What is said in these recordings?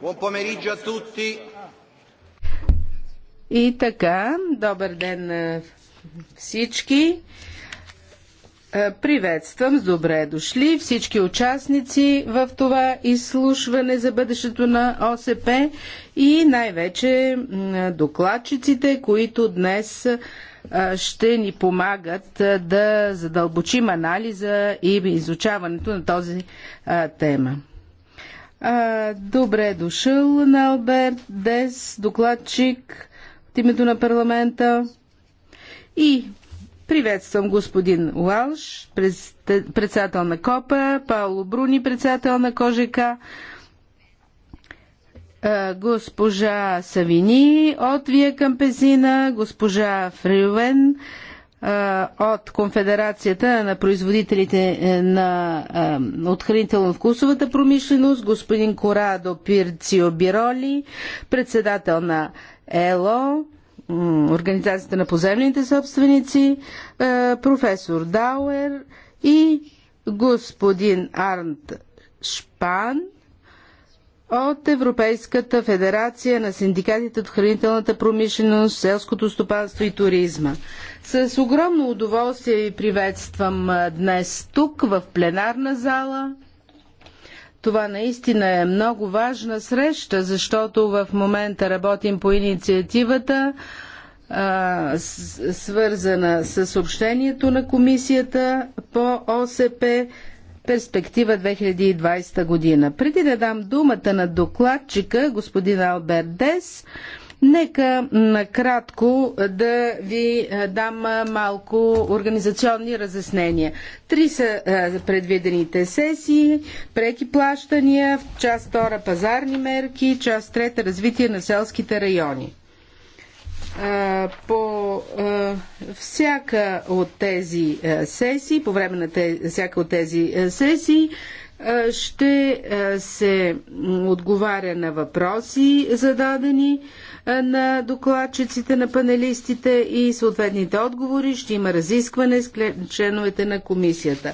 Buon pomeriggio a tutti. И така, добър ден на всички. Е, приветствам с добре дошли всички участници в това изслушване за бъдещето на ОСП и най-вече докладчиците, които днес ще ни помагат да задълбочим анализа и изучаването на този тема. Добре е дошъл на Алберт Дес, докладчик от името на парламента. И приветствам господин Уалш, председател на КОПА, Пауло Бруни, председател на КОЖК, е, госпожа Савини от Вия Кампезина, госпожа Фрювен е, от Конфедерацията на производителите е, на отхранително-вкусовата промишленост, господин Корадо Пирцио Бироли, председател на ЕЛО, Организацията на поземните собственици, професор Дауер и господин Арнт Шпан – от Европейската федерация на синдикатите от хранителната промишленост, селското стопанство и туризма. С огромно удоволствие ви приветствам днес тук в пленарна зала. Това наистина е много важна среща, защото в момента работим по инициативата, свързана с съобщението на комисията по ОСП перспектива 2020 година. Преди да дам думата на докладчика, господин Алберт Дес, нека накратко да ви е, дам е, малко организационни разяснения. Три са е, предвидените сесии, преки плащания, част втора пазарни мерки, част трета развитие на селските райони по всяка от тези сесии, по време на те, всяка от тези сесии, ще се отговаря на въпроси, зададени на докладчиците, на панелистите и съответните отговори. Ще има разискване с членовете на комисията.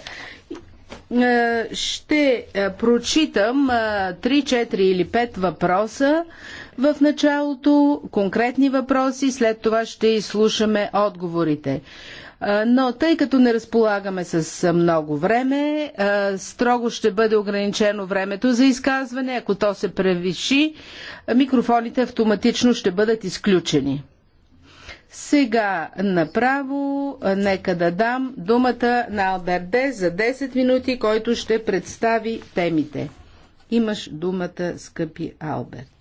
Ще прочитам 3, 4 или 5 въпроса, в началото, конкретни въпроси, след това ще изслушаме отговорите. Но тъй като не разполагаме с много време, строго ще бъде ограничено времето за изказване. Ако то се превиши, микрофоните автоматично ще бъдат изключени. Сега направо нека да дам думата на Алберде за 10 минути, който ще представи темите. Имаш думата, скъпи Алберт.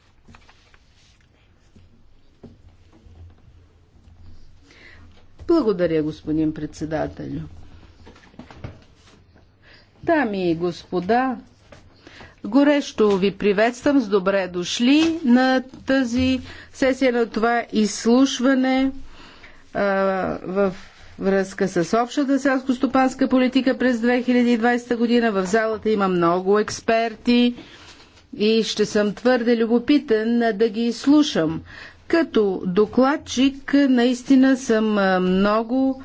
Благодаря, господин председателю. Дами и господа, горещо ви приветствам с добре дошли на тази сесия на това изслушване а, в връзка с общата селско-стопанска политика през 2020 година. В залата има много експерти и ще съм твърде любопитен да ги слушам. Като докладчик наистина съм много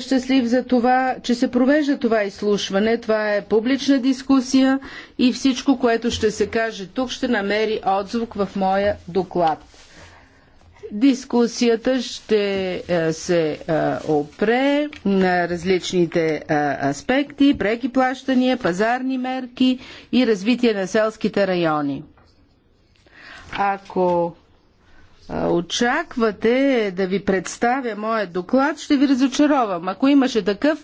щастлив за това, че се провежда това изслушване. Това е публична дискусия и всичко, което ще се каже тук, ще намери отзвук в моя доклад. Дискусията ще се опре на различните аспекти, преки плащания, пазарни мерки и развитие на селските райони. Ако очаквате да ви представя моят доклад, ще ви разочаровам. Ако имаше такъв,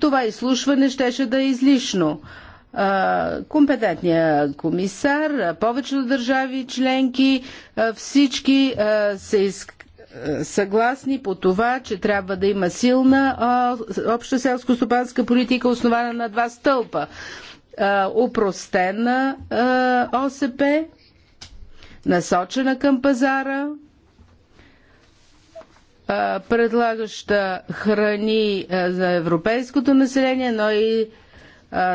това изслушване щеше да е излишно. Компетентният комисар, повечето държави членки, всички са съгласни по това, че трябва да има силна обща селско-стопанска политика, основана на два стълпа. Опростена упростена ОСП, насочена към пазара предлагаща храни за европейското население, но и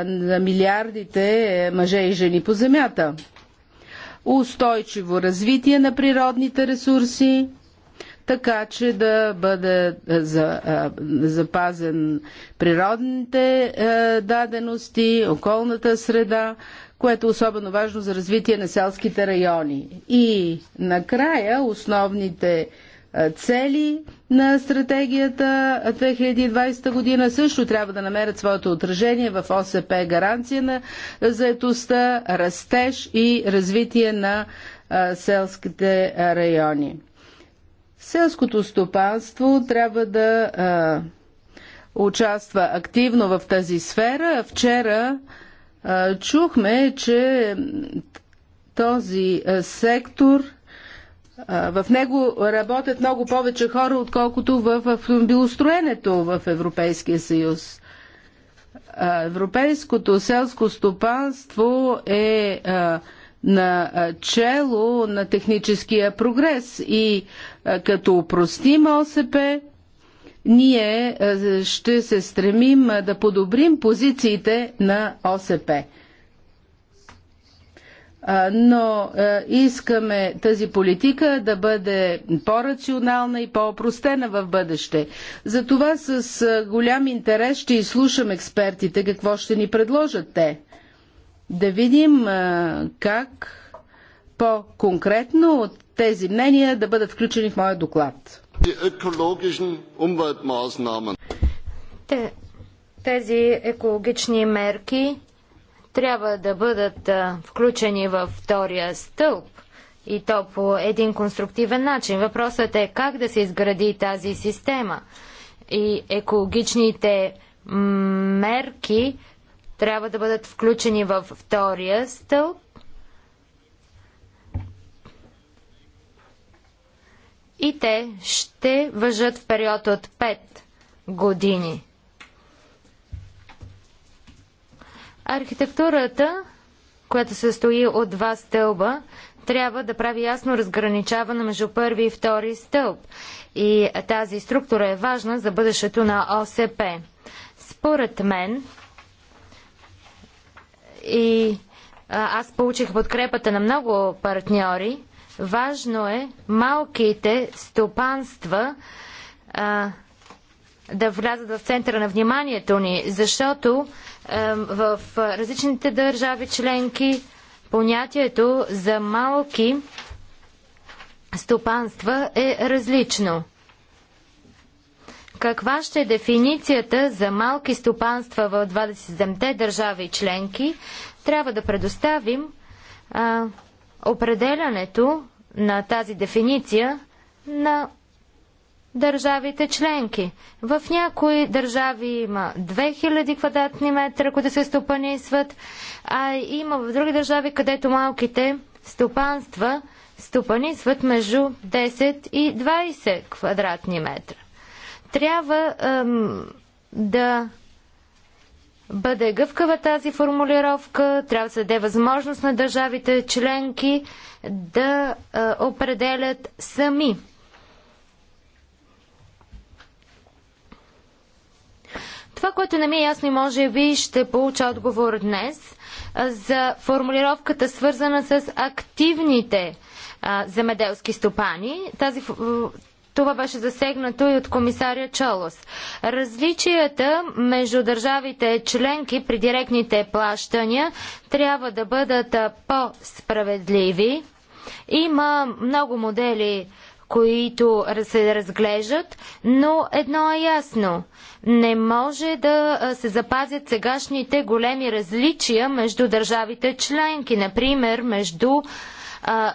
на милиардите е, мъже и жени по земята. Устойчиво развитие на природните ресурси, така че да бъде запазен природните дадености, околната среда, което е особено важно за развитие на селските райони. И накрая основните цели на стратегията 2020 година също трябва да намерят своето отражение в ОСП гаранция на заетостта, растеж и развитие на селските райони. Селското стопанство трябва да а, участва активно в тази сфера. Вчера а, чухме, че този сектор – в него работят много повече хора, отколкото в автомобилостроенето в Европейския съюз. Европейското селско стопанство е на чело на техническия прогрес и като упростим ОСП, ние ще се стремим да подобрим позициите на ОСП но искаме тази политика да бъде по-рационална и по-опростена в бъдеще. Затова с голям интерес ще изслушам експертите какво ще ни предложат те. Да видим как по-конкретно от тези мнения да бъдат включени в моя доклад. Тези екологични мерки трябва да бъдат включени във втория стълб и то по един конструктивен начин. Въпросът е как да се изгради тази система и екологичните мерки трябва да бъдат включени във втория стълб и те ще въжат в период от 5 години. Архитектурата, която се стои от два стълба, трябва да прави ясно разграничаване между първи и втори стълб. И тази структура е важна за бъдещето на ОСП. Според мен и аз получих подкрепата на много партньори, важно е малките стопанства а, да влязат в центъра на вниманието ни, защото в различните държави членки понятието за малки стопанства е различно. Каква ще е дефиницията за малки стопанства в 27-те държави членки? Трябва да предоставим а, определянето на тази дефиниция на държавите членки. В някои държави има 2000 квадратни метра, които се стопанисват, а има в други държави, където малките стопанства стопанисват между 10 и 20 квадратни метра. Трябва ем, да бъде гъвкава тази формулировка, трябва да се даде възможност на държавите членки да е, определят сами Това, което не ми е ясно и може би ще получа отговор днес за формулировката свързана с активните а, земеделски стопани. Тази, това беше засегнато и от комисаря Чолос. Различията между държавите членки при директните плащания трябва да бъдат по-справедливи. Има много модели които се разглеждат, но едно е ясно. Не може да се запазят сегашните големи различия между държавите членки, например между а,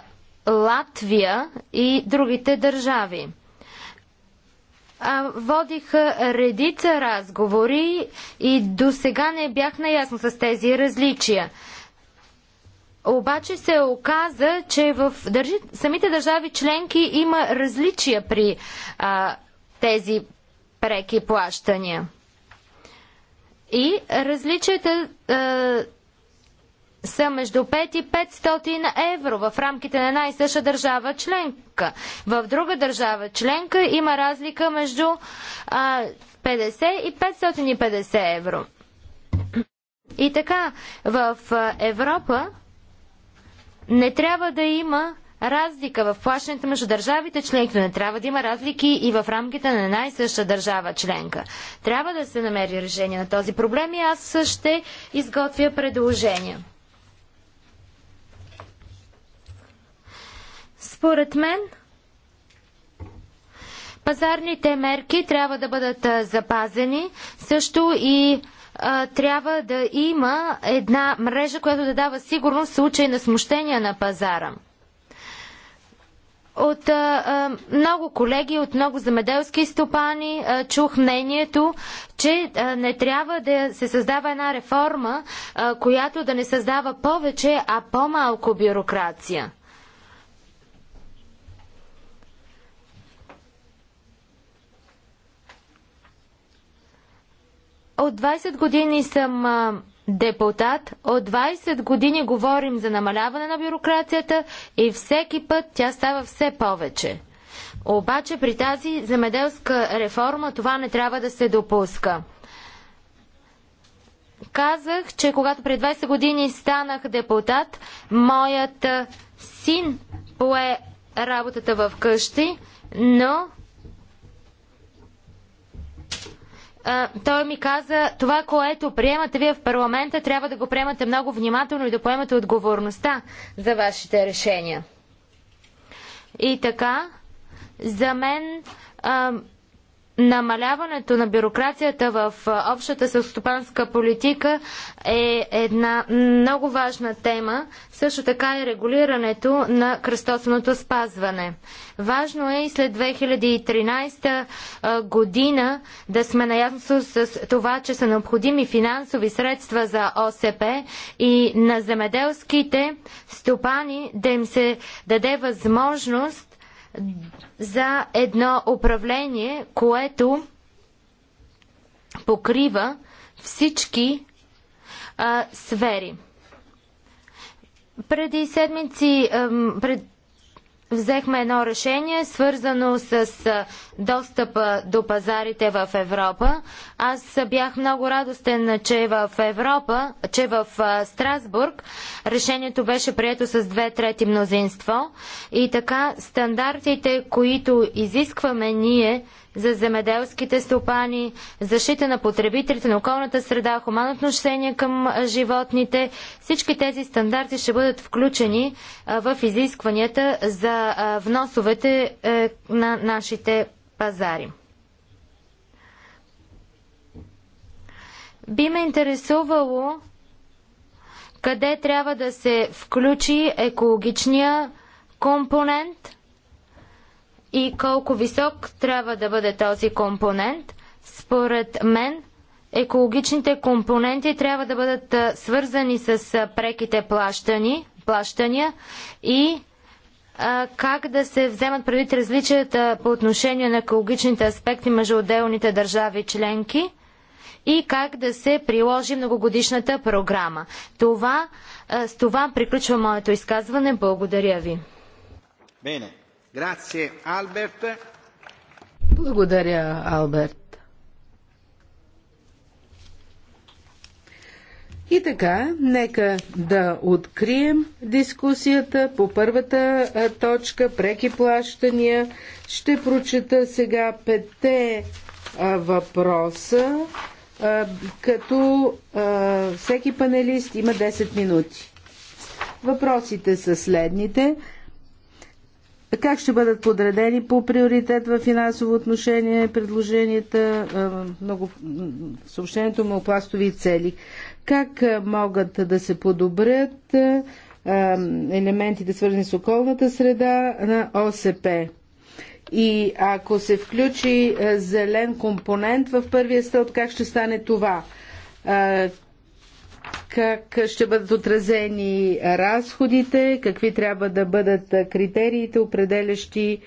Латвия и другите държави. А, водих редица разговори и до сега не бях наясно с тези различия. Обаче се оказа, че в държи, самите държави членки има различия при а, тези преки плащания. И различията а, са между 5 и 500 евро в рамките на една и съща държава членка. В друга държава членка има разлика между а, 50 и 550 евро. И така, в Европа не трябва да има разлика в плащането между държавите членки, не трябва да има разлики и в рамките на една и съща държава членка. Трябва да се намери решение на този проблем и аз ще изготвя предложения. Според мен, пазарните мерки трябва да бъдат запазени, също и трябва да има една мрежа, която да дава сигурност в случай на смущения на пазара. От а, много колеги, от много замеделски стопани а, чух мнението, че а, не трябва да се създава една реформа, а, която да не създава повече, а по-малко бюрокрация. От 20 години съм а, депутат, от 20 години говорим за намаляване на бюрокрацията и всеки път тя става все повече. Обаче при тази земеделска реформа това не трябва да се допуска. Казах, че когато пред 20 години станах депутат, моят син пое работата в къщи, но той ми каза, това, което приемате вие в парламента, трябва да го приемате много внимателно и да поемате отговорността за вашите решения. И така, за мен а, Намаляването на бюрокрацията в общата селскостопанска политика е една много важна тема, също така и е регулирането на кръстосаното спазване. Важно е и след 2013 година да сме наясно с това, че са необходими финансови средства за ОСП и на земеделските стопани да им се даде възможност за едно управление, което покрива всички а, сфери. Преди седмици а, пред... взехме едно решение, свързано с достъпа до пазарите в Европа. Аз бях много радостен, че в Европа, че в Страсбург решението беше прието с две трети мнозинство и така стандартите, които изискваме ние за земеделските стопани, защита на потребителите на околната среда, хуманно отношение към животните. Всички тези стандарти ще бъдат включени в изискванията за вносовете е, на нашите пазари. Би ме интересувало къде трябва да се включи екологичния компонент и колко висок трябва да бъде този компонент. Според мен, екологичните компоненти трябва да бъдат свързани с преките плащани, плащания и как да се вземат предвид различията по отношение на екологичните аспекти между отделните държави членки и как да се приложи многогодишната програма. Това, с това приключва моето изказване. Благодаря ви. Благодаря, Алберт. И така, нека да открием дискусията по първата точка преки плащания. Ще прочета сега пете въпроса, като всеки панелист има 10 минути. Въпросите са следните. Как ще бъдат подредени по приоритет в финансово отношение предложенията, много, съобщението му пластови цели? как могат да се подобрят елементите, свързани с околната среда на ОСП. И ако се включи зелен компонент в първия стълб, как ще стане това? Как ще бъдат отразени разходите? Какви трябва да бъдат критериите, определящи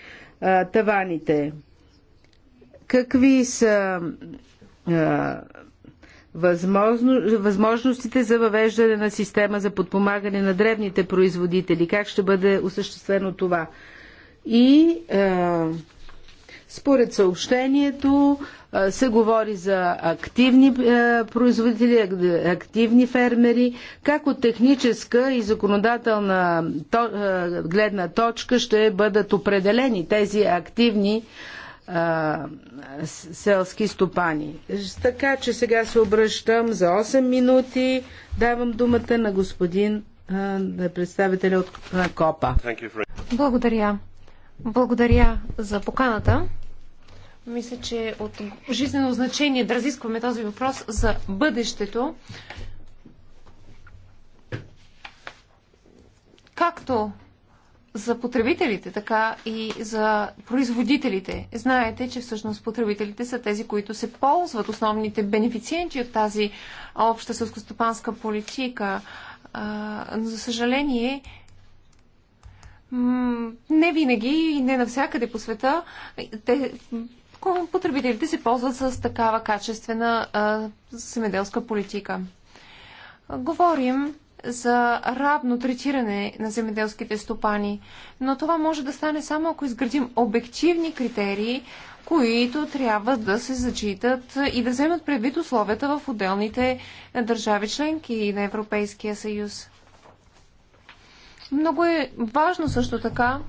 таваните? Какви са възможно, възможностите за въвеждане на система за подпомагане на древните производители, как ще бъде осъществено това. И е, според съобщението е, се говори за активни е, производители, активни фермери, как от техническа и законодателна то, е, гледна точка ще бъдат определени тези активни а, селски стопани. Така че сега се обръщам за 8 минути. Давам думата на господин на представителя от, на КОПА. Благодаря. Благодаря за поканата. Мисля, че от жизнено значение да разискваме този въпрос за бъдещето. Както за потребителите, така и за производителите. Знаете, че всъщност потребителите са тези, които се ползват основните бенефициенти от тази обща сълскостопанска политика. Но, за съжаление, не винаги и не навсякъде по света те, потребителите се ползват с такава качествена а, семеделска политика. Говорим за равно третиране на земеделските стопани. Но това може да стане само ако изградим обективни критерии, които трябва да се зачитат и да вземат предвид условията в отделните държави членки на Европейския съюз. Много е важно също така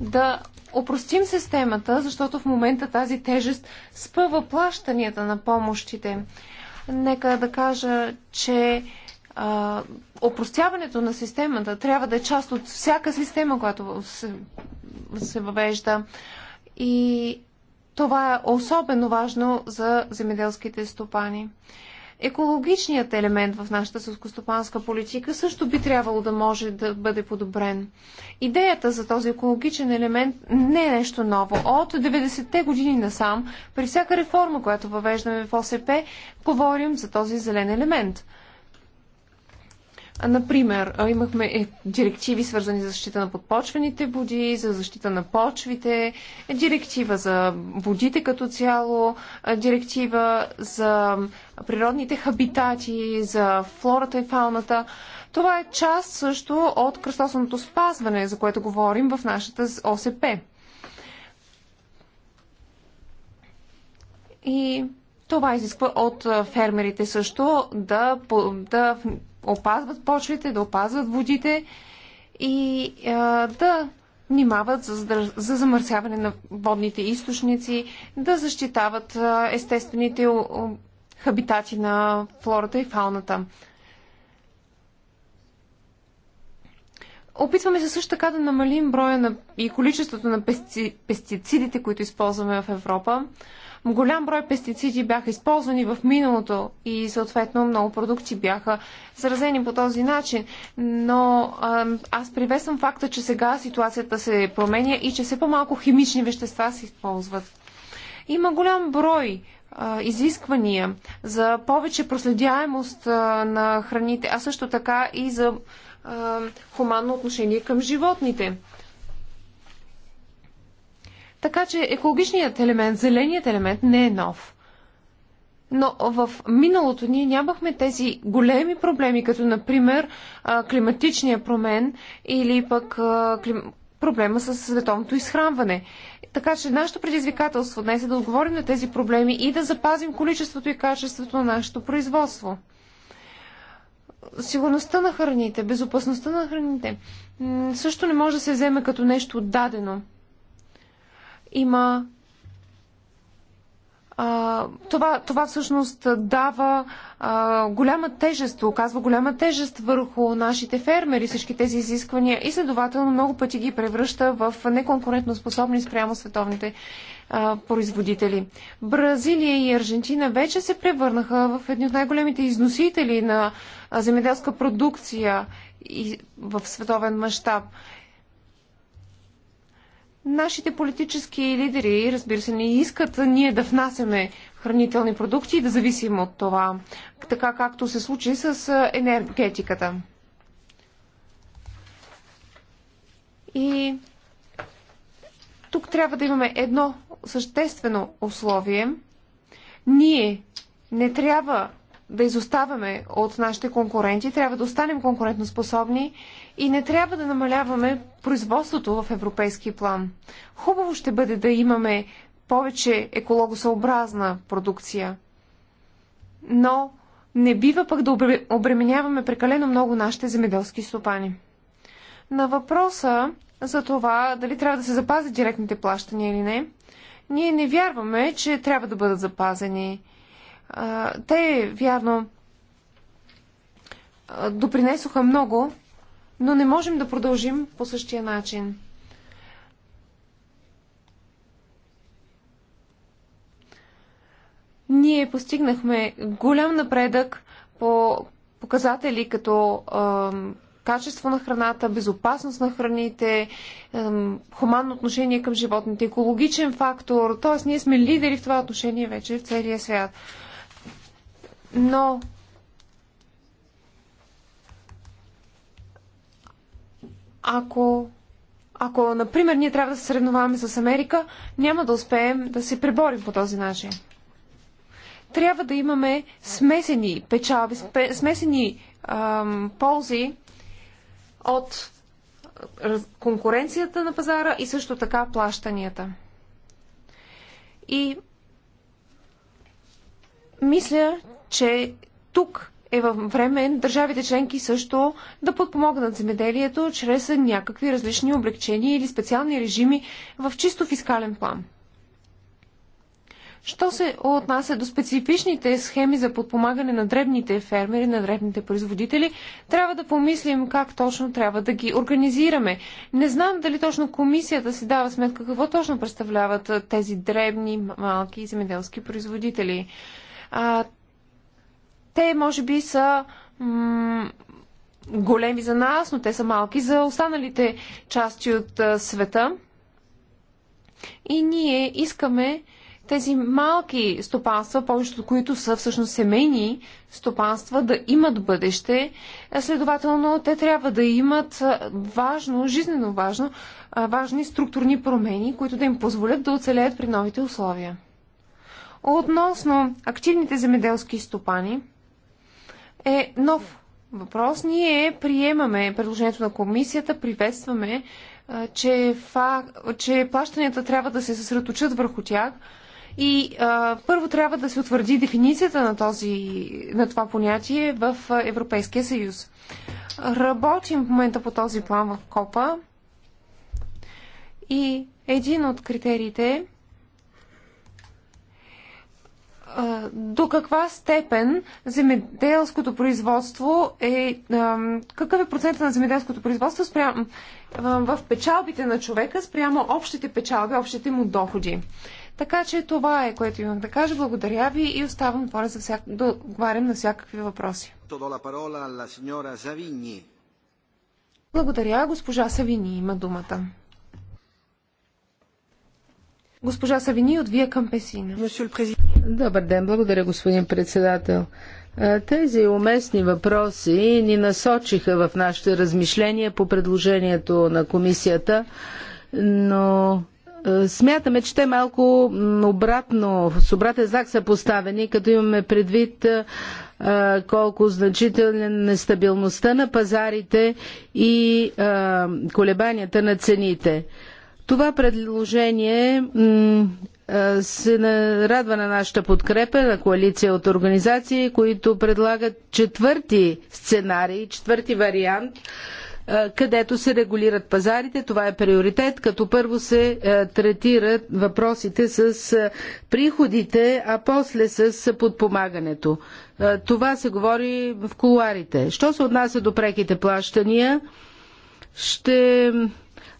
да опростим системата, защото в момента тази тежест спъва плащанията на помощите. Нека да кажа, че а, опростяването на системата трябва да е част от всяка система, която се, се въвежда. И това е особено важно за земеделските стопани. Екологичният елемент в нашата селскостопанска политика също би трябвало да може да бъде подобрен. Идеята за този екологичен елемент не е нещо ново. От 90-те години насам, при всяка реформа, която въвеждаме в ОСП, говорим за този зелен елемент – Например, имахме е, директиви свързани за защита на подпочвените води, за защита на почвите, е, директива за водите като цяло, е, директива за природните хабитати, за флората и фауната. Това е част също от кръстосното спазване, за което говорим в нашата ОСП. И това изисква от фермерите също да, да опазват почвите, да опазват водите и а, да внимават за, за замърсяване на водните източници, да защитават а, естествените о, о, хабитати на флората и фауната. Опитваме се също така да намалим броя на, и количеството на пести, пестицидите, които използваме в Европа голям брой пестициди бяха използвани в миналото и съответно много продукти бяха заразени по този начин. Но аз привесвам факта, че сега ситуацията се променя и че все по-малко химични вещества се използват. Има голям брой изисквания за повече проследяемост на храните, а също така и за хуманно отношение към животните. Така че екологичният елемент, зеленият елемент не е нов. Но в миналото ние нямахме тези големи проблеми, като например климатичния промен или пък проблема с световното изхранване. Така че нашето предизвикателство днес е да отговорим на тези проблеми и да запазим количеството и качеството на нашето производство. Сигурността на храните, безопасността на храните също не може да се вземе като нещо дадено има а, това, това всъщност дава а, голяма тежест, оказва голяма тежест върху нашите фермери, всички тези изисквания и следователно много пъти ги превръща в неконкурентно способни спрямо световните а, производители. Бразилия и Аржентина вече се превърнаха в едни от най-големите износители на земеделска продукция и в световен мащаб. Нашите политически лидери, разбира се, не искат ние да внасяме хранителни продукти и да зависим от това, така както се случи с енергетиката. И тук трябва да имаме едно съществено условие. Ние не трябва да изоставаме от нашите конкуренти, трябва да останем конкурентоспособни и не трябва да намаляваме производството в европейски план. Хубаво ще бъде да имаме повече екологосъобразна продукция, но не бива пък да обременяваме прекалено много нашите земеделски стопани. На въпроса за това дали трябва да се запазят директните плащания или не, ние не вярваме, че трябва да бъдат запазени. Те, вярно, допринесоха много но не можем да продължим по същия начин. Ние постигнахме голям напредък по показатели като качество на храната, безопасност на храните, хуманно отношение към животните, екологичен фактор. Т.е. ние сме лидери в това отношение вече в целия свят. Но Ако, ако, например, ние трябва да се съревноваваме с Америка, няма да успеем да се преборим по този начин. Трябва да имаме смесени печалби, смесени ам, ползи от конкуренцията на пазара и също така плащанията. И мисля, че тук е във време държавите членки също да подпомогнат земеделието чрез някакви различни облегчения или специални режими в чисто фискален план. Що се отнася до специфичните схеми за подпомагане на дребните фермери, на дребните производители, трябва да помислим как точно трябва да ги организираме. Не знам дали точно комисията си дава сметка какво точно представляват тези дребни малки земеделски производители. А, те може би са големи за нас, но те са малки за останалите части от света. И ние искаме тези малки стопанства, повечето от които са всъщност семейни стопанства, да имат бъдеще. Следователно, те трябва да имат важно, жизненно важно, важни структурни промени, които да им позволят да оцелеят при новите условия. Относно активните земеделски стопани – е нов въпрос. Ние приемаме предложението на комисията, приветстваме, че, фа, че плащанията трябва да се съсредоточат върху тях. И а, първо трябва да се утвърди дефиницията на, този, на това понятие в Европейския съюз. Работим в момента по този план в КОПА и един от критериите до каква степен земеделското производство е. Какъв е процентът на земеделското производство спрямо, в печалбите на човека спрямо общите печалби, общите му доходи? Така че това е, което имам да кажа. Благодаря ви и оставам отворен за всяк... да отговарям на всякакви въпроси. Благодаря. Госпожа Савини има думата. Госпожа Савини от Вия Кампесина. Добър ден, благодаря господин председател. Тези уместни въпроси ни насочиха в нашите размишления по предложението на комисията, но смятаме, че те малко обратно, с обратен знак са поставени, като имаме предвид колко значителна е нестабилността на пазарите и колебанията на цените. Това предложение е, се радва на нашата подкрепа на коалиция от организации, които предлагат четвърти сценарий, четвърти вариант, е, където се регулират пазарите. Това е приоритет, като първо се е, третират въпросите с приходите, а после с подпомагането. Това се говори в кулуарите. Що се отнася до преките плащания, ще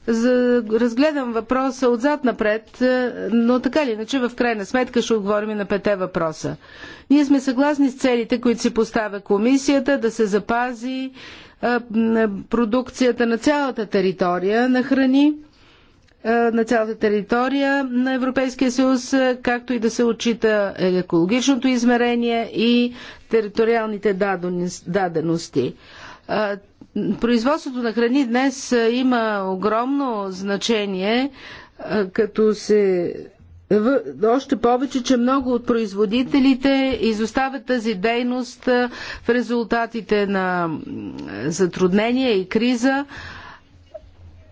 за, разгледам въпроса отзад напред, е, но така или иначе в крайна сметка ще отговорим и на пете въпроса. Ние сме съгласни с целите, които си поставя комисията, да се запази а, е, продукцията на цялата територия на храни, а, е, на цялата територия на Европейския съюз, както и да се отчита екологичното измерение и териториалните дадености Производството на храни днес има огромно значение, като се. Още повече, че много от производителите изоставят тази дейност в резултатите на затруднения и криза.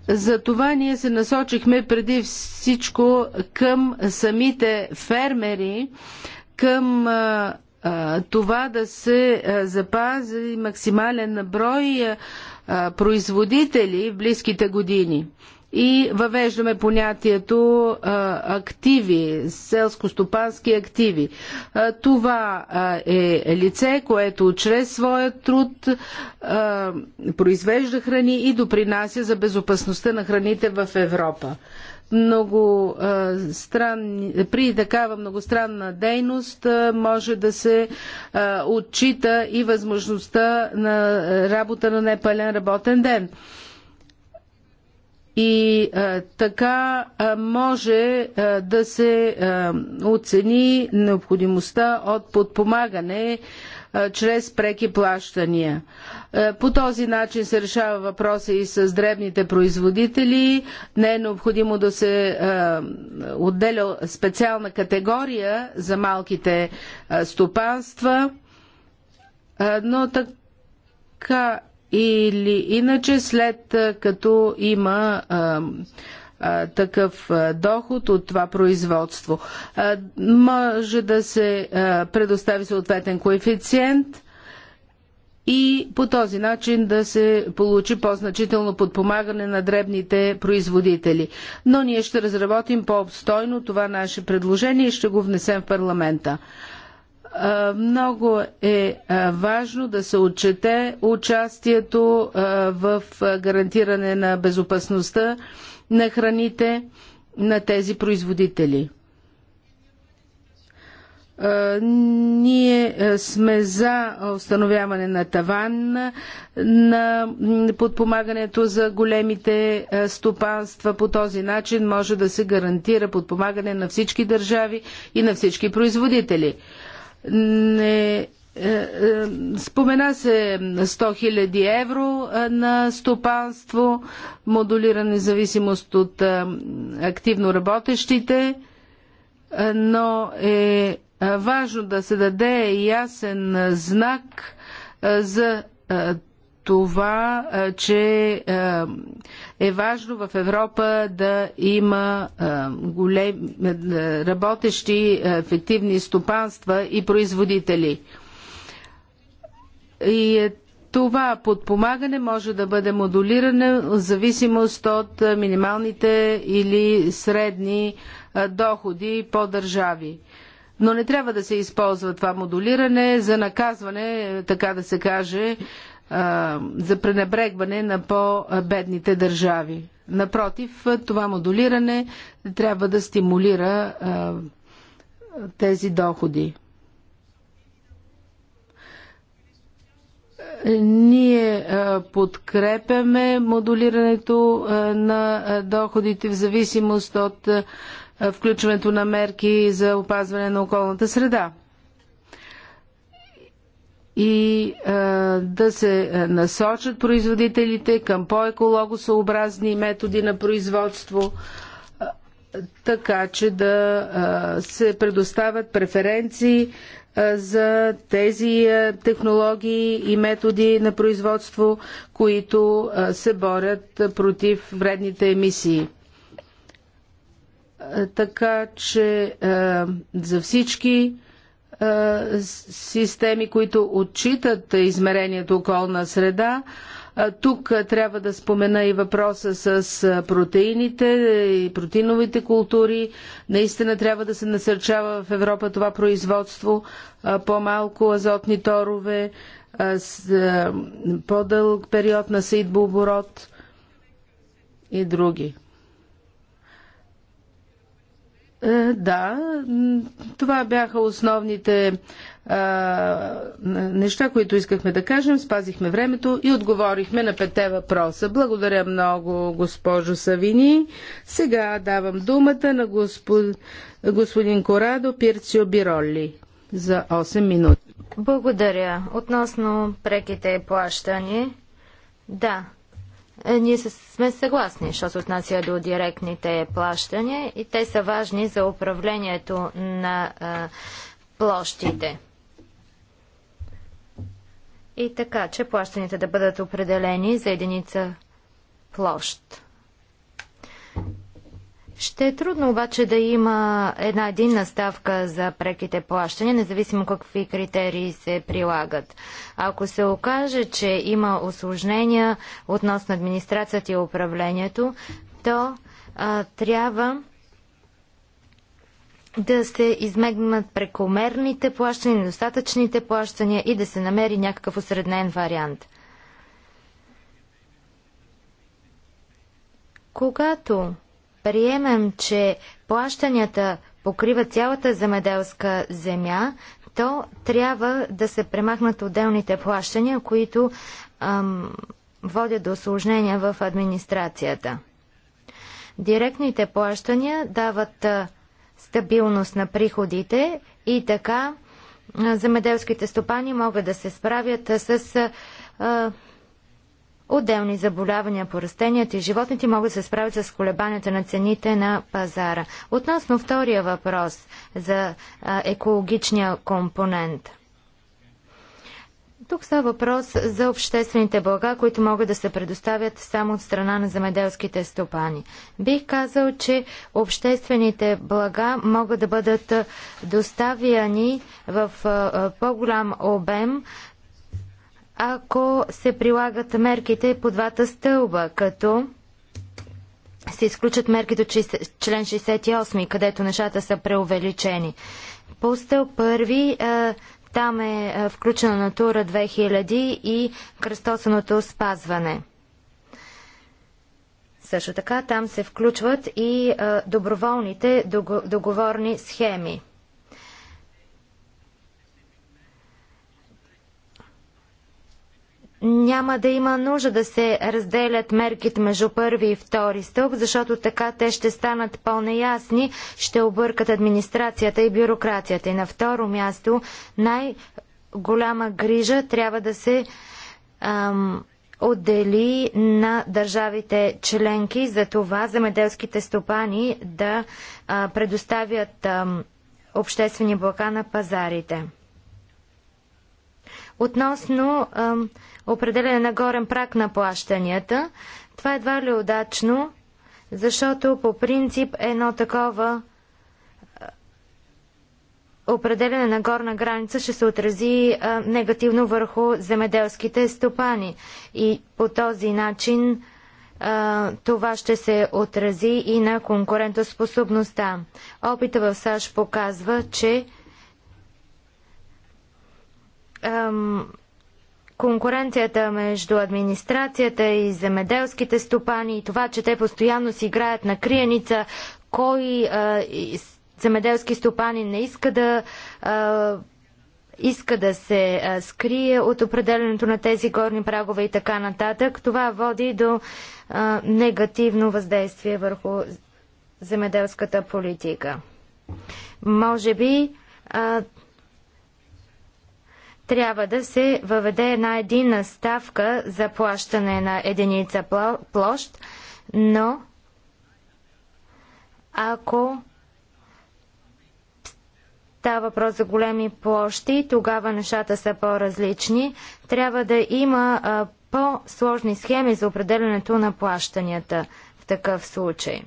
За това ние се насочихме преди всичко към самите фермери, към това да се запази максимален брой производители в близките години. И въвеждаме понятието активи, селско-стопански активи. Това е лице, което чрез своя труд произвежда храни и допринася за безопасността на храните в Европа много а, странни, при такава многостранна дейност а, може да се а, отчита и възможността на работа на непълен работен ден. И а, така а, може а, да се а, оцени необходимостта от подпомагане а, чрез преки плащания. По този начин се решава въпроса и с дребните производители. Не е необходимо да се отделя специална категория за малките стопанства, но така или иначе след като има такъв доход от това производство. Може да се предостави съответен коефициент и по този начин да се получи по-значително подпомагане на дребните производители. Но ние ще разработим по-обстойно това наше предложение и ще го внесем в парламента много е важно да се отчете участието в гарантиране на безопасността на храните на тези производители. Ние сме за установяване на таван на подпомагането за големите стопанства. По този начин може да се гарантира подпомагане на всички държави и на всички производители. Не е, е, спомена се 100 хиляди евро е, на стопанство, в зависимост от активно работещите, но е важно да се даде ясен знак за това, че е важно в Европа да има работещи ефективни стопанства и производители. И е, това подпомагане може да бъде модулиране в зависимост от е, минималните или средни е, доходи по държави. Но не трябва да се използва това модулиране за наказване, така да се каже, за пренебрегване на по-бедните държави. Напротив, това модулиране трябва да стимулира тези доходи. Ние е, подкрепяме модулирането е, на е, доходите в зависимост от включването на мерки за опазване на околната среда. И да се насочат производителите към по-екологосъобразни методи на производство, така че да се предоставят преференции за тези технологии и методи на производство, които се борят против вредните емисии. Така че за всички системи, които отчитат измерението околна среда, тук трябва да спомена и въпроса с протеините и протеиновите култури. Наистина трябва да се насърчава в Европа това производство, по-малко азотни торове, по-дълъг период на сеидбооборот и други. Е, да, това бяха основните неща, които искахме да кажем, спазихме времето и отговорихме на пете въпроса. Благодаря много, госпожо Савини. Сега давам думата на господин Корадо Пирцио Бироли за 8 минути. Благодаря. Относно преките плащания, да, е, ние сме съгласни, що се отнася до директните плащания и те са важни за управлението на площите. И така, че плащаните да бъдат определени за единица площ. Ще е трудно обаче да има една единна ставка за преките плащания, независимо какви критерии се прилагат. Ако се окаже, че има осложнения относно администрацията и управлението, то а, трябва да се измегнат прекомерните плащания, недостатъчните плащания и да се намери някакъв осреднен вариант. Когато приемем, че плащанията покриват цялата земеделска земя, то трябва да се премахнат отделните плащания, които ам, водят до осложнения в администрацията. Директните плащания дават стабилност на приходите и така земеделските стопани могат да се справят с а, отделни заболявания по растенията и животните могат да се справят с колебанията на цените на пазара. Относно втория въпрос за а, екологичния компонент – тук става въпрос за обществените блага, които могат да се предоставят само от страна на земеделските стопани. Бих казал, че обществените блага могат да бъдат доставяни в по-голям обем, ако се прилагат мерките по двата стълба, като се изключат мерките от член 68, където нещата са преувеличени. По стълб първи там е, е включена Натура 2000 и кръстосаното спазване. Също така там се включват и е, доброволните договорни схеми. няма да има нужда да се разделят мерките между първи и втори стълб, защото така те ще станат по-неясни, ще объркат администрацията и бюрокрацията. И на второ място най-голяма грижа трябва да се ам, отдели на държавите членки за това земеделските стопани да а, предоставят ам, обществени блока на пазарите. Относно определене на горен прак на плащанията, това едва ли е удачно, защото по принцип едно такова определене на горна граница ще се отрази а, негативно върху земеделските стопани. И по този начин а, това ще се отрази и на конкурентоспособността. Опита в САЩ показва, че конкуренцията между администрацията и земеделските стопани и това, че те постоянно си играят на криеница, кой а, земеделски стопани не иска да а, иска да се а, скрие от определенето на тези горни прагове и така нататък, това води до а, негативно въздействие върху земеделската политика. Може би а, трябва да се въведе една единна ставка за плащане на единица площ, но ако става въпрос за големи площи, тогава нещата са по-различни. Трябва да има по-сложни схеми за определенето на плащанията в такъв случай.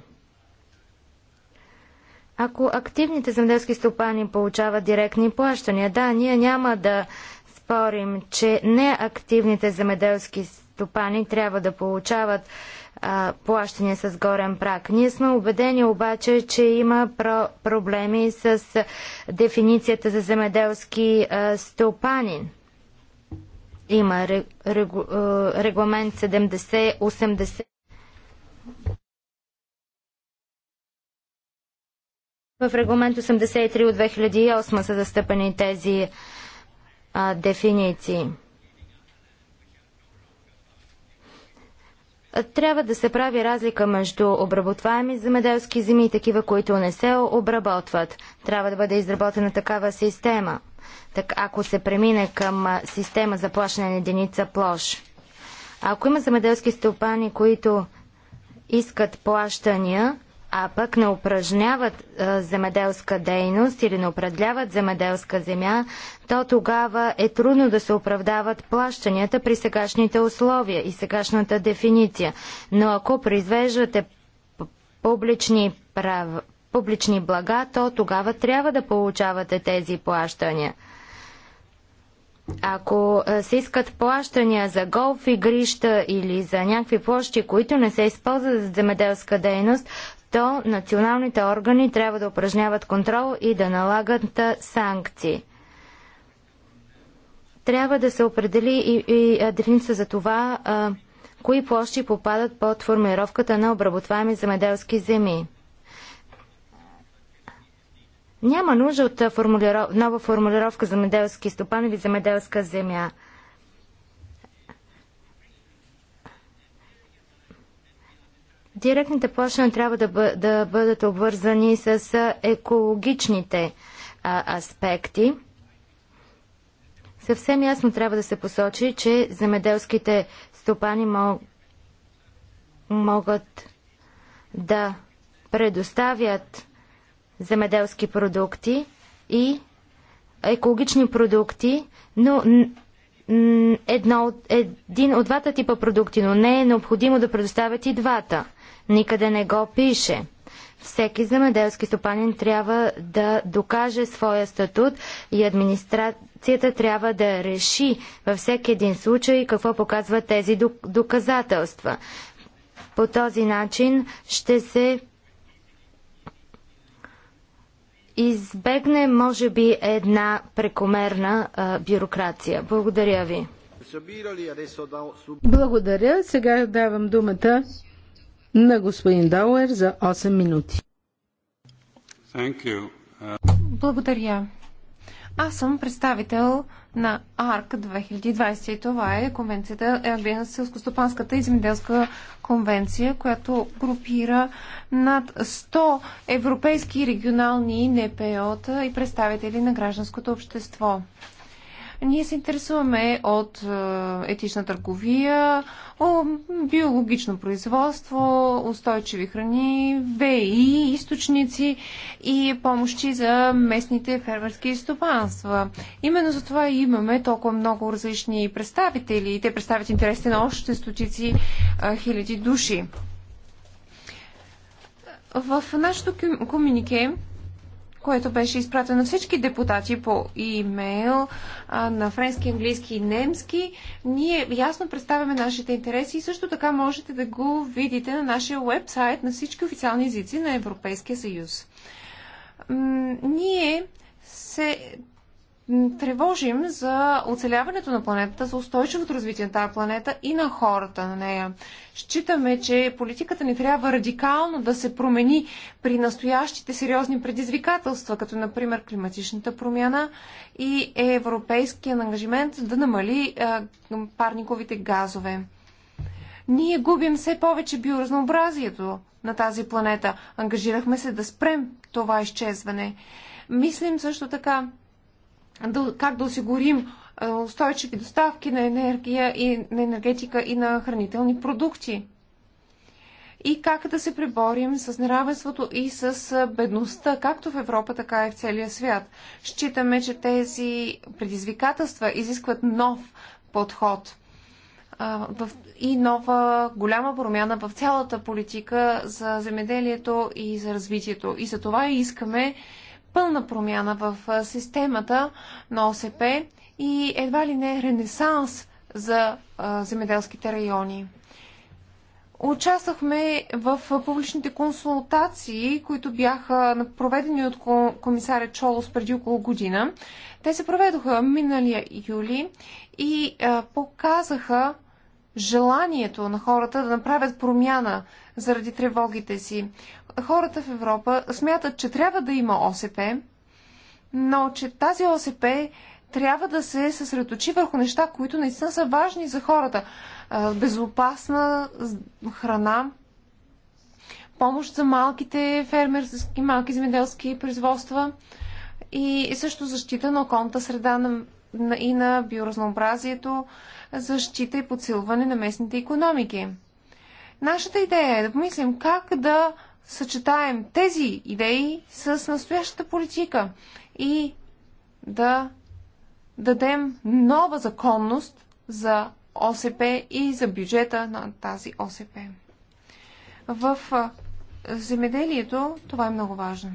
Ако активните земеделски стопани получават директни плащания, да, ние няма да спорим, че неактивните земеделски стопани трябва да получават а, плащания с горен прак. Ние сме убедени обаче, че има про- проблеми с дефиницията за земеделски а, стопани. Има регламент 70-80. В регламент 83 от 2008 са застъпени тези а, дефиниции. Трябва да се прави разлика между обработваеми земеделски земи и такива, които не се обработват. Трябва да бъде изработена такава система. Так, ако се премине към система за плащане на единица площ. Ако има земеделски стопани, които искат плащания, а пък не упражняват а, земеделска дейност или не определяват земеделска земя, то тогава е трудно да се оправдават плащанията при сегашните условия и сегашната дефиниция. Но ако произвеждате публични, прав... публични блага, то тогава трябва да получавате тези плащания. Ако се искат плащания за голф игрища или за някакви площи, които не се използват за земеделска дейност, то националните органи трябва да упражняват контрол и да налагат санкции. Трябва да се определи и, и дефиниция за това, а, кои площи попадат под формировката на обработваеми земеделски земи. Няма нужда от формулиров... нова формулировка земеделски стопан или земеделска земя – Директните плащания трябва да, бъ, да бъдат обвързани с екологичните а, аспекти. Съвсем ясно трябва да се посочи, че земеделските стопани мог, могат да предоставят земеделски продукти и екологични продукти, но едно, един от двата типа продукти, но не е необходимо да предоставят и двата. Никъде не го пише. Всеки земеделски стопанин трябва да докаже своя статут и администрацията трябва да реши във всеки един случай какво показват тези доказателства. По този начин ще се избегне, може би, една прекомерна а, бюрокрация. Благодаря ви. Благодаря. Сега давам думата на господин Дауер за 8 минути. Uh... Благодаря. Аз съм представител на АРК 2020 и това е конвенцията е Селскостопанската и земеделска конвенция, която групира над 100 европейски регионални НПО-та и представители на гражданското общество. Ние се интересуваме от е, етична търговия, биологично производство, устойчиви храни, ВИ, източници и помощи за местните фермерски стопанства. Именно за това имаме толкова много различни представители и те представят интересите на още стотици е, хиляди души. В нашото комюнике което беше изпратено на всички депутати по имейл а, на френски, английски и немски. Ние ясно представяме нашите интереси и също така можете да го видите на нашия вебсайт на всички официални езици на Европейския съюз. М ние се тревожим за оцеляването на планетата, за устойчивото развитие на тази планета и на хората на нея. Считаме, че политиката ни трябва радикално да се промени при настоящите сериозни предизвикателства, като например климатичната промяна и европейския ангажимент да намали парниковите газове. Ние губим все повече биоразнообразието на тази планета. Ангажирахме се да спрем това изчезване. Мислим също така как да осигурим е, устойчиви доставки на енергия и на енергетика и на хранителни продукти. И как да се преборим с неравенството и с е, бедността, както в Европа, така и в целия свят. Считаме, че тези предизвикателства изискват нов подход е, и нова голяма промяна в цялата политика за земеделието и за развитието. И за това искаме пълна промяна в системата на ОСП и едва ли не ренесанс за земеделските райони. Участвахме в публичните консултации, които бяха проведени от комисаря Чолос преди около година. Те се проведоха миналия юли и показаха желанието на хората да направят промяна заради тревогите си хората в Европа смятат, че трябва да има ОСП, но че тази ОСП трябва да се съсредоточи върху неща, които наистина са важни за хората. Безопасна храна, помощ за малките фермерски, малки земеделски производства и също защита на околната среда на, и на биоразнообразието, защита и подсилване на местните економики. Нашата идея е да помислим как да съчетаем тези идеи с настоящата политика и да дадем нова законност за ОСП и за бюджета на тази ОСП. В земеделието това е много важно.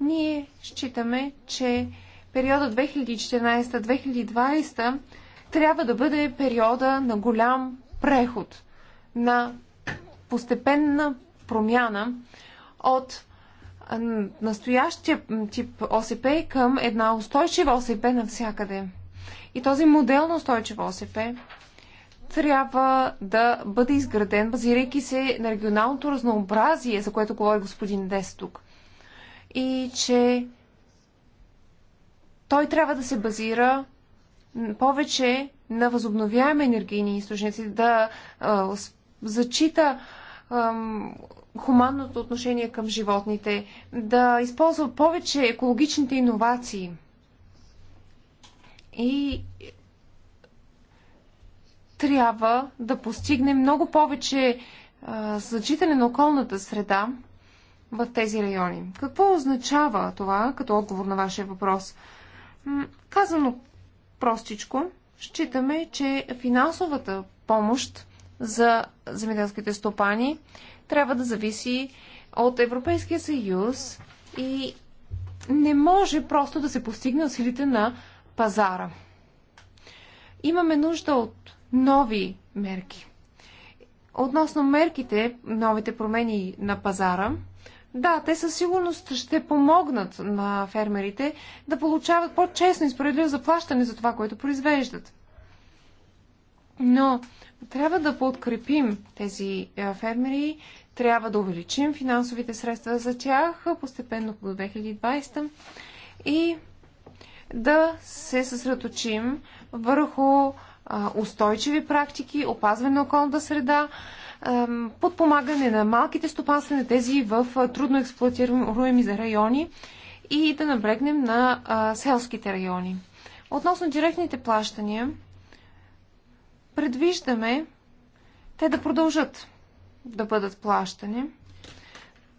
Ние считаме, че периода 2014-2020 трябва да бъде периода на голям преход, на постепенна промяна от настоящия тип ОСП към една устойчива ОСП навсякъде. И този модел на устойчива ОСП трябва да бъде изграден, базирайки се на регионалното разнообразие, за което говори господин Дес тук. И че той трябва да се базира повече на възобновяеми енергийни източници, да а, зачита хуманното отношение към животните, да използва повече екологичните иновации. И трябва да постигне много повече а, зачитане на околната среда в тези райони. Какво означава това като отговор на вашия въпрос? М казано простичко, считаме, че финансовата помощ за земеделските стопани трябва да зависи от Европейския съюз и не може просто да се постигне от силите на пазара. Имаме нужда от нови мерки. Относно мерките, новите промени на пазара, да, те със сигурност ще помогнат на фермерите да получават по-честно и справедливо заплащане за това, което произвеждат. Но трябва да подкрепим тези е, фермери, трябва да увеличим финансовите средства за тях постепенно до 2020 и да се съсредоточим върху устойчиви практики, опазване на околната среда, подпомагане на малките стопанства на тези в трудно експлуатируеми райони и да набрегнем на селските райони. Относно директните плащания, предвиждаме те да продължат да бъдат плащани,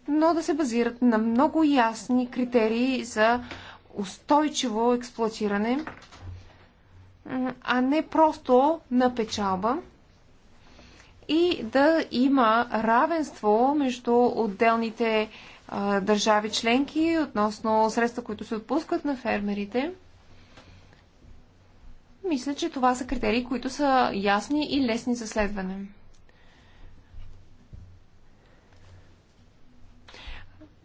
но да се базират на много ясни критерии за устойчиво експлуатиране, а не просто на печалба и да има равенство между отделните а, държави членки относно средства, които се отпускат на фермерите – мисля, че това са критерии, които са ясни и лесни за следване.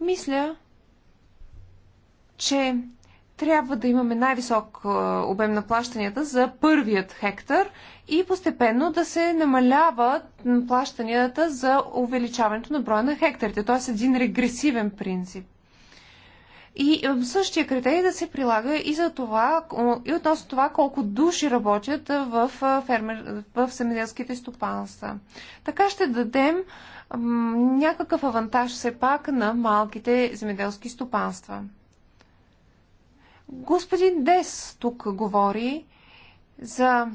Мисля, че трябва да имаме най-висок е, обем на плащанията за първият хектар и постепенно да се намаляват плащанията за увеличаването на броя на хектарите, т.е. един регресивен принцип. И същия критерий да се прилага и за това, и относно това колко души работят е, в, е, фермер, в земеделските стопанства. Така ще дадем някакъв авантаж все пак на малките земеделски стопанства. Господин Дес тук говори за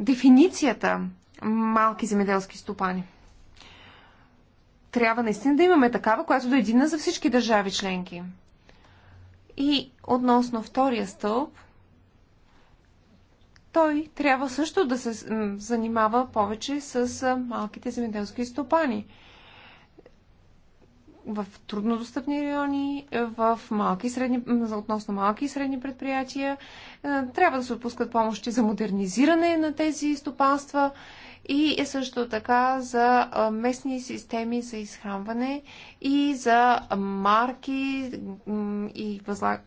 дефиницията малки земеделски стопани трябва наистина да имаме такава, която да е единна за всички държави членки. И относно втория стълб, той трябва също да се занимава повече с малките земеделски стопани. В труднодостъпни райони, в малки средни, относно малки и средни предприятия, е, трябва да се отпускат помощи за модернизиране на тези стопанства и също така за местни системи за изхранване и за марки и възлаг...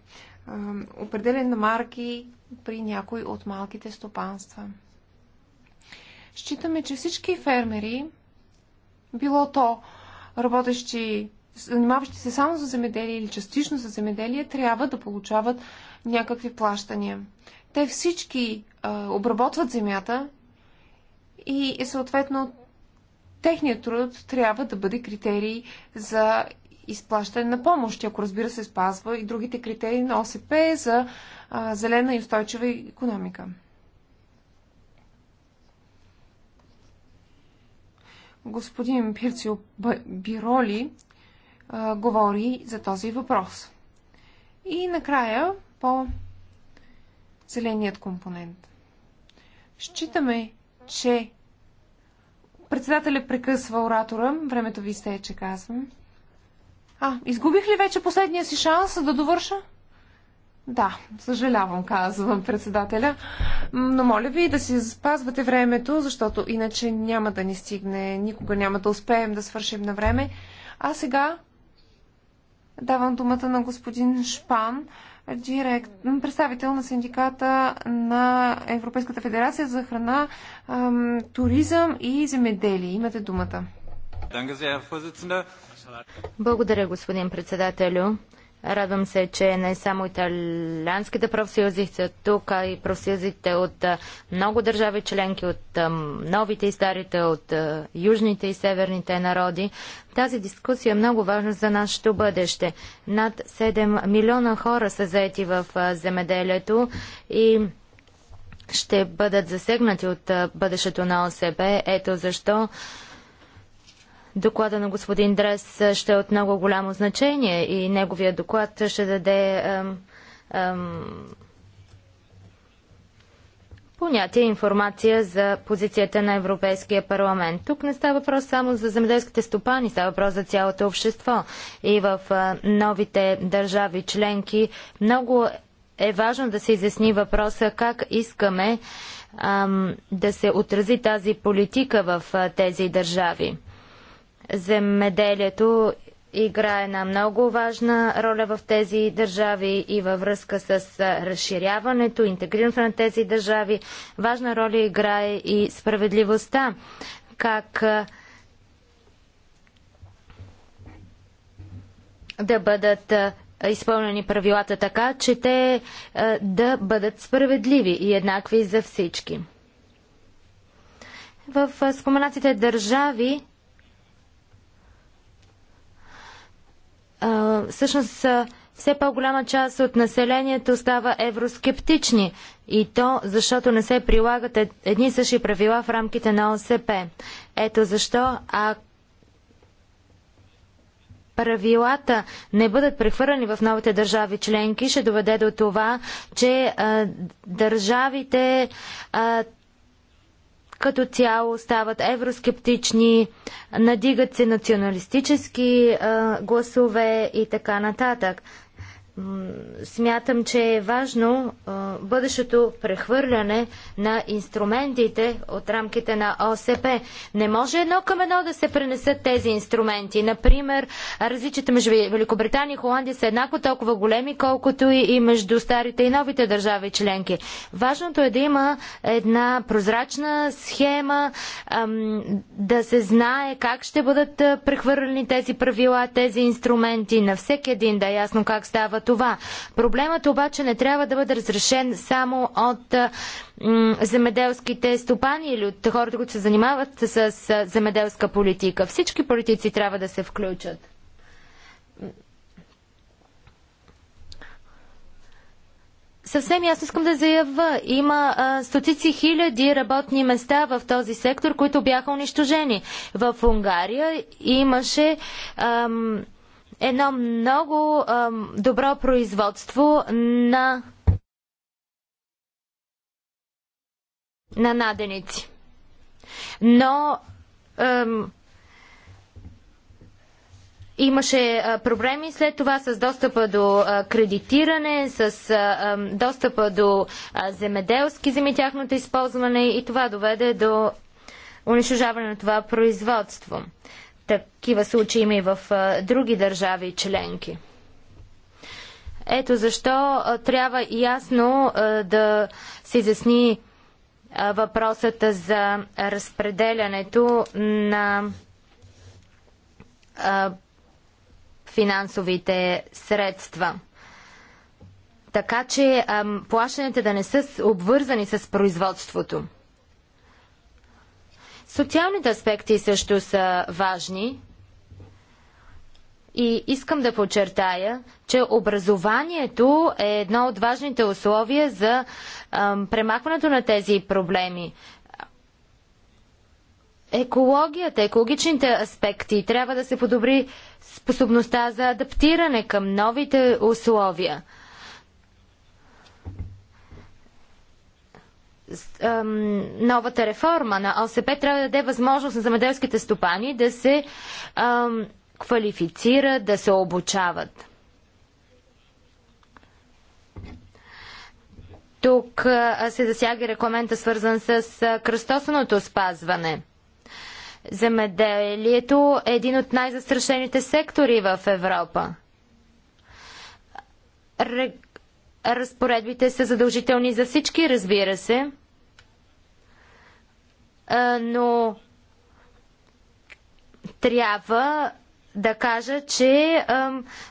определен на марки при някои от малките стопанства. Считаме, че всички фермери, било то работещи, занимаващи се само за земеделие или частично за земеделие, трябва да получават някакви плащания. Те всички а, обработват земята и съответно техният труд трябва да бъде критерий за изплащане на помощ, ако разбира се спазва и другите критерии на ОСП за а, зелена и устойчива економика. Господин Пирцио Бироли а, говори за този въпрос. И накрая по зеленият компонент. Считаме, че Председателят е прекъсва оратора. Времето ви сте, че казвам. А, изгубих ли вече последния си шанс да довърша? Да, съжалявам, казвам председателя. Но моля ви да си спазвате времето, защото иначе няма да ни стигне, никога няма да успеем да свършим на време. А сега давам думата на господин Шпан директ, представител на синдиката на Европейската федерация за храна, туризъм и земеделие. Имате думата. Благодаря, господин председателю. Радвам се, че не само италианските профсъюзи са тук, а и профсъюзите от много държави членки, от новите и старите, от южните и северните народи. Тази дискусия е много важна за нашето бъдеще. Над 7 милиона хора са заети в земеделието и ще бъдат засегнати от бъдещето на ОСБ. Ето защо Доклада на господин Дрес ще е от много голямо значение и неговия доклад ще даде ам, ам, понятие информация за позицията на Европейския парламент. Тук не става въпрос само за земеделските стопани, става въпрос за цялото общество. И в новите държави членки много е важно да се изясни въпроса как искаме ам, да се отрази тази политика в а, тези държави. Земеделието играе една много важна роля в тези държави и във връзка с разширяването, интегрирането на тези държави. Важна роля играе и справедливостта. Как да бъдат изпълнени правилата така, че те да бъдат справедливи и еднакви за всички. В споменатите държави всъщност все по-голяма част от населението става евроскептични и то защото не се прилагат е, едни същи правила в рамките на ОСП. Ето защо, а правилата не бъдат прехвърлени в новите държави членки, ще доведе до това, че а, държавите а, като цяло стават евроскептични, надигат се националистически а, гласове и така нататък смятам, че е важно бъдещето прехвърляне на инструментите от рамките на ОСП. Не може едно към едно да се пренесат тези инструменти. Например, различията между Великобритания и Холандия са еднакво толкова големи, колкото и, между старите и новите държави членки. Важното е да има една прозрачна схема, да се знае как ще бъдат прехвърлени тези правила, тези инструменти, на всеки един да е ясно как стават това. Проблемът обаче не трябва да бъде разрешен само от земеделските стопани или от хората, които се занимават с земеделска политика. Всички политици трябва да се включат. Съвсем ясно искам да заявя, има а, стотици хиляди работни места в този сектор, които бяха унищожени. В Унгария имаше ам, едно много ам, добро производство на на наденици. Но ам, имаше а, проблеми след това с достъпа до а, кредитиране, с а, достъпа до земеделски земи, тяхното използване и това доведе до унищожаване на това производство. Такива случаи има и в други държави членки. Ето защо трябва ясно да се изясни въпросът за разпределянето на финансовите средства. Така че плащанията да не са обвързани с производството. Социалните аспекти също са важни. И искам да подчертая, че образованието е едно от важните условия за ам, премахването на тези проблеми. Екологията, екологичните аспекти трябва да се подобри способността за адаптиране към новите условия. новата реформа на ОСП трябва да даде възможност на замеделските стопани да се ам, квалифицират, да се обучават. Тук а, се засяга рекламента, свързан с а, кръстосаното спазване. Земеделието е един от най-застрашените сектори в Европа. Рег разпоредбите са задължителни за всички, разбира се. Но трябва да кажа, че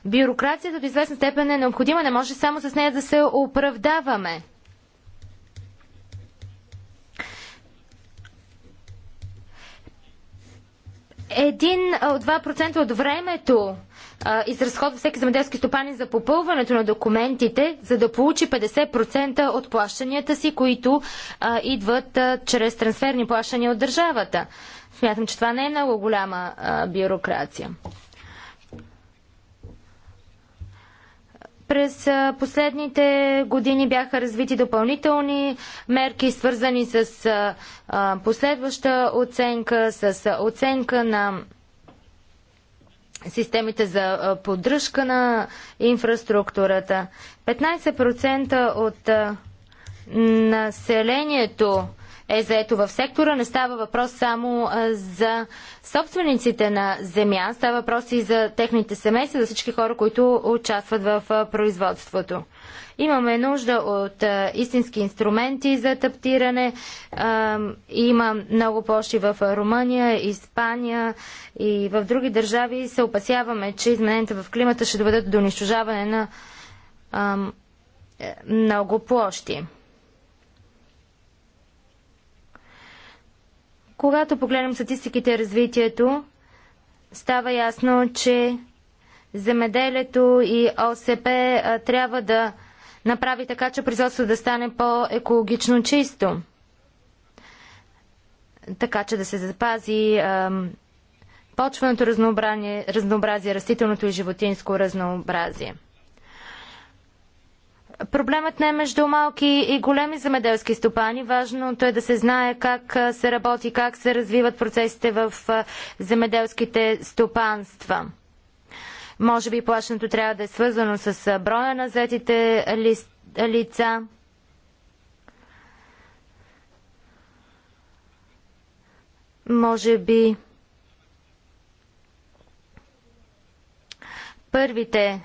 бюрокрацията до известна степен е необходима. Не може само с нея да се оправдаваме. Един от 2% от времето изразходва всеки земеделски стопанин за попълването на документите, за да получи 50% от плащанията си, които а, идват а, чрез трансферни плащания от държавата. Смятам, че това не е много голяма а, бюрокрация. През последните години бяха развити допълнителни мерки, свързани с последваща оценка, с оценка на системите за поддръжка на инфраструктурата. 15% от населението е заето в сектора. Не става въпрос само за собствениците на земя, става въпрос и за техните семейства, за всички хора, които участват в производството. Имаме нужда от истински инструменти за таптиране. Има много площи в Румъния, Испания и в други държави. Се опасяваме, че измененията в климата ще доведат до унищожаване на е, много площи. Когато погледнем статистиките и развитието, става ясно, че земеделието и ОСП трябва да направи така, че производството да стане по-екологично чисто. Така, че да се запази почвеното разнообразие, разнообразие, растителното и животинско разнообразие. Проблемът не е между малки и големи земеделски стопани. Важното е да се знае как се работи, как се развиват процесите в земеделските стопанства. Може би плащането трябва да е свързано с броя на заетите ли, лица. Може би първите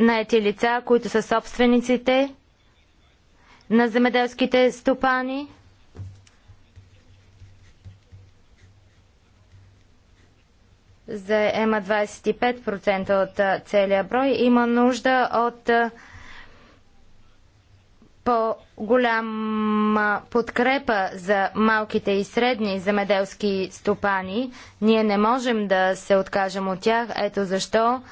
наети лица, които са собствениците на земеделските стопани. заема 25% от целия брой. Има нужда от по-голяма подкрепа за малките и средни земеделски стопани. Ние не можем да се откажем от тях. Ето защо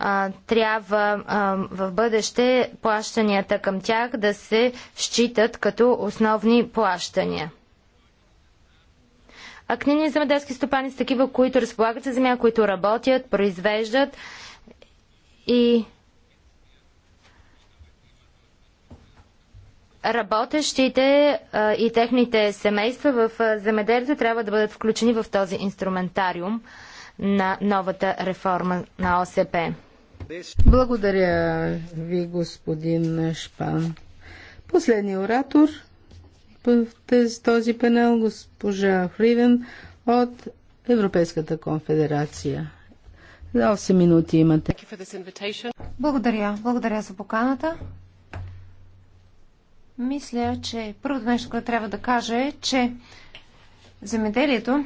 а, трябва а, в бъдеще плащанията към тях да се считат като основни плащания. Активни земеделски стопани са такива, които разполагат за земя, които работят, произвеждат и работещите а, и техните семейства в земеделието трябва да бъдат включени в този инструментариум на новата реформа на ОСП. Благодаря ви, господин Шпан. Последният оратор в този панел, госпожа Фривен от Европейската конфедерация. За 8 минути имате. Благодаря. Благодаря за поканата. Мисля, че първото нещо, което трябва да кажа е, че земеделието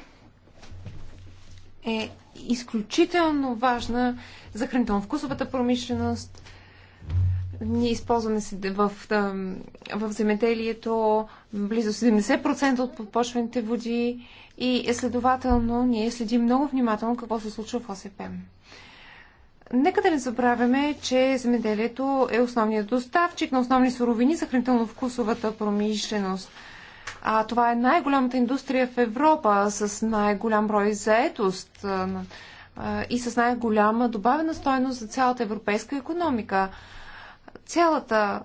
е изключително важна за хранително-вкусовата промишленост. Ние използваме в, в земеделието близо 70% от подпочвените води и следователно ние следим много внимателно какво се случва в ОСП. Нека да не забравяме, че земеделието е основният доставчик на основни суровини за хранително-вкусовата промишленост – а това е най-голямата индустрия в Европа с най-голям брой заетост и с най-голяма добавена стойност за цялата европейска економика. Цялата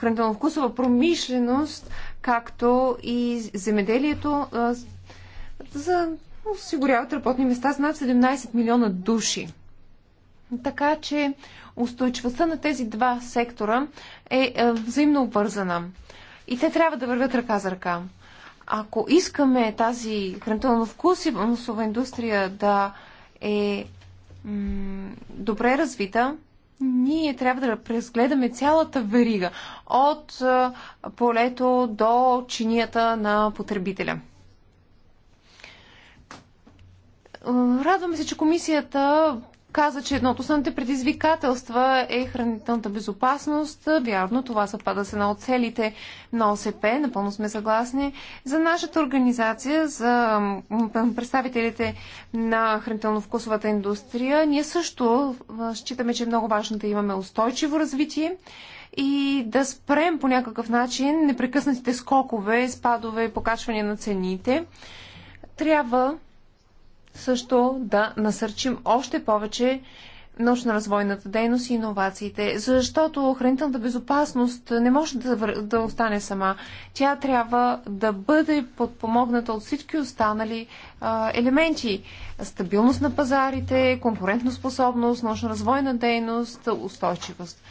хранително-вкусова промишленост, както и земеделието, за осигуряват работни места с над 17 милиона души. Така че устойчивостта на тези два сектора е взаимно обвързана. И те трябва да вървят ръка за ръка. Ако искаме тази хранително мусова индустрия да е добре развита, ние трябва да преразгледаме цялата верига от полето до чинията на потребителя. Радваме се, че комисията каза, че едно от основните предизвикателства е хранителната безопасност. Вярно, това съвпада с една от целите на ОСП, напълно сме съгласни. За нашата организация, за представителите на хранително-вкусовата индустрия, ние също считаме, че е много важно да имаме устойчиво развитие и да спрем по някакъв начин непрекъснатите скокове, спадове, покачване на цените. Трябва също да насърчим още повече научно-развойната дейност и иновациите, защото хранителната безопасност не може да, да остане сама. Тя трябва да бъде подпомогната от всички останали а, елементи. Стабилност на пазарите, конкурентоспособност, научно-развойна дейност, устойчивост.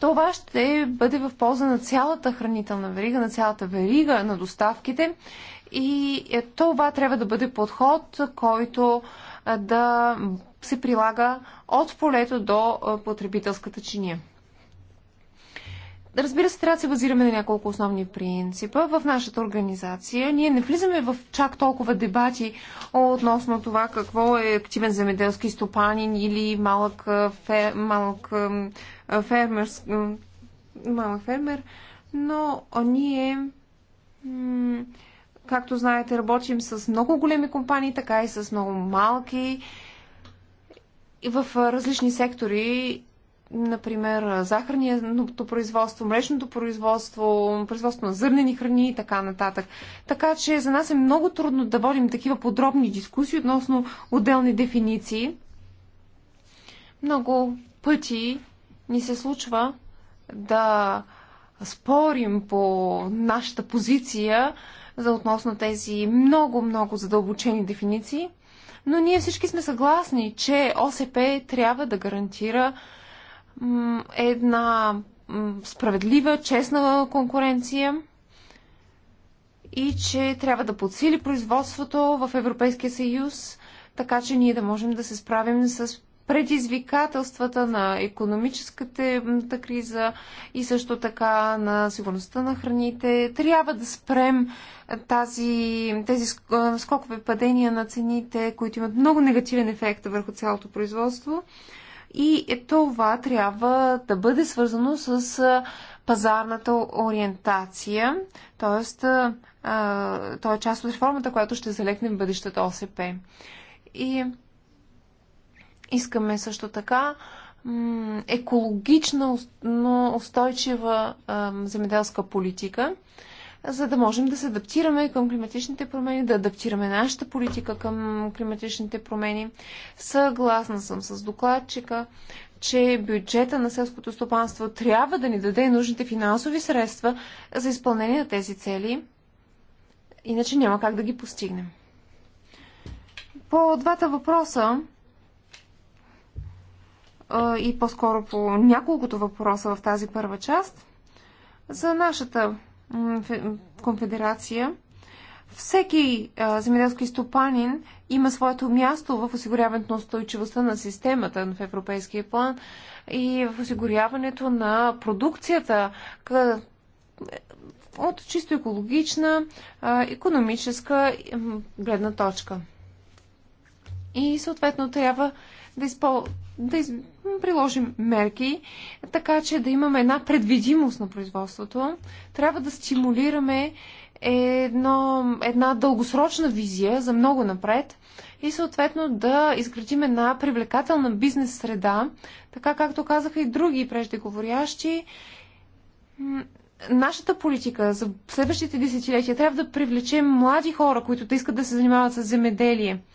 Това ще бъде в полза на цялата хранителна верига, на цялата верига на доставките и е, това трябва да бъде подход, който е, да се прилага от полето до е, потребителската чиния. Разбира се, трябва да се базираме на няколко основни принципа. В нашата организация ние не влизаме в чак толкова дебати относно това какво е активен земеделски стопанин или малък, фер, малък, фермер, малък фермер, но ние Както знаете, работим с много големи компании, така и с много малки и в различни сектори, например, захарното производство, млечното производство, производство на зърнени храни и така нататък. Така че за нас е много трудно да водим такива подробни дискусии относно отделни дефиниции. Много пъти ни се случва да спорим по нашата позиция, за относно тези много-много задълбочени дефиниции, но ние всички сме съгласни, че ОСП трябва да гарантира една справедлива, честна конкуренция и че трябва да подсили производството в Европейския съюз, така че ние да можем да се справим с предизвикателствата на економическата криза и също така на сигурността на храните. Трябва да спрем тази, тези скокове падения на цените, които имат много негативен ефект върху цялото производство. И е това трябва да бъде свързано с пазарната ориентация, т.е. Това е част от реформата, която ще залегне в бъдещата ОСП. И Искаме също така екологична, но устойчива земеделска политика, за да можем да се адаптираме към климатичните промени, да адаптираме нашата политика към климатичните промени. Съгласна съм с докладчика, че бюджета на селското стопанство трябва да ни даде нужните финансови средства за изпълнение на тези цели, иначе няма как да ги постигнем. По двата въпроса, и по-скоро по няколкото въпроса в тази първа част. За нашата конфедерация всеки земеделски стопанин има своето място в осигуряването на устойчивостта на системата в европейския план и в осигуряването на продукцията от чисто екологична, економическа гледна точка. И съответно трябва да, изпол да из... приложим мерки, така че да имаме една предвидимост на производството. Трябва да стимулираме едно, една дългосрочна визия за много напред и съответно да изградим една привлекателна бизнес среда, така както казаха и други преждеговорящи. Нашата политика за следващите десетилетия трябва да привлечем млади хора, които да искат да се занимават с земеделие –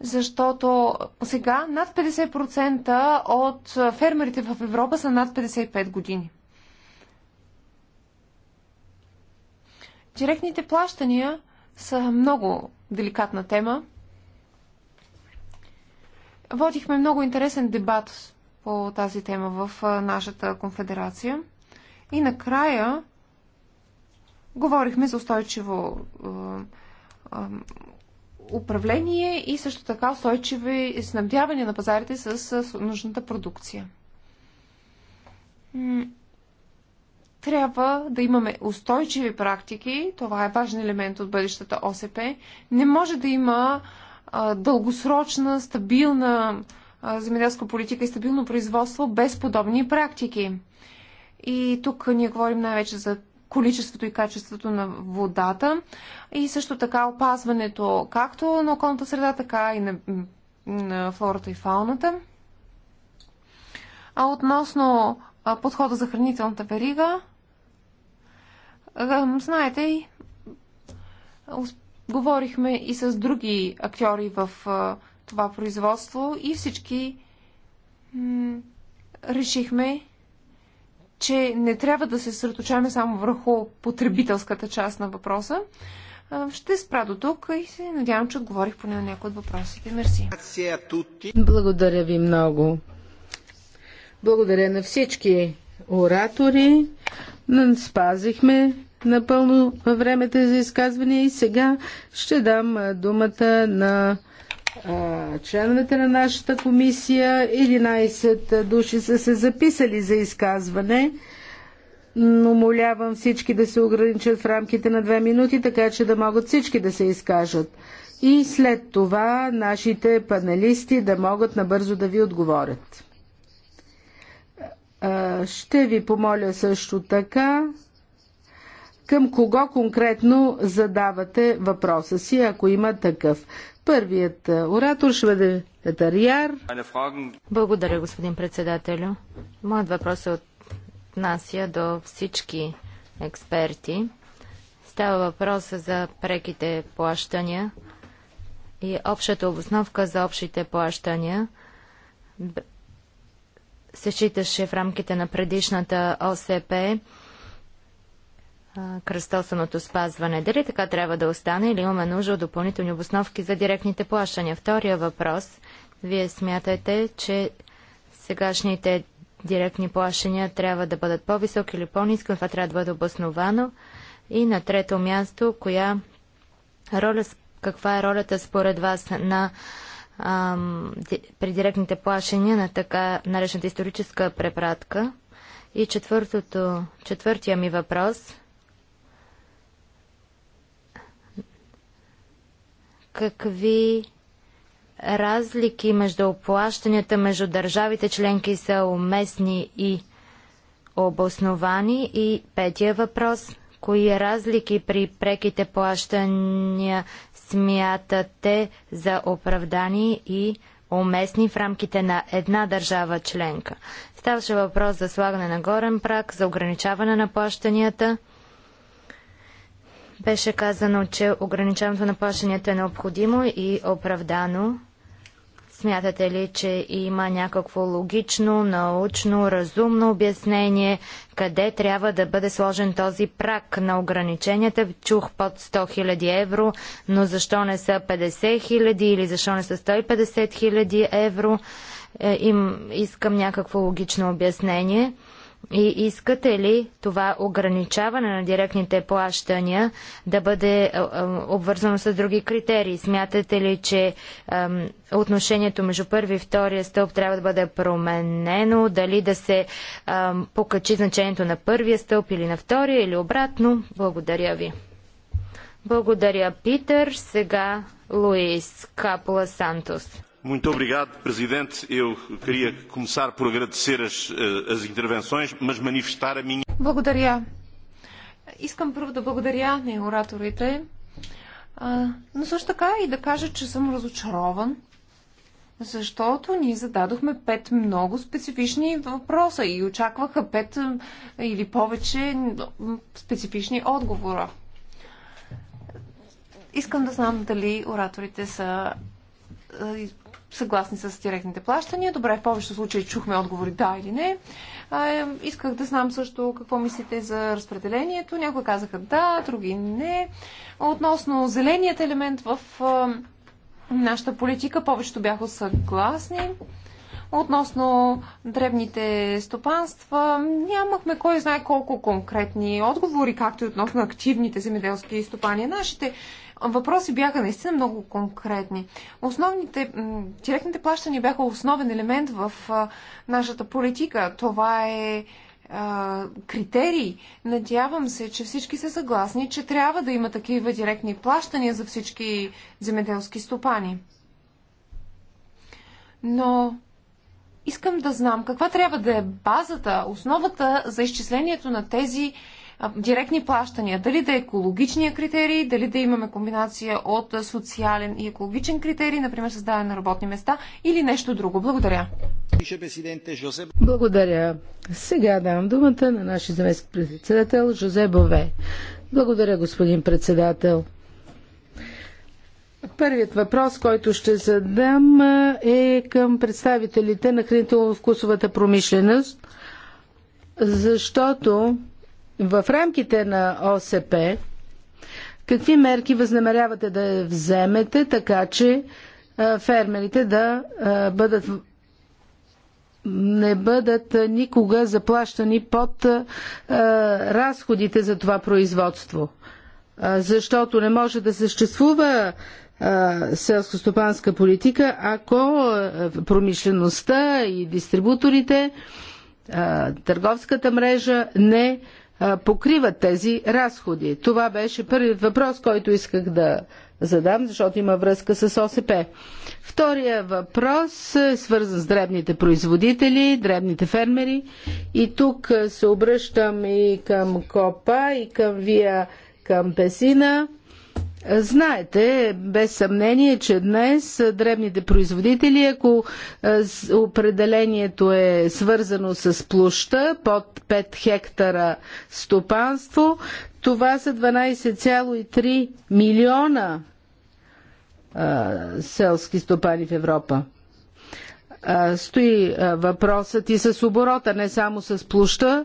защото сега над 50% от фермерите в Европа са над 55 години. Директните плащания са много деликатна тема. Водихме много интересен дебат по тази тема в нашата конфедерация. И накрая говорихме за устойчиво управление и също така устойчиви снабдяване на пазарите с нужната продукция. Трябва да имаме устойчиви практики, това е важен елемент от бъдещата ОСП. Не може да има дългосрочна, стабилна земеделска политика и стабилно производство без подобни практики. И тук ние говорим най-вече за количеството и качеството на водата и също така опазването както на околната среда, така и на, на флората и фауната. А относно подхода за хранителната верига, знаете, говорихме и с други актьори в това производство и всички решихме че не трябва да се съсредоточаваме само върху потребителската част на въпроса. Ще спра до тук и се надявам, че отговорих поне на някои от въпросите. Мерси. Благодаря ви много. Благодаря на всички оратори. Спазихме напълно времето за изказване и сега ще дам думата на членовете на нашата комисия. 11 души са се записали за изказване. Но молявам всички да се ограничат в рамките на две минути, така че да могат всички да се изкажат. И след това нашите панелисти да могат набързо да ви отговорят. Ще ви помоля също така към кого конкретно задавате въпроса си, ако има такъв. Първият оратор ще бъде Етарияр. Благодаря, господин председателю. Моят въпрос е отнася до всички експерти. Става въпрос за преките плащания и общата обосновка за общите плащания се считаше в рамките на предишната ОСП кръстосаното спазване. Дали така трябва да остане или имаме нужда от допълнителни обосновки за директните плащания? Втория въпрос. Вие смятате, че сегашните директни плащания трябва да бъдат по-високи или по-низки, това трябва да бъде обосновано. И на трето място, коя роля, каква е ролята според вас на при директните плащания на така наречената историческа препратка? И четвъртото, четвъртия ми въпрос – какви разлики между оплащанията между държавите членки са уместни и обосновани? И петия въпрос – кои разлики при преките плащания смятате за оправдани и уместни в рамките на една държава членка? Ставаше въпрос за слагане на горен прак, за ограничаване на плащанията – беше казано, че ограничаването на плащанията е необходимо и оправдано. Смятате ли, че има някакво логично, научно, разумно обяснение къде трябва да бъде сложен този прак на ограниченията? Чух под 100 000 евро, но защо не са 50 000 или защо не са 150 000 евро? Е, им искам някакво логично обяснение. И искате ли това ограничаване на директните плащания да бъде е, е, обвързано с други критерии? Смятате ли, че отношението между първи и втория стълб трябва да бъде променено? Дали да се покачи значението на първия стълб или на втория или обратно? Благодаря ви. Благодаря, Питър. Сега Луис Капула Сантос obrigado, Presidente. Eu queria começar por agradecer as, eh, as intervenções, mas manifestar a minha. Благодаря. Искам първо да благодаря на ораторите, но също така и да кажа, че съм разочарован, защото ние зададохме пет много специфични въпроса и очакваха пет или повече специфични отговора. Искам да знам дали ораторите са съгласни с директните плащания. Добре, в повечето случаи чухме отговори да или не. А, е, исках да знам също какво мислите за разпределението. Някои казаха да, други не. Относно зеленият елемент в а, нашата политика, повечето бяха съгласни. Относно дребните стопанства, нямахме кой знае колко конкретни отговори, както и относно активните земеделски стопани. Нашите въпроси бяха наистина много конкретни. Основните, директните плащания бяха основен елемент в нашата политика. Това е критерии. Надявам се, че всички са съгласни, че трябва да има такива директни плащания за всички земеделски стопани. Но искам да знам каква трябва да е базата, основата за изчислението на тези директни плащания, дали да е екологичния критерий, дали да имаме комбинация от социален и екологичен критерий, например създаване на работни места или нещо друго. Благодаря. Благодаря. Сега давам думата на нашия заместник председател Жозе Бове. Благодаря, господин председател. Първият въпрос, който ще задам е към представителите на хранително-вкусовата промишленост, защото в рамките на ОСП, какви мерки възнамерявате да вземете, така че фермерите да бъдат не бъдат никога заплащани под разходите за това производство. Защото не може да съществува селско-стопанска политика, ако промишлеността и дистрибуторите, търговската мрежа не покриват тези разходи? Това беше първият въпрос, който исках да задам, защото има връзка с ОСП. Втория въпрос е свързан с дребните производители, дребните фермери. И тук се обръщам и към Копа, и към Вия, към Песина. Знаете, без съмнение, че днес дребните производители, ако определението е свързано с площа под 5 хектара стопанство, това са 12,3 милиона а, селски стопани в Европа. А, стои а, въпросът и с оборота, не само с площа,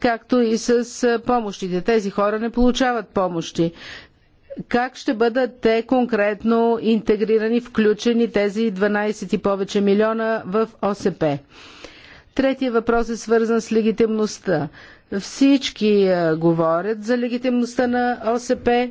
както и с помощите. Тези хора не получават помощи как ще бъдат те конкретно интегрирани, включени тези 12 и повече милиона в ОСП? Третия въпрос е свързан с легитимността. Всички говорят за легитимността на ОСП,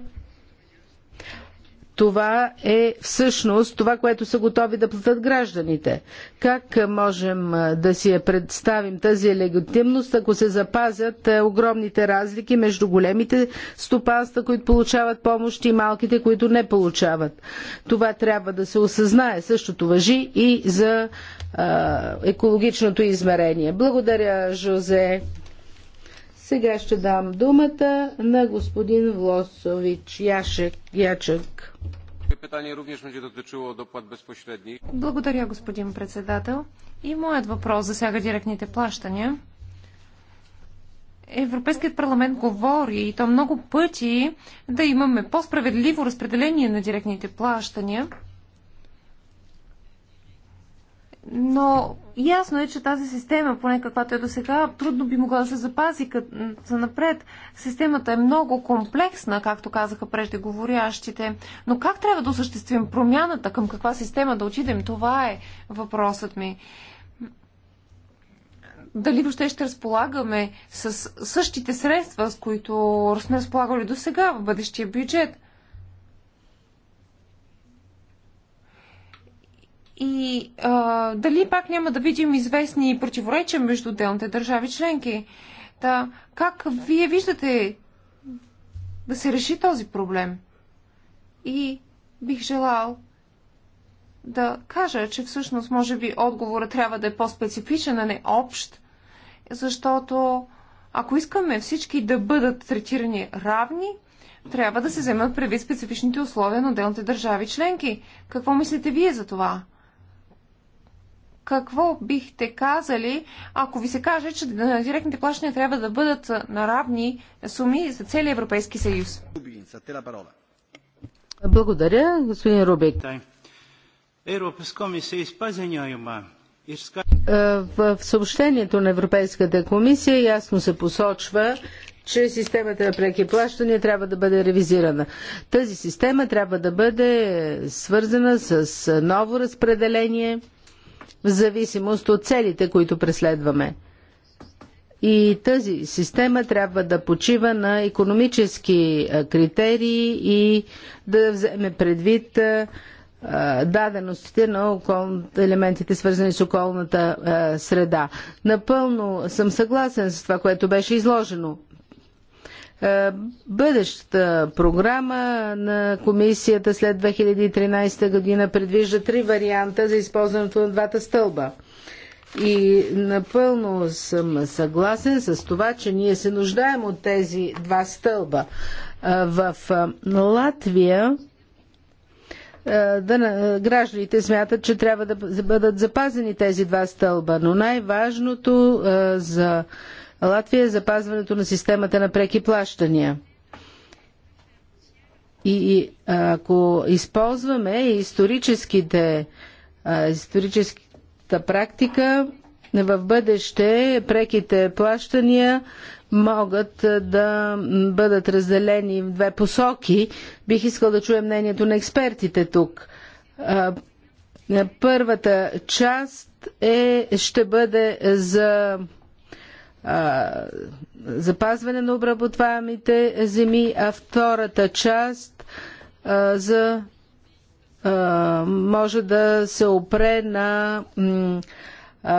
това е всъщност това, което са готови да платят гражданите. Как можем да си я представим тази легитимност, ако се запазят огромните разлики между големите стопанства, които получават помощи и малките, които не получават? Това трябва да се осъзнае. Същото въжи и за а, екологичното измерение. Благодаря, Жозе. Сега ще дам думата на господин Влосович Яшек. Ячек. Благодаря, господин председател. И моят въпрос засяга директните плащания. Европейският парламент говори и то много пъти да имаме по-справедливо разпределение на директните плащания – но ясно е, че тази система, поне каквато е до сега, трудно би могла да се запази за напред. Системата е много комплексна, както казаха преждеговорящите. Но как трябва да осъществим промяната, към каква система да отидем, това е въпросът ми. Дали въобще ще разполагаме с същите средства, с които сме разполагали до сега в бъдещия бюджет – И а, дали пак няма да видим известни противоречия между отделните държави членки? Да, как вие виждате да се реши този проблем? И бих желал да кажа, че всъщност може би отговорът трябва да е по-специфичен, а не общ, защото ако искаме всички да бъдат третирани равни, трябва да се вземат преди специфичните условия на отделните държави членки. Какво мислите вие за това? какво бихте казали, ако ви се каже, че директните плащания трябва да бъдат на равни суми за целия Европейски съюз? Благодаря, господин Рубик. Е, в съобщението на Европейската комисия ясно се посочва, че системата на преки плащания трябва да бъде ревизирана. Тази система трябва да бъде свързана с ново разпределение в зависимост от целите, които преследваме. И тази система трябва да почива на економически критерии и да вземе предвид даденостите на елементите, свързани с околната среда. Напълно съм съгласен с това, което беше изложено е, бъдещата програма на комисията след 2013 година предвижда три варианта за използването на двата стълба. И напълно съм съгласен с това, че ние се нуждаем от тези два стълба. Е, в е, Латвия да, гражданите смятат, че трябва да бъдат запазени тези два стълба, но най-важното за Латвия е запазването на системата на преки плащания. И ако използваме историческите, историческата практика, в бъдеще преките плащания могат да бъдат разделени в две посоки. Бих искал да чуя мнението на експертите тук. Първата част е, ще бъде за запазване на обработваемите земи, а втората част за може да се опре на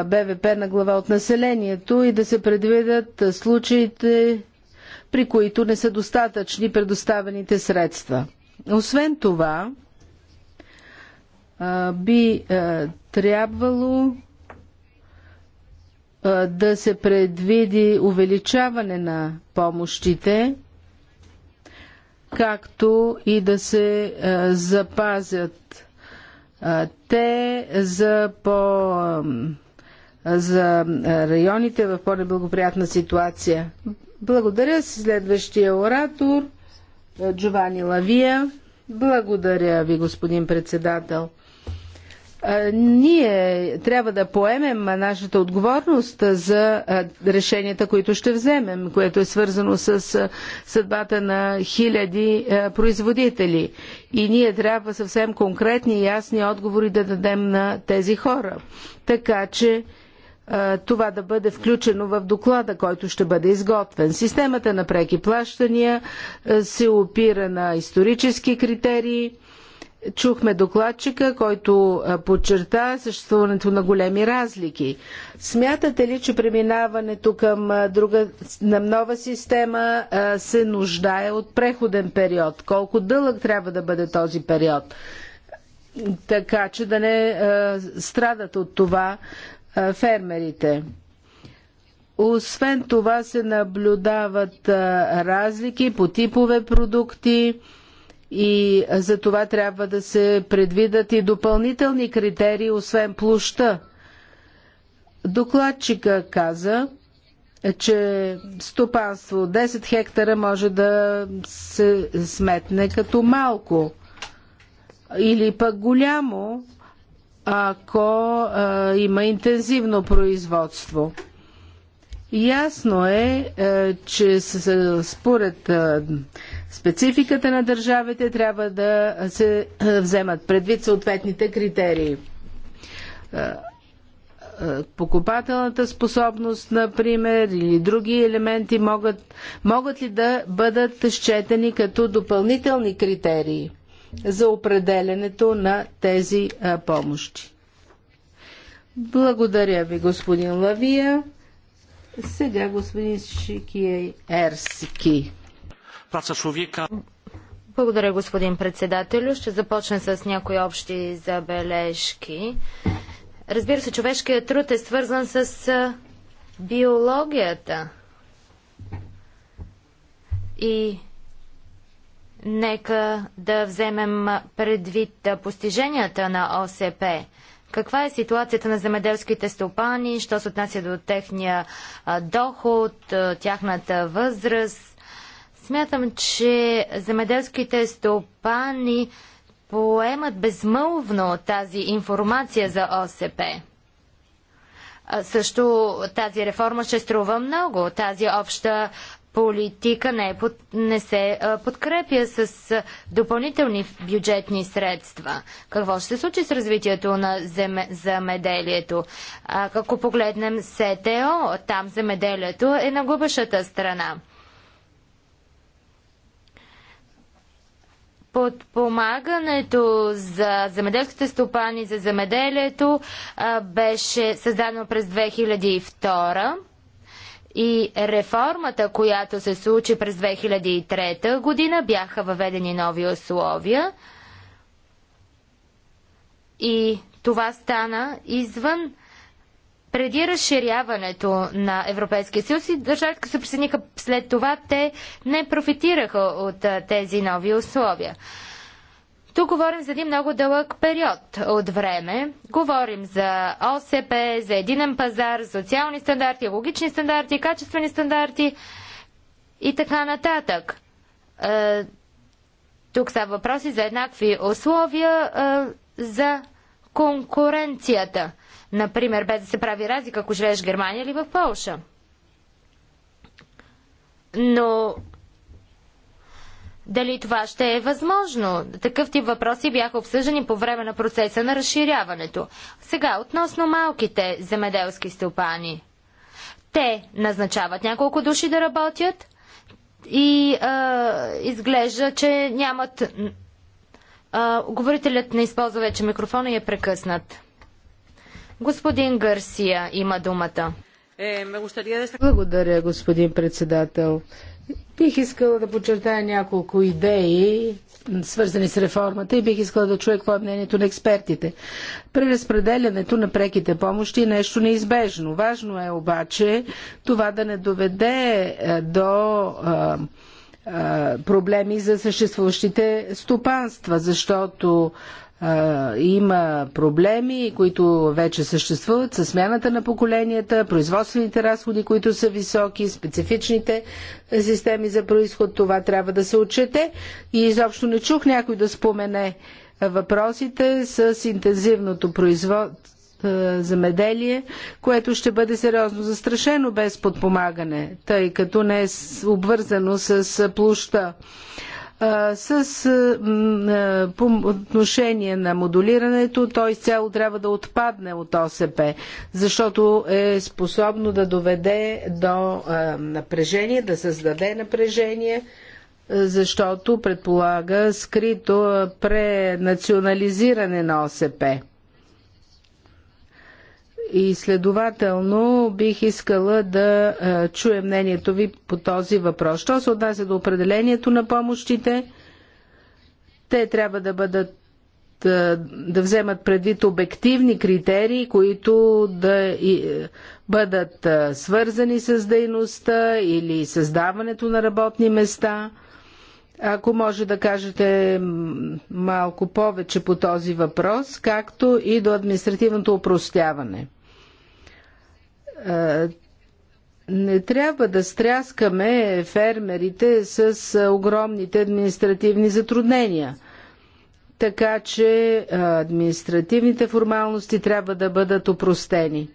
БВП на глава от населението и да се предвидят случаите, при които не са достатъчни предоставените средства. Освен това, би трябвало да се предвиди увеличаване на помощите, както и да се запазят те за по за районите в по-неблагоприятна ситуация. Благодаря си следващия оратор Джовани Лавия. Благодаря ви, господин председател. Ние трябва да поемем нашата отговорност за решенията, които ще вземем, което е свързано с съдбата на хиляди производители. И ние трябва съвсем конкретни и ясни отговори да дадем на тези хора. Така че това да бъде включено в доклада, който ще бъде изготвен. Системата на преки плащания се опира на исторически критерии Чухме докладчика, който подчерта съществуването на големи разлики. Смятате ли, че преминаването към друга, на нова система се нуждае от преходен период? Колко дълъг трябва да бъде този период? Така, че да не страдат от това фермерите. Освен това се наблюдават разлики по типове продукти, и за това трябва да се предвидат и допълнителни критерии, освен площа. Докладчика каза, че стопанство 10 хектара може да се сметне като малко или пък голямо, ако а, има интензивно производство. Ясно е, а, е, че с, според а, спецификата на държавите трябва да се е, вземат предвид съответните критерии. Е, е, покупателната способност, например, или други елементи могат, могат ли да бъдат счетени като допълнителни критерии за определенето на тези помощи? Благодаря ви, господин Лавия. Сега господин Шики Ерсики. Благодаря, господин председател. Ще започна с някои общи забележки. Разбира се, човешкият труд е свързан с биологията. И нека да вземем предвид постиженията на ОСП. Каква е ситуацията на земеделските стопани, що се отнася до техния доход, тяхната възраст, Смятам, че земеделските стопани поемат безмълвно тази информация за ОСП. Също тази реформа ще струва много. Тази обща политика не, е под, не се подкрепя с допълнителни бюджетни средства. Какво ще се случи с развитието на земе, земеделието? ако погледнем СТО, там земеделието е на губещата страна. Подпомагането за земеделските стопани, за земеделието беше създадено през 2002 и реформата, която се случи през 2003 година, бяха въведени нови условия и това стана извън преди разширяването на Европейския съюз и държавите, които се присъединиха след това, те не профитираха от тези нови условия. Тук говорим за един много дълъг период от време. Говорим за ОСП, за единен пазар, социални стандарти, логични стандарти, качествени стандарти и така нататък. тук са въпроси за еднакви условия за конкуренцията. Например, без да се прави разлика, ако живееш в Германия или в Полша. Но дали това ще е възможно? Такъв тип въпроси бяха обсъждани по време на процеса на разширяването. Сега, относно малките земеделски стопани. Те назначават няколко души да работят и а, изглежда, че нямат... А, говорителят не използва вече микрофона и е прекъснат. Господин Гарсия има думата. Е, Благодаря, господин председател. Бих искала да подчертая няколко идеи, свързани с реформата и бих искала да чуя какво е мнението на експертите. Преразпределянето на преките помощи е нещо неизбежно. Важно е обаче това да не доведе е, до е, проблеми за съществуващите стопанства, защото има проблеми, които вече съществуват с смяната на поколенията, производствените разходи, които са високи, специфичните системи за происход, това трябва да се отчете. И изобщо не чух някой да спомене въпросите с интензивното производство замеделие, което ще бъде сериозно застрашено без подпомагане, тъй като не е обвързано с площа с по отношение на модулирането, то изцяло трябва да отпадне от ОСП, защото е способно да доведе до напрежение, да създаде напрежение, защото предполага скрито пренационализиране на ОСП. И следователно бих искала да чуя мнението ви по този въпрос. Що се отнася до определението на помощите, те трябва да бъдат да вземат предвид обективни критерии, които да бъдат свързани с дейността или създаването на работни места. Ако може да кажете малко повече по този въпрос, както и до административното упростяване. Е, не трябва да стряскаме фермерите с е, огромните административни затруднения. Така че е, административните формалности трябва да бъдат опростени.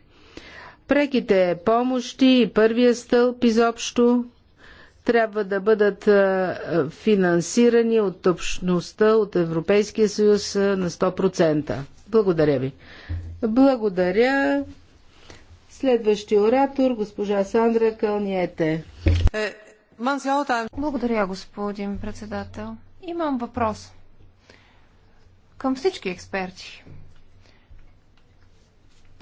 Преките помощи и първия стълб изобщо трябва да бъдат финансирани от общността, от Европейския съюз на 100%. Благодаря ви. Благодаря. Следващия оратор, госпожа Сандра Кълниете. Е, Благодаря, господин председател. Имам въпрос към всички експерти.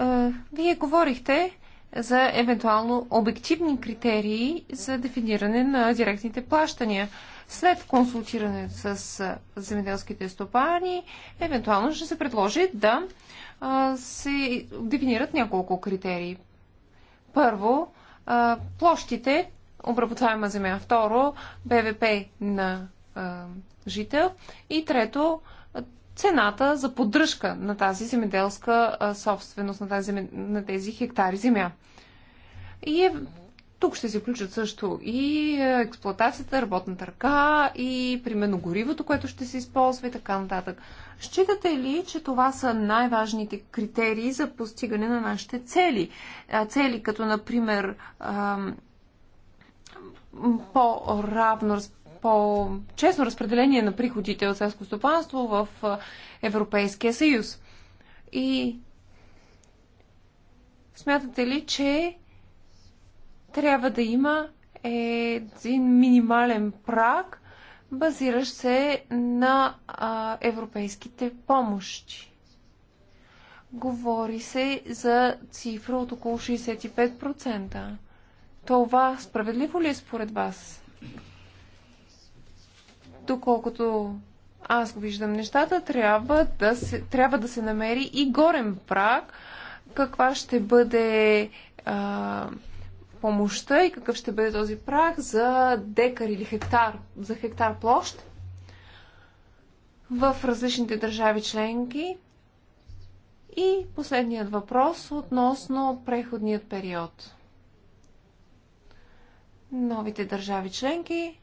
Е, вие говорихте за евентуално обективни критерии за дефиниране на директните плащания. След консултиране с земеделските стопани, евентуално ще се предложи да се дефинират няколко критерии. Първо, площите, обработваема земя. Второ, БВП на жител. И трето, цената за поддръжка на тази земеделска собственост, на, тази, на тези хектари земя. И е тук ще се включат също и е, експлоатацията, работната ръка и примерно горивото, което ще се използва и така нататък. Считате ли, че това са най-важните критерии за постигане на нашите цели? Цели като, например, по-равно, по-честно разпределение на приходите от селско стопанство в е, Европейския съюз. И смятате ли, че трябва да има един минимален праг, базиращ се на а, европейските помощи. Говори се за цифра от около 65%. Това справедливо ли е според вас? Доколкото аз го виждам нещата, трябва да се, трябва да се намери и горен праг, каква ще бъде а, помощта и какъв ще бъде този прах за декар или хектар, за хектар площ в различните държави членки. И последният въпрос относно преходният период. Новите държави членки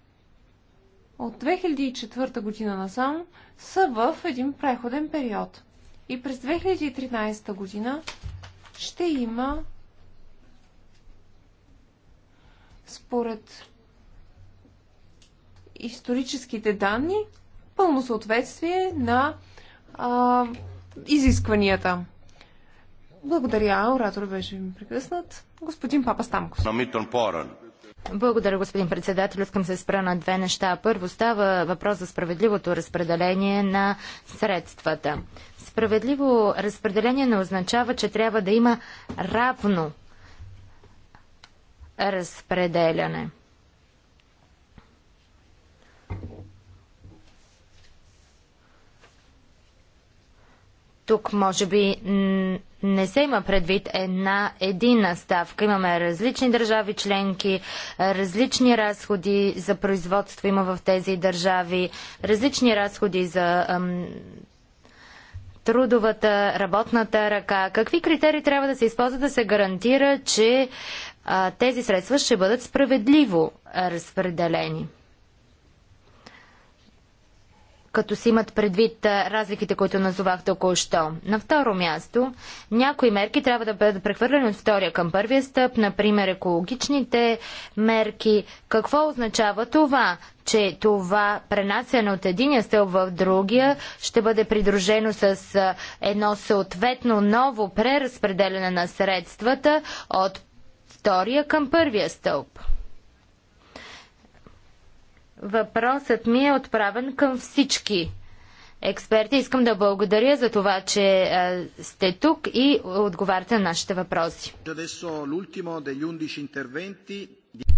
от 2004 година насам са в един преходен период. И през 2013 година ще има според историческите данни пълно съответствие на а, изискванията. Благодаря. Оратор беше ми прекъснат. Господин Папа Стамков. Благодаря, господин председател. Искам се спра на две неща. Първо става въпрос за справедливото разпределение на средствата. Справедливо разпределение не означава, че трябва да има равно разпределяне. Тук може би не се има предвид една едина ставка. Имаме различни държави членки, различни разходи за производство има в тези държави, различни разходи за ам, трудовата, работната ръка. Какви критерии трябва да се използват да се гарантира, че тези средства ще бъдат справедливо разпределени. Като си имат предвид разликите, които назовах току-що. На второ място, някои мерки трябва да бъдат прехвърлени от втория към първия стъп, например екологичните мерки. Какво означава това? че това пренасяне от единия стълб в другия ще бъде придружено с едно съответно ново преразпределяне на средствата от втория към първия стълб. Въпросът ми е отправен към всички експерти. Искам да благодаря за това, че сте тук и отговаряте на нашите въпроси.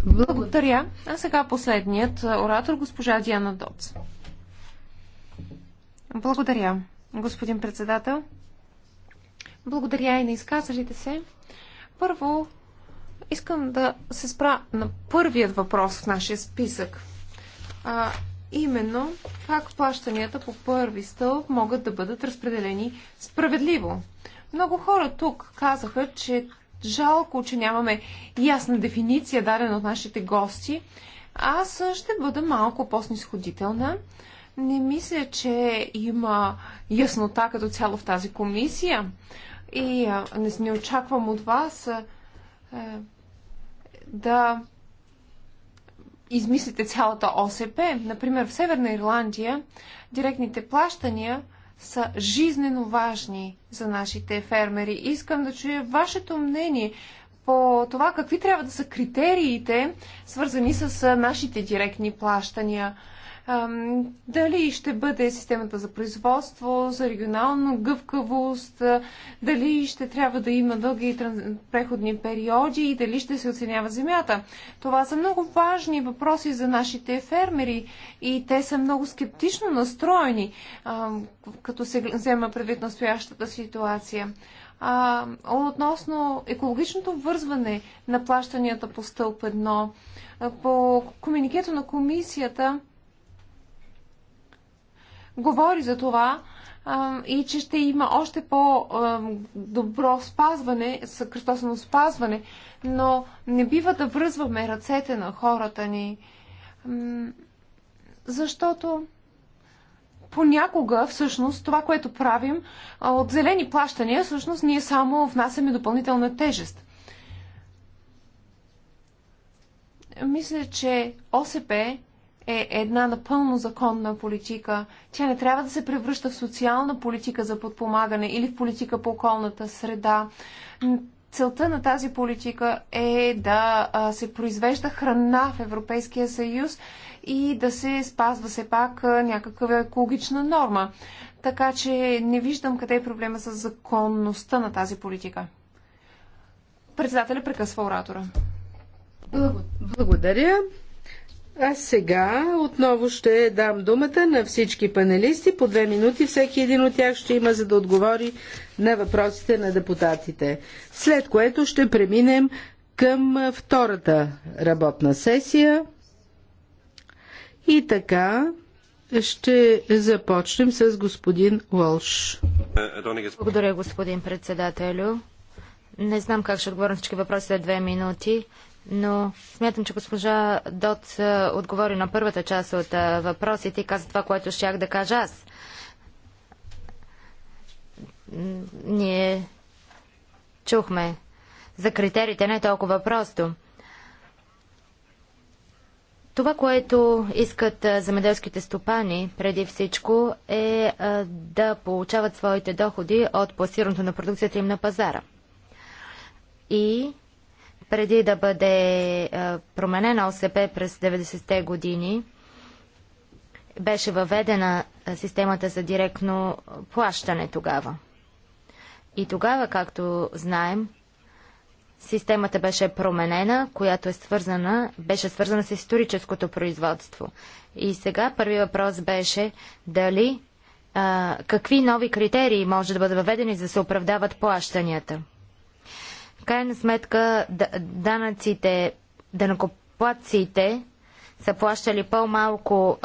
Благодаря. А сега последният оратор, госпожа Диана Доц. Благодаря, господин председател. Благодаря и на изказалите се. Първо, Искам да се спра на първият въпрос в нашия списък. А, именно как плащанията по първи стълб могат да бъдат разпределени справедливо. Много хора тук казаха, че жалко, че нямаме ясна дефиниция, дадена от нашите гости. Аз ще бъда малко по-снисходителна. Не мисля, че има яснота като цяло в тази комисия. И не, не очаквам от вас да измислите цялата ОСП. Например, в Северна Ирландия директните плащания са жизнено важни за нашите фермери. Искам да чуя вашето мнение по това какви трябва да са критериите, свързани с нашите директни плащания. Дали ще бъде системата за производство, за регионална гъвкавост, дали ще трябва да има дълги преходни периоди и дали ще се оценява земята. Това са много важни въпроси за нашите фермери и те са много скептично настроени, като се взема предвид настоящата ситуация а, относно екологичното вързване на плащанията по стълб 1. По комуникето на комисията говори за това а, и че ще има още по-добро спазване, кръстосано спазване, но не бива да връзваме ръцете на хората ни, защото понякога всъщност това, което правим от зелени плащания, всъщност ние само внасяме допълнителна тежест. Мисля, че ОСП е една напълно законна политика. Тя не трябва да се превръща в социална политика за подпомагане или в политика по околната среда. Целта на тази политика е да се произвежда храна в Европейския съюз и да се спазва все пак някаква екологична норма. Така че не виждам къде е проблема с законността на тази политика. Председателя прекъсва оратора. Благодаря. А сега отново ще дам думата на всички панелисти. По две минути всеки един от тях ще има за да отговори на въпросите на депутатите. След което ще преминем към втората работна сесия. И така ще започнем с господин Уолш. Благодаря, господин председателю. Не знам как ще отговоря на всички въпроси за две минути но смятам, че госпожа Дот отговори на първата част от въпросите и каза това, което щях да кажа аз. Ние чухме за критериите, не е толкова просто. Това, което искат земеделските стопани преди всичко е да получават своите доходи от пласирането на продукцията им на пазара. И преди да бъде е, променена ОСП през 90-те години, беше въведена е, системата за директно плащане тогава. И тогава, както знаем, системата беше променена, която е свързана, беше свързана с историческото производство. И сега първи въпрос беше дали а, е, какви нови критерии може да бъдат въведени, за да се оправдават плащанията. В крайна сметка данъците, данъкоплатците са плащали по-малко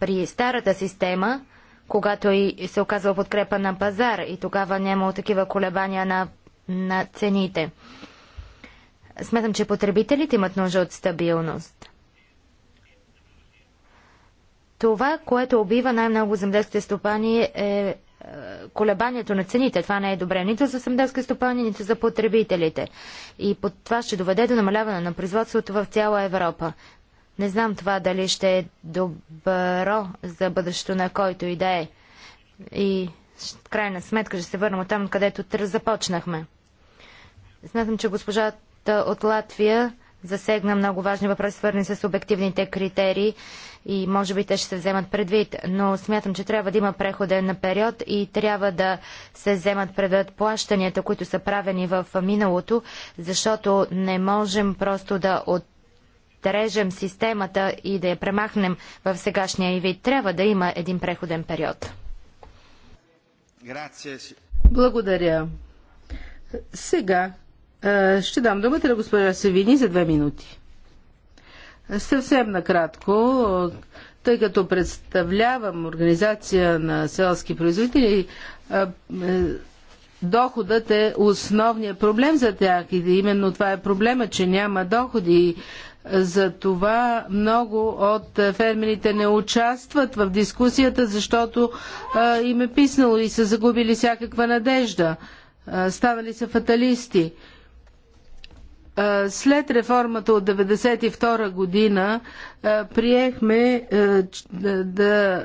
при старата система, когато и се оказва подкрепа на пазар и тогава няма такива колебания на, на цените. Смятам, че потребителите имат нужда от стабилност. Това, което убива най-много земледелските стопани е колебанието на цените. Това не е добре нито за земеделски стопани, нито за потребителите. И под това ще доведе до намаляване на производството в цяла Европа. Не знам това дали ще е добро за бъдещето на който и да е. И в крайна сметка ще се върнем от там, където започнахме. Смятам, че госпожата от Латвия засегна много важни въпроси, свързани с обективните критерии и може би те ще се вземат предвид, но смятам, че трябва да има преходен на период и трябва да се вземат предвид плащанията, които са правени в миналото, защото не можем просто да от режем системата и да я премахнем в сегашния и вид. Трябва да има един преходен период. Благодаря. Сега е, ще дам думата на госпожа Савини за две минути. Съвсем накратко, тъй като представлявам организация на селски производители, е, е, доходът е основният проблем за тях и именно това е проблема, че няма доходи. За това много от фермерите не участват в дискусията, защото им е писнало и са загубили всякаква надежда. Станали са фаталисти. След реформата от 1992 година приехме да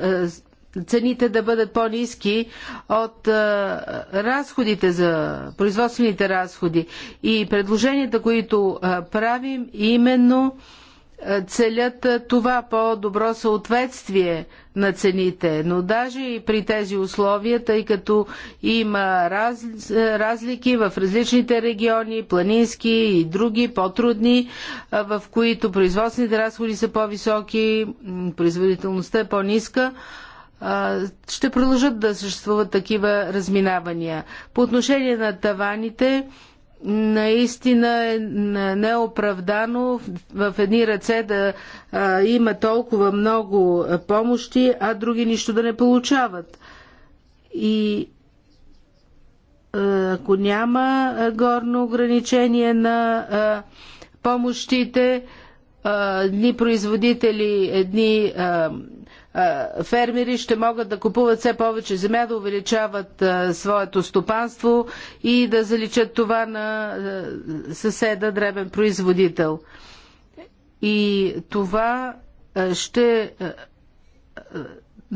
цените да бъдат по-низки от разходите за производствените разходи. И предложенията, които правим, именно целят това по-добро съответствие на цените. Но даже и при тези условия, тъй като има раз, разлики в различните региони, планински и други, по-трудни, в които производствените разходи са по-високи, производителността е по-ниска, ще продължат да съществуват такива разминавания. По отношение на таваните, наистина е неоправдано в едни ръце да а, има толкова много помощи, а други нищо да не получават. И ако няма горно ограничение на а, помощите, дни производители, едни фермери ще могат да купуват все повече земя, да увеличават своето стопанство и да заличат това на съседа, дребен производител. И това ще.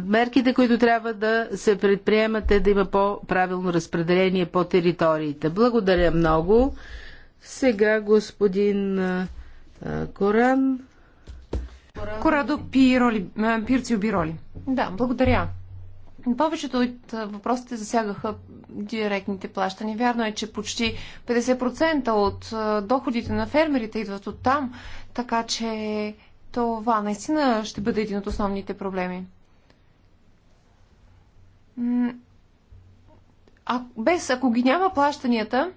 Мерките, които трябва да се предприемат е да има по-правилно разпределение по териториите. Благодаря много. Сега господин Коран. Корадо Пироли, Пирцио Бироли. Да, благодаря. Повечето от въпросите засягаха директните плащания. Вярно е, че почти 50% от доходите на фермерите идват от там, така че това наистина ще бъде един от основните проблеми. А, без, ако ги няма плащанията,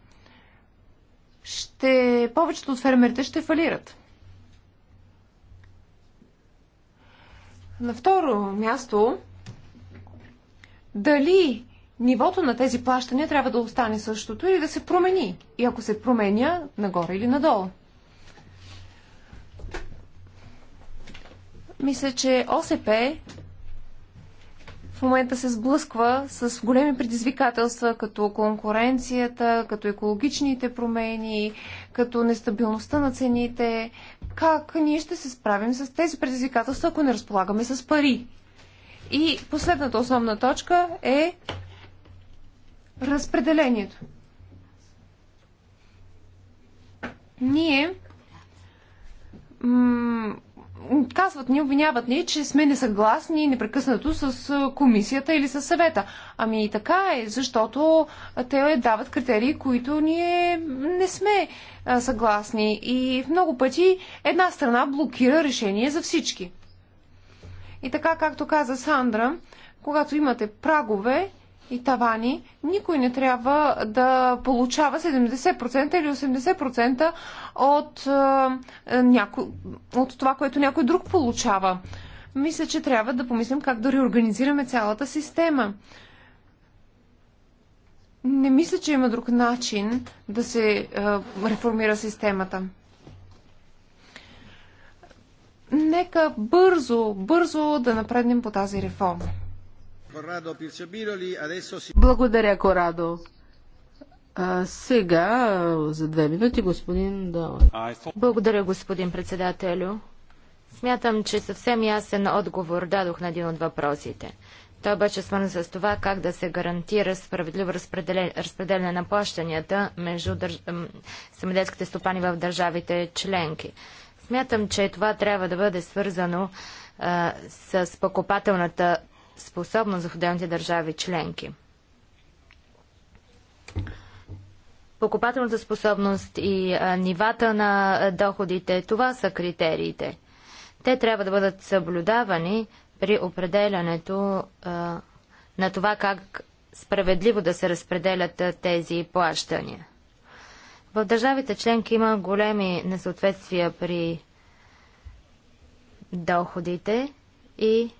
ще, повечето от фермерите ще фалират. На второ място, дали нивото на тези плащания трябва да остане същото или да се промени? И ако се променя, нагоре или надолу? Мисля, че ОСП в момента се сблъсква с големи предизвикателства, като конкуренцията, като екологичните промени, като нестабилността на цените. Как ние ще се справим с тези предизвикателства, ако не разполагаме с пари? И последната основна точка е разпределението. Ние казват ни, обвиняват ни, че сме несъгласни непрекъснато с комисията или с съвета. Ами и така е, защото те дават критерии, които ние не сме съгласни. И в много пъти една страна блокира решение за всички. И така, както каза Сандра, когато имате прагове, и тавани, никой не трябва да получава 70% или 80% от, е, няко... от това, което някой друг получава. Мисля, че трябва да помислим как да реорганизираме цялата система. Не мисля, че има друг начин да се е, реформира системата. Нека бързо, бързо да напреднем по тази реформа. Благодаря, Корадо. А, сега за две минути господин Дала. Благодаря, господин председателю. Смятам, че съвсем ясен отговор дадох на един от въпросите. Той беше свързан с това как да се гарантира справедливо разпределение, разпределение на плащанията между държ... стопани в държавите членки. Смятам, че това трябва да бъде свързано а, с покупателната способност в отделните държави членки. Покупателната способност и а, нивата на доходите, това са критериите. Те трябва да бъдат съблюдавани при определянето а, на това как справедливо да се разпределят а, тези плащания. В държавите членки има големи несъответствия при доходите и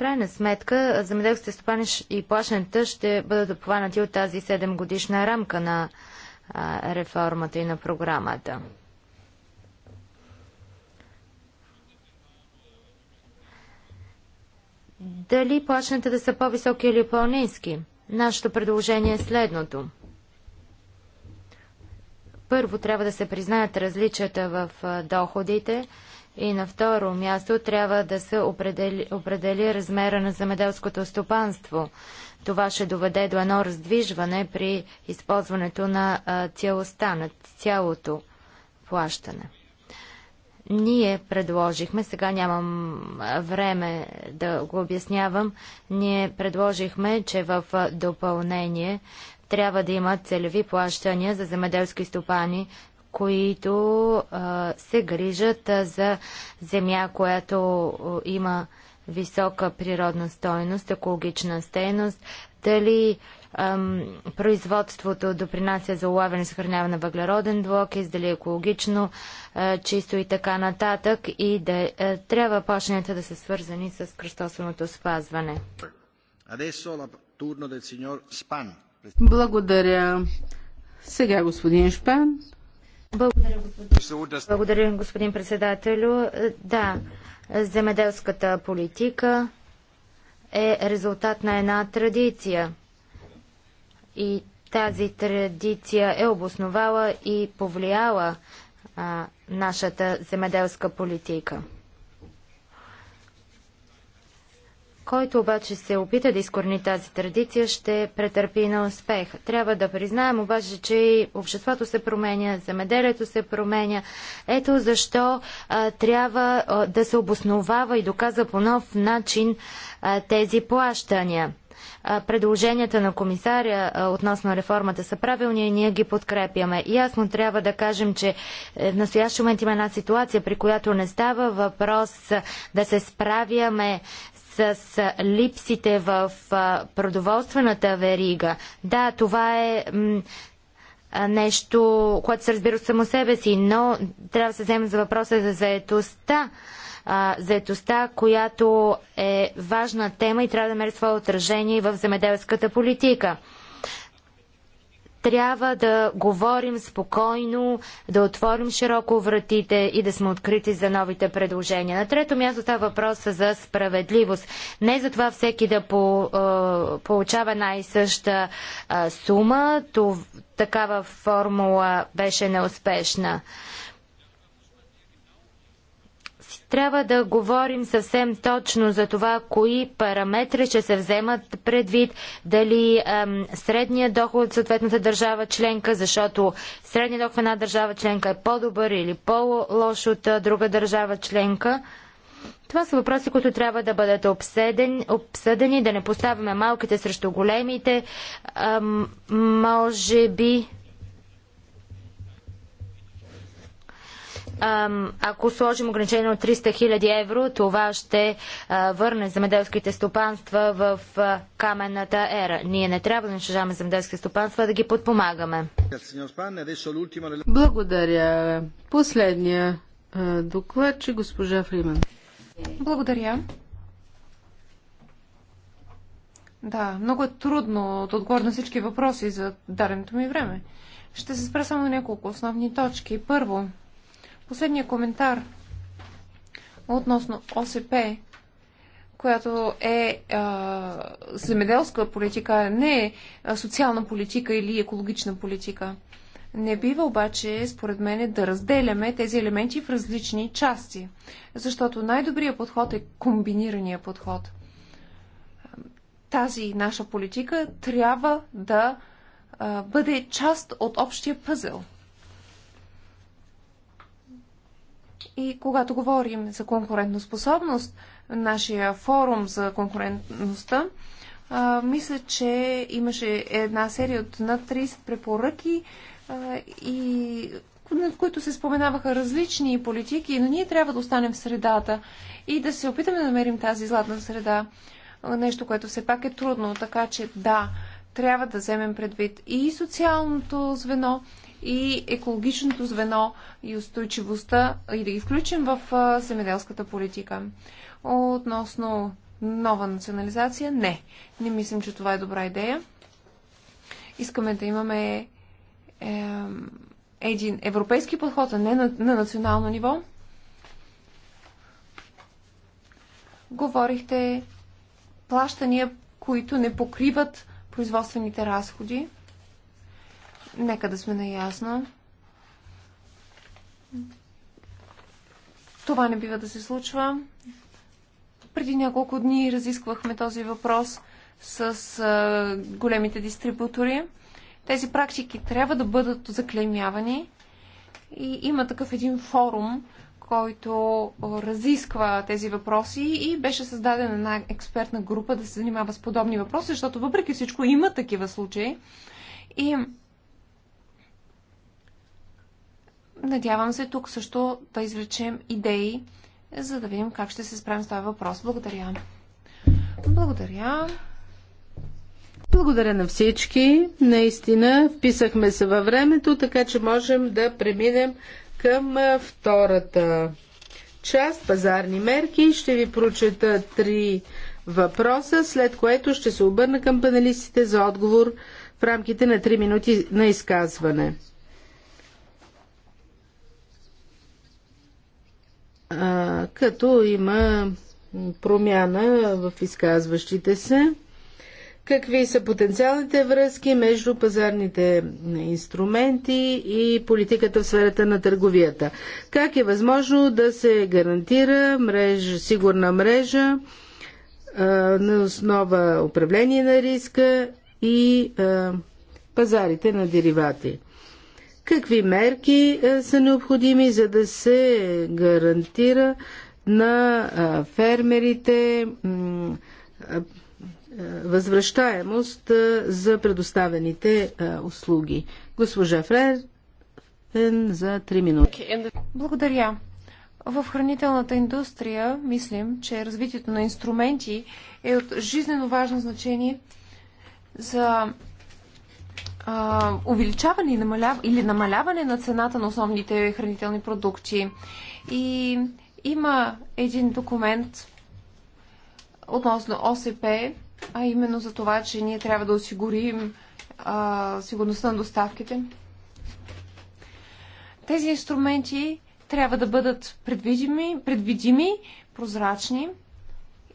крайна сметка земеделските стопани и плащането ще бъдат обхванати от тази 7 годишна рамка на реформата и на програмата. Дали плащането да са по-високи или по-низки? Нашето предложение е следното. Първо трябва да се признаят различията в доходите – и на второ място трябва да се определи, определи размера на земеделското стопанство. Това ще доведе до едно раздвижване при използването на а, цялостта, на цялото плащане. Ние предложихме, сега нямам време да го обяснявам, ние предложихме, че в допълнение трябва да има целеви плащания за земеделски стопани които а, се грижат а, за земя, която а, има висока природна стойност, екологична стойност, дали ам, производството допринася за улавяне и съхраняване на въглероден двуокис, дали е екологично а, чисто и така нататък и да а, трябва плащанията да са свързани с кръстосаното спазване. Благодаря. Сега господин Шпан. Благодаря, господин, председател. председателю. Да, земеделската политика е резултат на една традиция. И тази традиция е обосновала и повлияла а, нашата земеделска политика. Който обаче се опита да изкорни тази традиция, ще претърпи на успех. Трябва да признаем обаче, че и обществото се променя, замеделието се променя. Ето защо а, трябва а, да се обосновава и доказа по нов начин а, тези плащания. предложенията на комисаря относно реформата са правилни и ние ги подкрепяме. И ясно трябва да кажем, че е, в настоящия момент има една ситуация, при която не става въпрос да се справяме с липсите в продоволствената верига. Да, това е нещо, което се разбира от само себе си, но трябва да се вземе за въпроса за заетостта. Заетостта, която е важна тема и трябва да намери свое отражение в земеделската политика. Трябва да говорим спокойно, да отворим широко вратите и да сме открити за новите предложения. На трето място става въпроса за справедливост. Не за това всеки да по, е, получава най-съща е, сума. То, такава формула беше неуспешна. Трябва да говорим съвсем точно за това, кои параметри ще се вземат предвид, дали ем, средния доход в съответната държава членка, защото средният доход в една държава членка е по-добър или по-лош от друга държава членка. Това са въпроси, които трябва да бъдат обсъдени, обсъдени да не поставяме малките срещу големите. Ем, може би Ако сложим ограничение от 300 000 евро, това ще върне земеделските стопанства в каменната ера. Ние не трябва да унищожаваме земеделските стопанства, а да ги подпомагаме. Благодаря. Последния доклад, че госпожа Фриман. Благодаря. Да, много е трудно да отговоря на всички въпроси за дареното ми време. Ще се спра само на няколко основни точки. Първо, Последният коментар относно ОСП, която е а, земеделска политика, не е социална политика или екологична политика. Не бива обаче, според мен, да разделяме тези елементи в различни части, защото най-добрият подход е комбинирания подход. Тази наша политика трябва да бъде част от общия пъзел. И когато говорим за конкурентоспособност, нашия форум за конкурентността, а, мисля, че имаше една серия от над 30 препоръки а, и на които се споменаваха различни политики, но ние трябва да останем в средата и да се опитаме да намерим тази златна среда. Нещо, което все пак е трудно, така че да, трябва да вземем предвид и социалното звено, и екологичното звено и устойчивостта и да ги включим в земеделската политика. Относно нова национализация, не. Не мислим, че това е добра идея. Искаме да имаме е, един европейски подход, а не на, на национално ниво. Говорихте плащания, които не покриват производствените разходи. Нека да сме наясно. Това не бива да се случва. Преди няколко дни разисквахме този въпрос с а, големите дистрибутори. Тези практики трябва да бъдат заклеймявани. И има такъв един форум, който разисква тези въпроси и беше създадена една експертна група да се занимава с подобни въпроси, защото въпреки всичко има такива случаи. И Надявам се тук също да извлечем идеи, за да видим как ще се справим с този въпрос. Благодаря. Благодаря. Благодаря на всички. Наистина вписахме се във времето, така че можем да преминем към втората част пазарни мерки. Ще ви прочета три въпроса, след което ще се обърна към панелистите за отговор в рамките на 3 минути на изказване. а, като има промяна в изказващите се. Какви са потенциалните връзки между пазарните инструменти и политиката в сферата на търговията? Как е възможно да се гарантира мрежа, сигурна мрежа а, на основа управление на риска и а, пазарите на деривати? какви мерки е, са необходими, за да се гарантира на фермерите възвръщаемост за предоставените услуги. Госпожа Фрер, за 3 минути. Благодаря. В хранителната индустрия мислим, че развитието на инструменти е от жизнено важно значение за а, увеличаване и намаляв... или намаляване на цената на основните хранителни продукти. И има един документ относно ОСП, а именно за това, че ние трябва да осигурим а, сигурността на доставките. Тези инструменти трябва да бъдат предвидими, предвидими прозрачни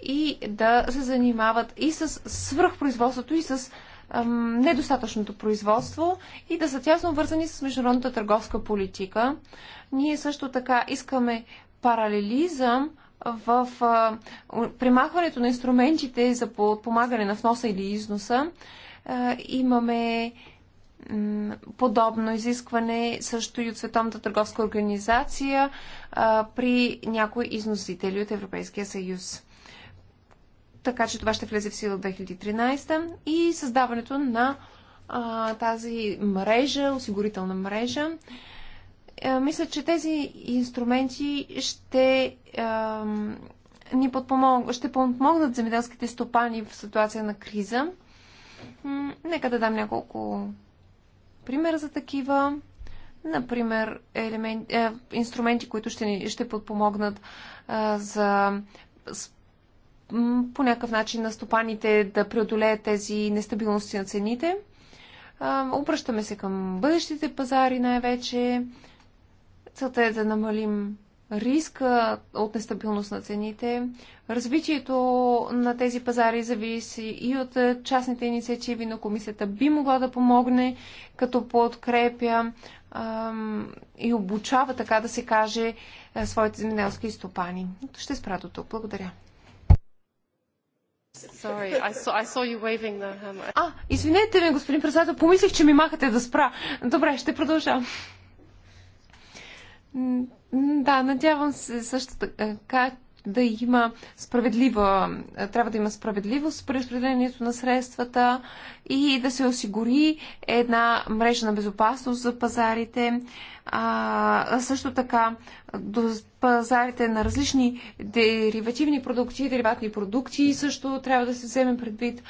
и да се занимават и с свръхпроизводството, и с недостатъчното производство и да са тясно вързани с международната търговска политика. Ние също така искаме паралелизъм в а, примахването на инструментите за подпомагане на вноса или износа. А, имаме подобно изискване също и от Световната търговска организация а, при някои износители от Европейския съюз така че това ще влезе в сила 2013 и създаването на а, тази мрежа, осигурителна мрежа. А, е, мисля, че тези инструменти ще а, ни подпомог... ще подпомогнат земеделските стопани в ситуация на криза. Нека да дам няколко примера за такива. Например, елемент, е, инструменти, които ще, ще подпомогнат а, за по някакъв начин на стопаните да преодолеят тези нестабилности на цените. Обръщаме се към бъдещите пазари най-вече. Целта е да намалим риска от нестабилност на цените. Развитието на тези пазари зависи и от частните инициативи, но комисията би могла да помогне, като подкрепя ам, и обучава, така да се каже, е, своите земеделски стопани. Ще спра до тук. Благодаря. Um, а, извинете ме, господин председател, помислих, че ми махате да спра. Добре, ще продължам. Да, надявам се също така, е, да има справедлива, трябва да има справедливост при разпределението на средствата и да се осигури една мрежа на безопасност за пазарите, а също така до пазарите на различни деривативни продукти и дериватни продукти също трябва да се вземе предвид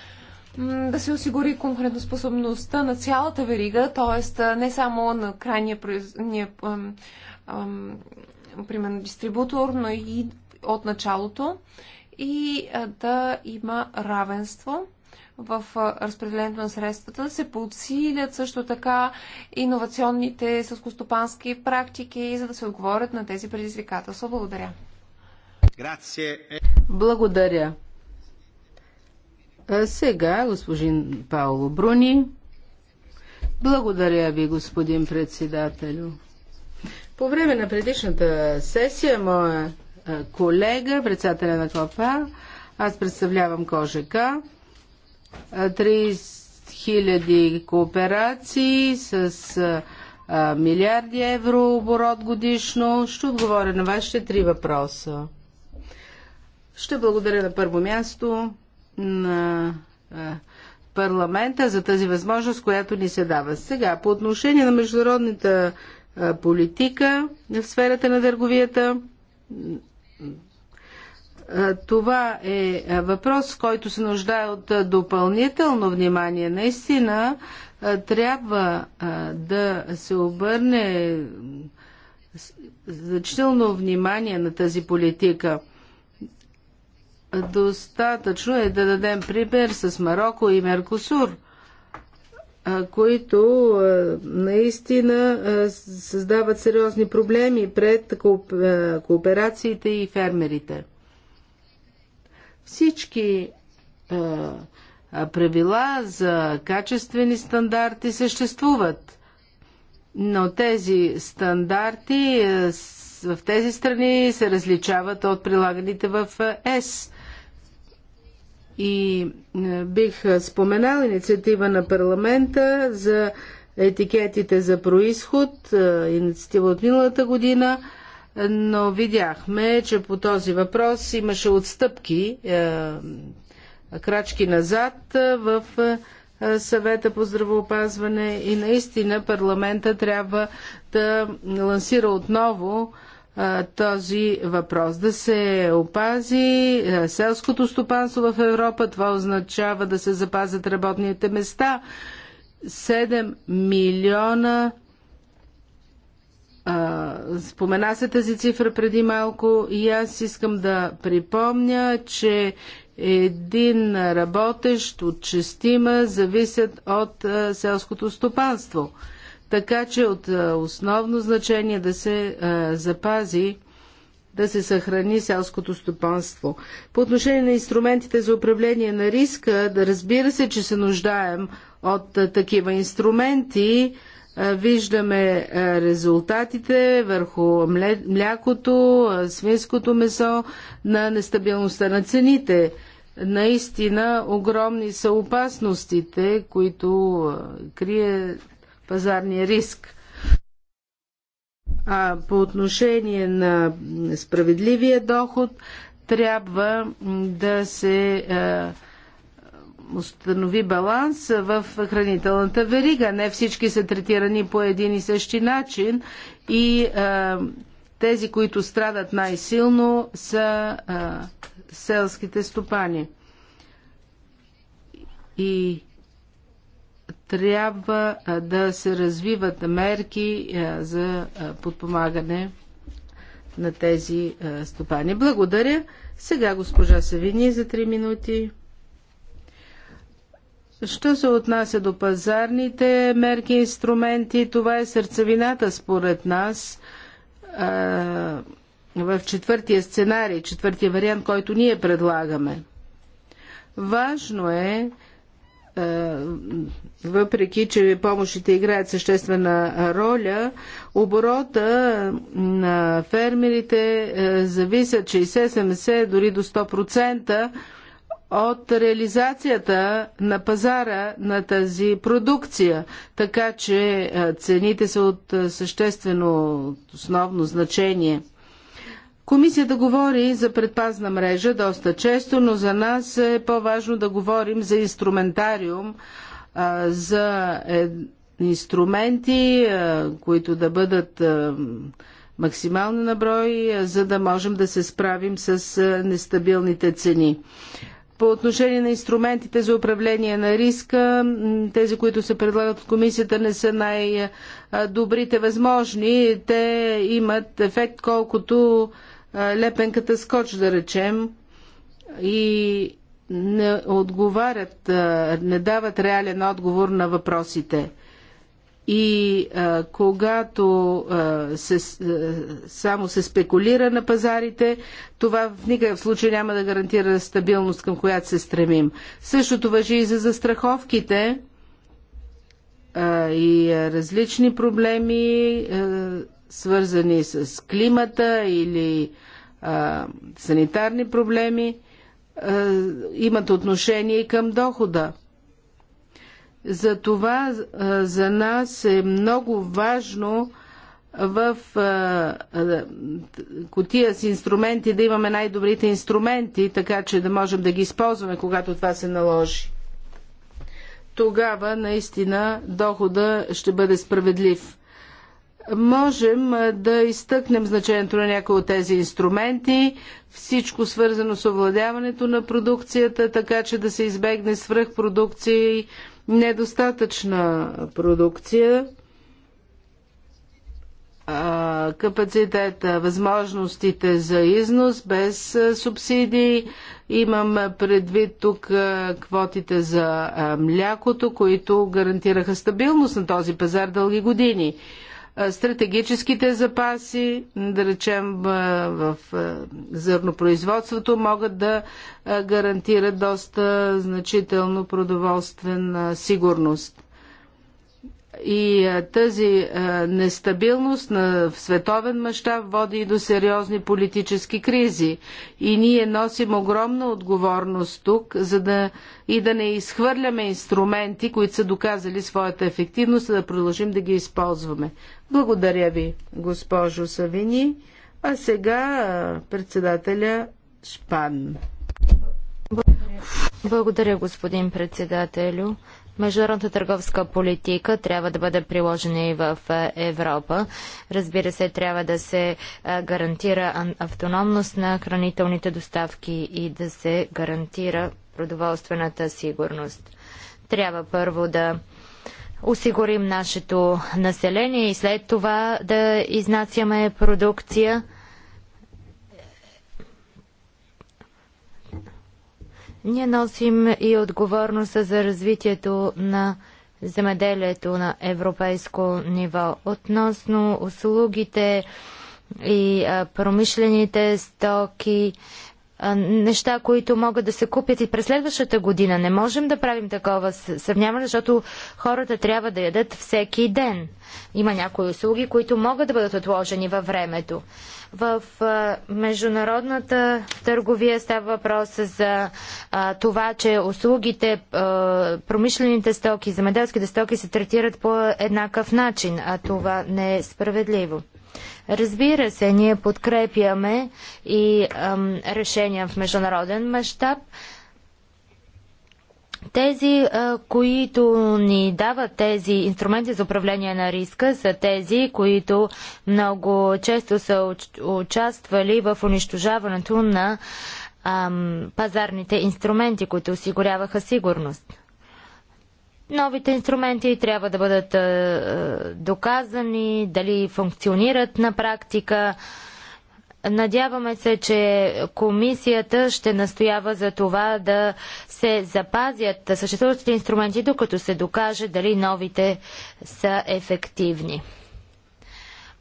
да се осигури конкурентоспособността на цялата верига, т.е. не само на крайния примерно дистрибутор, но и от началото и да има равенство в разпределението на средствата, да се подсилят също така иновационните съскостопански практики, за да се отговорят на тези предизвикателства. Благодаря. Благодаря. А сега господин Пауло Бруни. Благодаря ви, господин председателю. По време на предишната сесия моя колега, председателя на КОПА. Аз представлявам КОЖК. 30 000 кооперации с милиарди евро оборот годишно. Ще отговоря на вашите три въпроса. Ще благодаря на първо място на парламента за тази възможност, която ни се дава. Сега, по отношение на международната политика в сферата на търговията, това е въпрос, който се нуждае от допълнително внимание. Наистина трябва да се обърне значително внимание на тази политика. Достатъчно е да дадем пример с Марокко и Меркосур които наистина създават сериозни проблеми пред кооперациите и фермерите. Всички правила за качествени стандарти съществуват, но тези стандарти в тези страни се различават от прилаганите в ЕС. И е, бих е, споменал инициатива на парламента за етикетите за происход, е, инициатива от миналата година, но видяхме, че по този въпрос имаше отстъпки, крачки назад в съвета по здравеопазване и наистина парламента трябва да лансира отново този въпрос. Да се опази селското стопанство в Европа, това означава да се запазят работните места. 7 милиона спомена се тази цифра преди малко и аз искам да припомня, че един работещ от честима зависят от селското стопанство. Така че от основно значение да се запази да се съхрани селското стопанство. По отношение на инструментите за управление на риска, да разбира се, че се нуждаем от такива инструменти. Виждаме резултатите върху млякото, свинското месо на нестабилността на цените. Наистина огромни са опасностите, които крие пазарния риск. А по отношение на справедливия доход трябва да се установи баланс в хранителната верига. Не всички са третирани по един и същи начин и а, тези, които страдат най-силно, са а, селските стопани. И трябва да се развиват мерки за подпомагане на тези стопани. Благодаря. Сега госпожа Савини за 3 минути. Що се отнася до пазарните мерки и инструменти, това е сърцевината според нас в четвъртия сценарий, четвъртия вариант, който ние предлагаме. Важно е е, въпреки че помощите играят съществена роля, оборота на фермерите е, зависят 60-70, дори до 100% от реализацията на пазара на тази продукция, така че е, цените са от съществено основно значение – Комисията говори за предпазна мрежа доста често, но за нас е по-важно да говорим за инструментариум, за е, инструменти, които да бъдат максимално брой, за да можем да се справим с нестабилните цени. По отношение на инструментите за управление на риска, тези, които се предлагат от комисията, не са най-добрите възможни. Те имат ефект колкото лепенката скоч, да речем, и не отговарят, не дават реален отговор на въпросите. И а, когато а, се, а, само се спекулира на пазарите, това в никакъв случай няма да гарантира стабилност, към която се стремим. Същото въжи и за застраховките а, и а, различни проблеми, а, свързани с климата или а, а, санитарни проблеми, а, имат отношение и към дохода. Затова а, за нас е много важно в котия с инструменти да имаме най-добрите инструменти, така че да можем да ги използваме, когато това се наложи. Тогава наистина дохода ще бъде справедлив можем да изтъкнем значението на някои от тези инструменти, всичко свързано с овладяването на продукцията, така че да се избегне свръхпродукция и недостатъчна продукция, капацитета, възможностите за износ без субсидии. Имам предвид тук квотите за млякото, които гарантираха стабилност на този пазар дълги години стратегическите запаси, да речем в зърнопроизводството, могат да гарантират доста значително продоволствена сигурност. И тази нестабилност на световен мащаб води и до сериозни политически кризи. И ние носим огромна отговорност тук, за да и да не изхвърляме инструменти, които са доказали своята ефективност, да продължим да ги използваме. Благодаря ви, госпожо Савини. А сега председателя Шпан. Благодаря, господин председателю. Международната търговска политика трябва да бъде приложена и в е, Европа. Разбира се, трябва да се е, гарантира автономност на хранителните доставки и да се гарантира продоволствената сигурност. Трябва първо да осигурим нашето население и след това да изнасяме продукция – Ние носим и отговорност за развитието на земеделието на европейско ниво. Относно услугите и промишлените стоки, неща, които могат да се купят и през следващата година. Не можем да правим такова сравняване, защото хората трябва да ядат всеки ден. Има някои услуги, които могат да бъдат отложени във времето. В международната търговия става въпрос за а, това, че услугите, а, промишлените стоки, земеделските стоки се третират по еднакъв начин, а това не е справедливо. Разбира се, ние подкрепяме и ам, решения в международен мащаб. Тези, а, които ни дават тези инструменти за управление на риска, са тези, които много често са участвали в унищожаването на ам, пазарните инструменти, които осигуряваха сигурност. Новите инструменти трябва да бъдат е, доказани, дали функционират на практика. Надяваме се, че комисията ще настоява за това да се запазят съществуващите инструменти, докато се докаже дали новите са ефективни.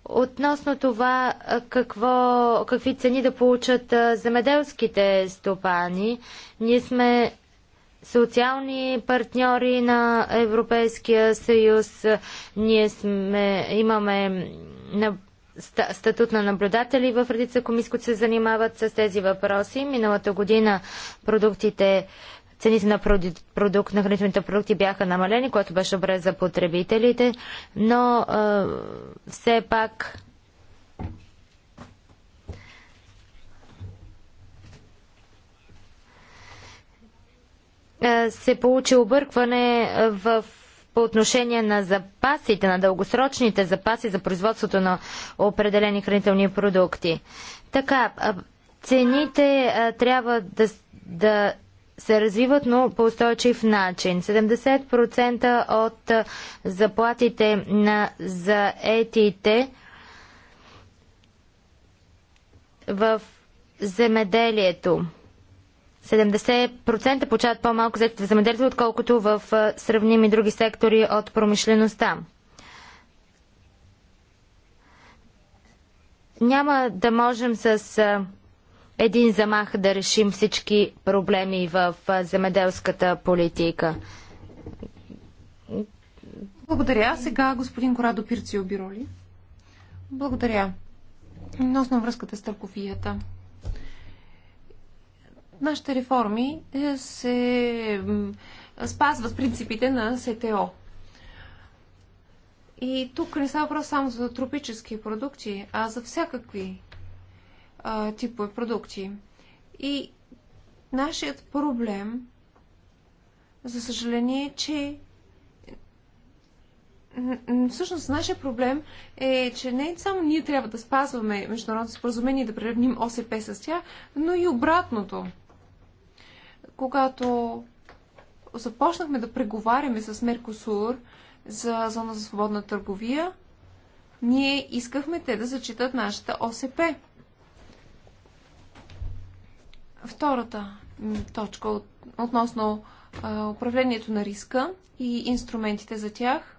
Относно това какво, какви цени да получат е, земеделските стопани, ние сме социални партньори на Европейския съюз. Ние сме, имаме на статут на наблюдатели в редица комисии, които се занимават с тези въпроси. Миналата година продуктите цените на, продукт, на хранителните продукти бяха намалени, което беше добре за потребителите, но е, все пак Е, се получи объркване е, в по отношение на запасите, на дългосрочните запаси за производството на определени хранителни продукти. Така, цените е, трябва да, да се развиват, но по устойчив начин. 70% от заплатите на заетите в земеделието 70% получават по-малко заетите в земеделието, отколкото в сравними други сектори от промишлеността. Няма да можем с един замах да решим всички проблеми в земеделската политика. Благодаря. Сега господин Корадо Пирцио Бироли. Благодаря. Относно връзката с търковията нашите реформи е, се спазват принципите на СТО. И тук не става въпрос само за тропически продукти, а за всякакви а, типове продукти. И нашият проблем, за съжаление, е, че всъщност нашия проблем е, че не само ние трябва да спазваме международното споразумение и да преравним ОСП с тях, но и обратното – когато започнахме да преговаряме с Меркосур за зона за свободна търговия, ние искахме те да зачитат нашата ОСП. Втората точка от, относно а, управлението на риска и инструментите за тях.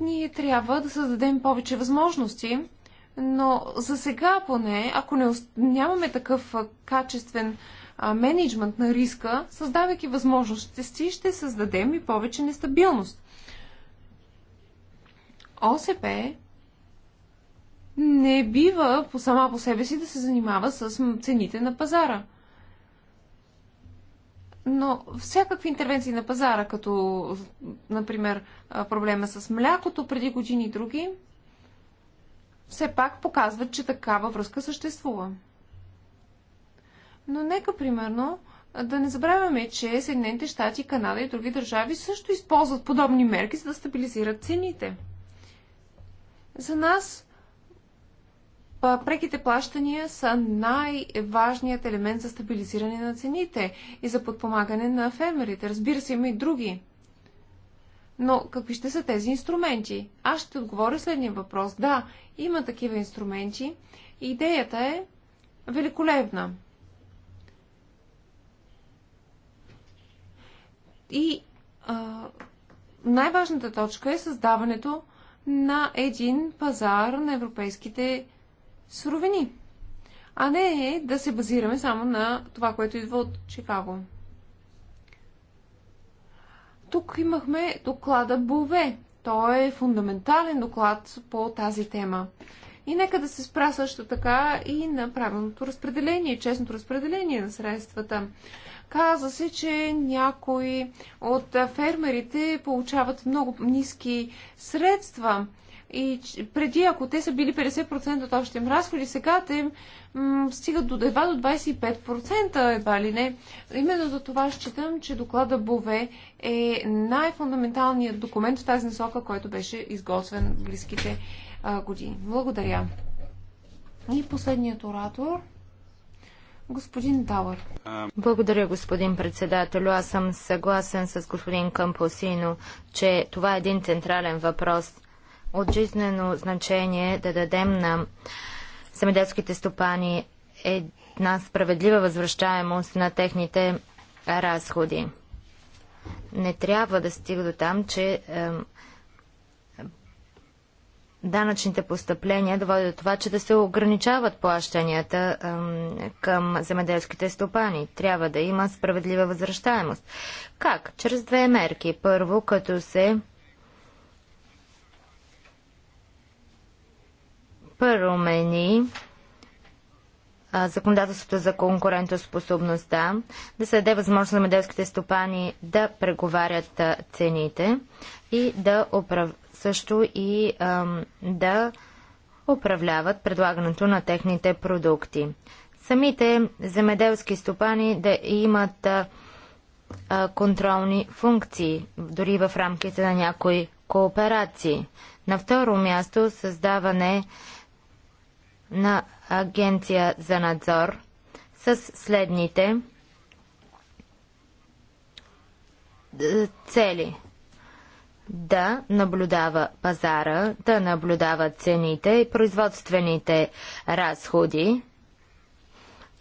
Ние трябва да създадем повече възможности но за сега поне, ако не, нямаме такъв качествен менеджмент на риска, създавайки възможностите си, ще създадем и повече нестабилност. ОСП не бива по сама по себе си да се занимава с цените на пазара. Но всякакви интервенции на пазара, като, например, проблема с млякото преди години и други, все пак показват, че такава връзка съществува. Но нека, примерно, да не забравяме, че Съединените щати, Канада и други държави също използват подобни мерки, за да стабилизират цените. За нас преките плащания са най-важният елемент за стабилизиране на цените и за подпомагане на фермерите. Разбира се, има и други. Но какви ще са тези инструменти? Аз ще отговоря следния въпрос. Да, има такива инструменти. Идеята е великолепна. И най-важната точка е създаването на един пазар на европейските суровини, а не е да се базираме само на това, което идва от Чикаго. Тук имахме доклада Бове. Той е фундаментален доклад по тази тема. И нека да се спра също така и на правилното разпределение, честното разпределение на средствата. Каза се, че някои от фермерите получават много ниски средства – и преди, ако те са били 50% от общите им разходи, сега те стигат до едва до 25%, едва ли не. Именно за това считам, че доклада БОВЕ е най-фундаменталният документ в тази насока, който беше изготвен в близките а, години. Благодаря. И последният оратор. Господин Тауър. Благодаря, господин председател. Аз съм съгласен с господин Кампосино, че това е един централен въпрос от жизнено значение да дадем на земеделските стопани една справедлива възвръщаемост на техните разходи. Не трябва да стига до там, че е, данъчните постъпления да водят до това, че да се ограничават плащанията е, към земеделските стопани. Трябва да има справедлива възвръщаемост. Как? Чрез две мерки. Първо, като се промени законодателството за конкурентоспособността, да се даде възможност на меделските стопани да преговарят цените и да управ... също и ам, да управляват предлагането на техните продукти. Самите земеделски стопани да имат а, контролни функции, дори в рамките на някои кооперации. На второ място създаване на Агенция за надзор с следните е, цели. Да наблюдава пазара, да наблюдава цените и производствените разходи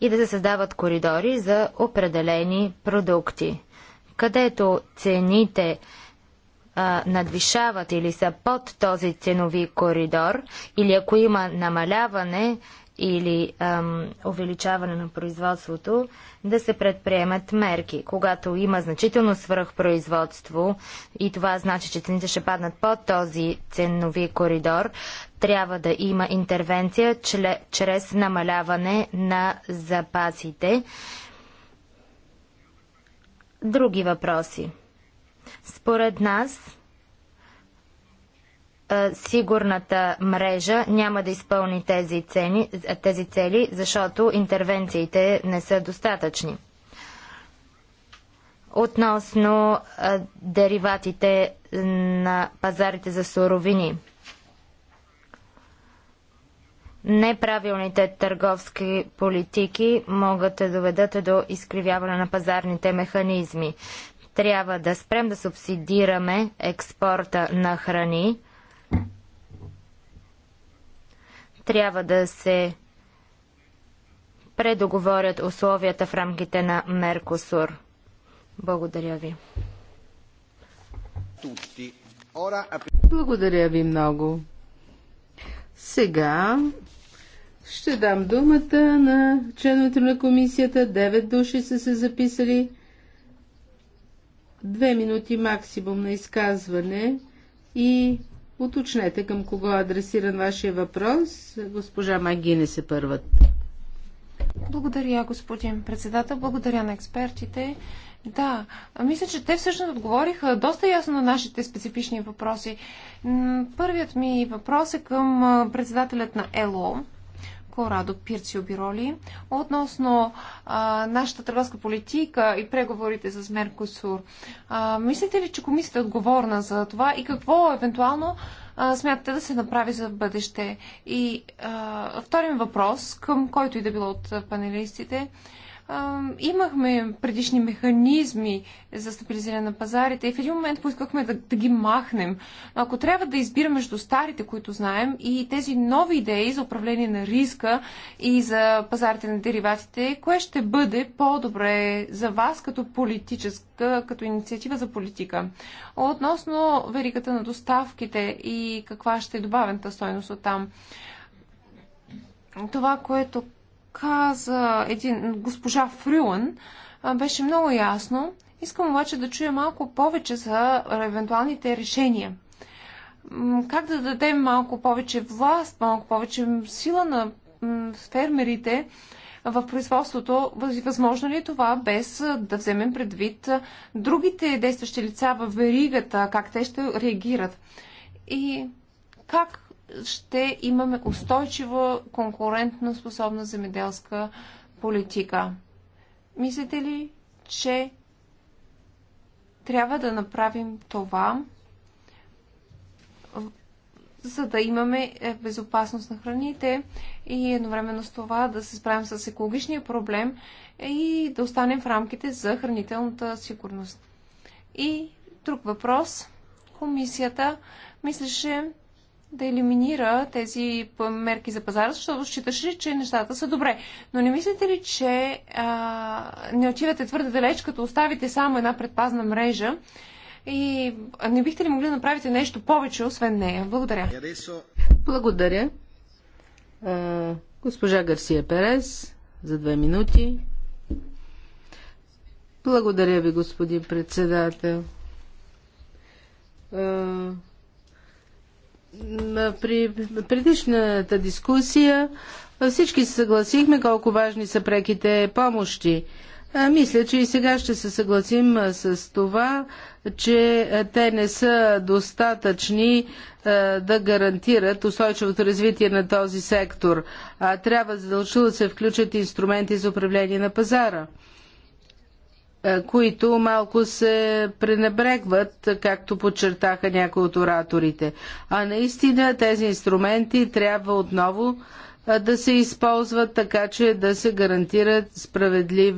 и да се създават коридори за определени продукти, където цените надвишават или са под този ценови коридор, или ако има намаляване или ам, увеличаване на производството, да се предприемат мерки. Когато има значително свръхпроизводство и това значи, че цените ще паднат под този ценови коридор, трябва да има интервенция чрез намаляване на запасите. Други въпроси. Според нас, сигурната мрежа няма да изпълни тези, цени, тези цели, защото интервенциите не са достатъчни. Относно дериватите на пазарите за суровини. Неправилните търговски политики могат да доведат до изкривяване на пазарните механизми. Трябва да спрем да субсидираме експорта на храни. Трябва да се предоговорят условията в рамките на Меркосур. Благодаря ви. Благодаря ви много. Сега ще дам думата на членовете на комисията. Девет души са се записали две минути максимум на изказване и уточнете към кого е адресиран вашия въпрос. Госпожа Магине се първат. Благодаря, господин председател. Благодаря на експертите. Да, мисля, че те всъщност отговориха доста ясно на нашите специфични въпроси. Първият ми въпрос е към председателят на ЕЛО. Корадо Пирцио Бироли относно а, нашата търговска политика и преговорите с Меркосур. А, мислите ли, че комисията е отговорна за това и какво евентуално а, смятате да се направи за бъдеще? И а, вторият въпрос, към който и да било от панелистите, а, имахме предишни механизми за стабилизиране на пазарите и в един момент поискахме да, да ги махнем. Но Ако трябва да избираме между старите, които знаем, и тези нови идеи за управление на риска и за пазарите на дериватите, кое ще бъде по-добре за вас като политическа, като инициатива за политика? Относно веригата на доставките и каква ще е добавената стойност от там. Това, което каза един, госпожа Фрюан, беше много ясно. Искам обаче да чуя малко повече за евентуалните решения. Как да дадем малко повече власт, малко повече сила на фермерите в производството, възможно ли е това без да вземем предвид другите действащи лица в веригата, как те ще реагират? И как ще имаме устойчива конкурентно способна земеделска политика. Мислите ли, че трябва да направим това, за да имаме е, безопасност на храните и едновременно с това да се справим с екологичния проблем и да останем в рамките за хранителната сигурност. И друг въпрос. Комисията мислеше да елиминира тези мерки за пазара, защото считаше, че нещата са добре. Но не мислите ли, че а, не отивате твърде далеч, като оставите само една предпазна мрежа и не бихте ли могли да направите нещо повече, освен нея? Благодаря. Благодаря. А, госпожа Гарсия Перес, за две минути. Благодаря ви, господин председател. При предишната дискусия всички се съгласихме колко важни са преките помощи. Мисля, че и сега ще се съгласим с това, че те не са достатъчни да гарантират устойчивото развитие на този сектор, трябва задължително да се включат инструменти за управление на пазара. Е, които малко се пренебрегват, както подчертаха някои от ораторите. А наистина тези инструменти трябва отново е, да се използват така, че да се гарантират справедлив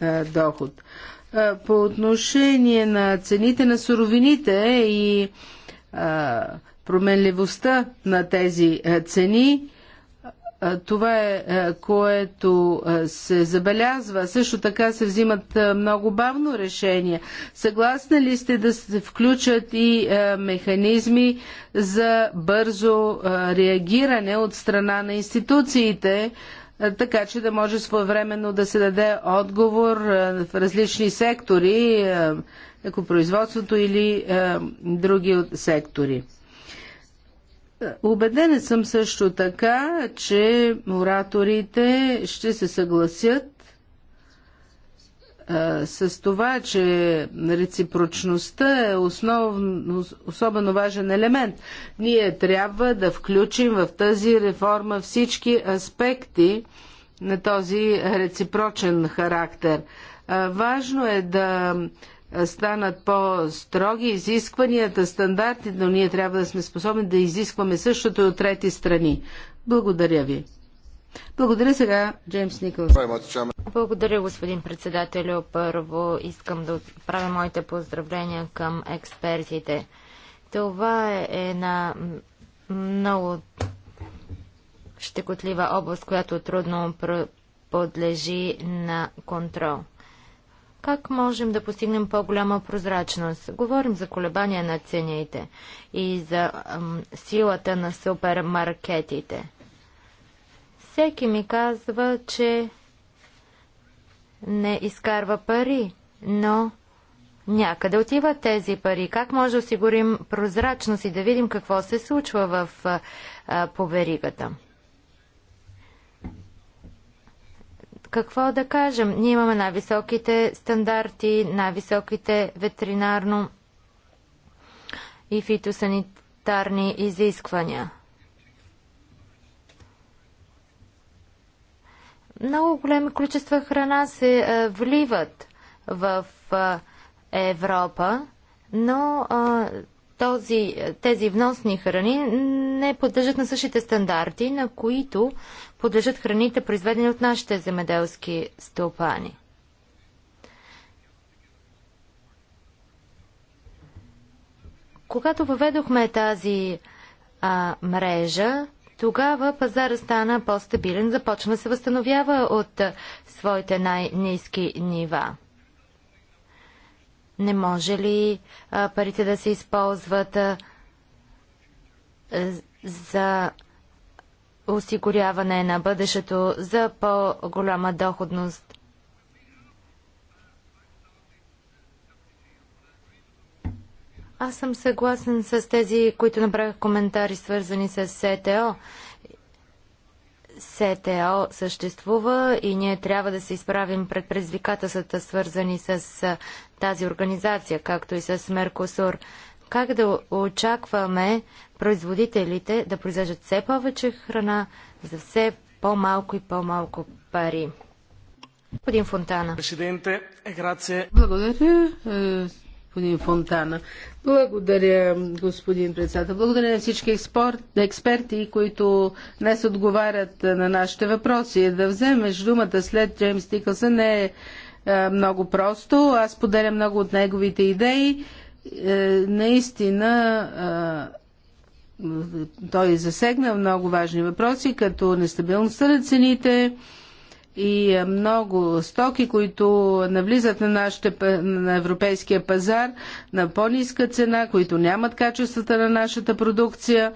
е, доход. По отношение на цените на суровините и променливостта на тези цени, това е което се забелязва. Също така се взимат много бавно решения. Съгласна ли сте да се включат и механизми за бързо реагиране от страна на институциите, така че да може своевременно да се даде отговор в различни сектори, екопроизводството или други сектори? Обедена съм също така, че ораторите ще се съгласят с това, че реципрочността е основ, особено важен елемент. Ние трябва да включим в тази реформа всички аспекти на този реципрочен характер. Важно е да е, станат по-строги изискванията, стандарти, но ние трябва да сме способни да изискваме същото и от трети страни. Благодаря ви. Благодаря сега, Джеймс Никълс. Благодаря, господин председателю. Първо искам да отправя моите поздравления към експертите. Това е една много щекотлива област, която трудно подлежи на контрол. Как можем да постигнем по-голяма прозрачност? Говорим за колебания на цените и за ам, силата на супермаркетите. Всеки ми казва, че не изкарва пари, но някъде отиват тези пари. Как може да осигурим прозрачност и да видим какво се случва в а, поверигата? Какво да кажем? Ние имаме най-високите стандарти, най-високите ветеринарно и фитосанитарни изисквания. Много големи количества храна се а, вливат в а, Европа, но а, този, тези вносни храни не поддържат на същите стандарти, на които подлежат храните, произведени от нашите земеделски стълпани. Когато въведохме тази а, мрежа, тогава пазара стана по-стабилен, започна да се възстановява от своите най-низки нива. Не може ли а, парите да се използват а, за осигуряване на бъдещето за по-голяма доходност. Аз съм съгласен с тези, които направих коментари, свързани с СТО. СТО съществува и ние трябва да се изправим пред предизвикателствата, свързани с тази организация, както и с Меркосур. Как да очакваме производителите да произвеждат все повече храна за все по-малко и по-малко пари? Господин Фонтана. Е, Благодаря, е, господин Фонтана. Благодаря, господин председател. Благодаря на всички експерти, които днес отговарят на нашите въпроси. Да вземеш думата след Джеймс Тикълсън е, е много просто. Аз поделям много от неговите идеи. Е, наистина е, той засегна много важни въпроси, като нестабилността на цените и е, много стоки, които навлизат на, нашите, на европейския пазар на по-ниска цена, които нямат качествата на нашата продукция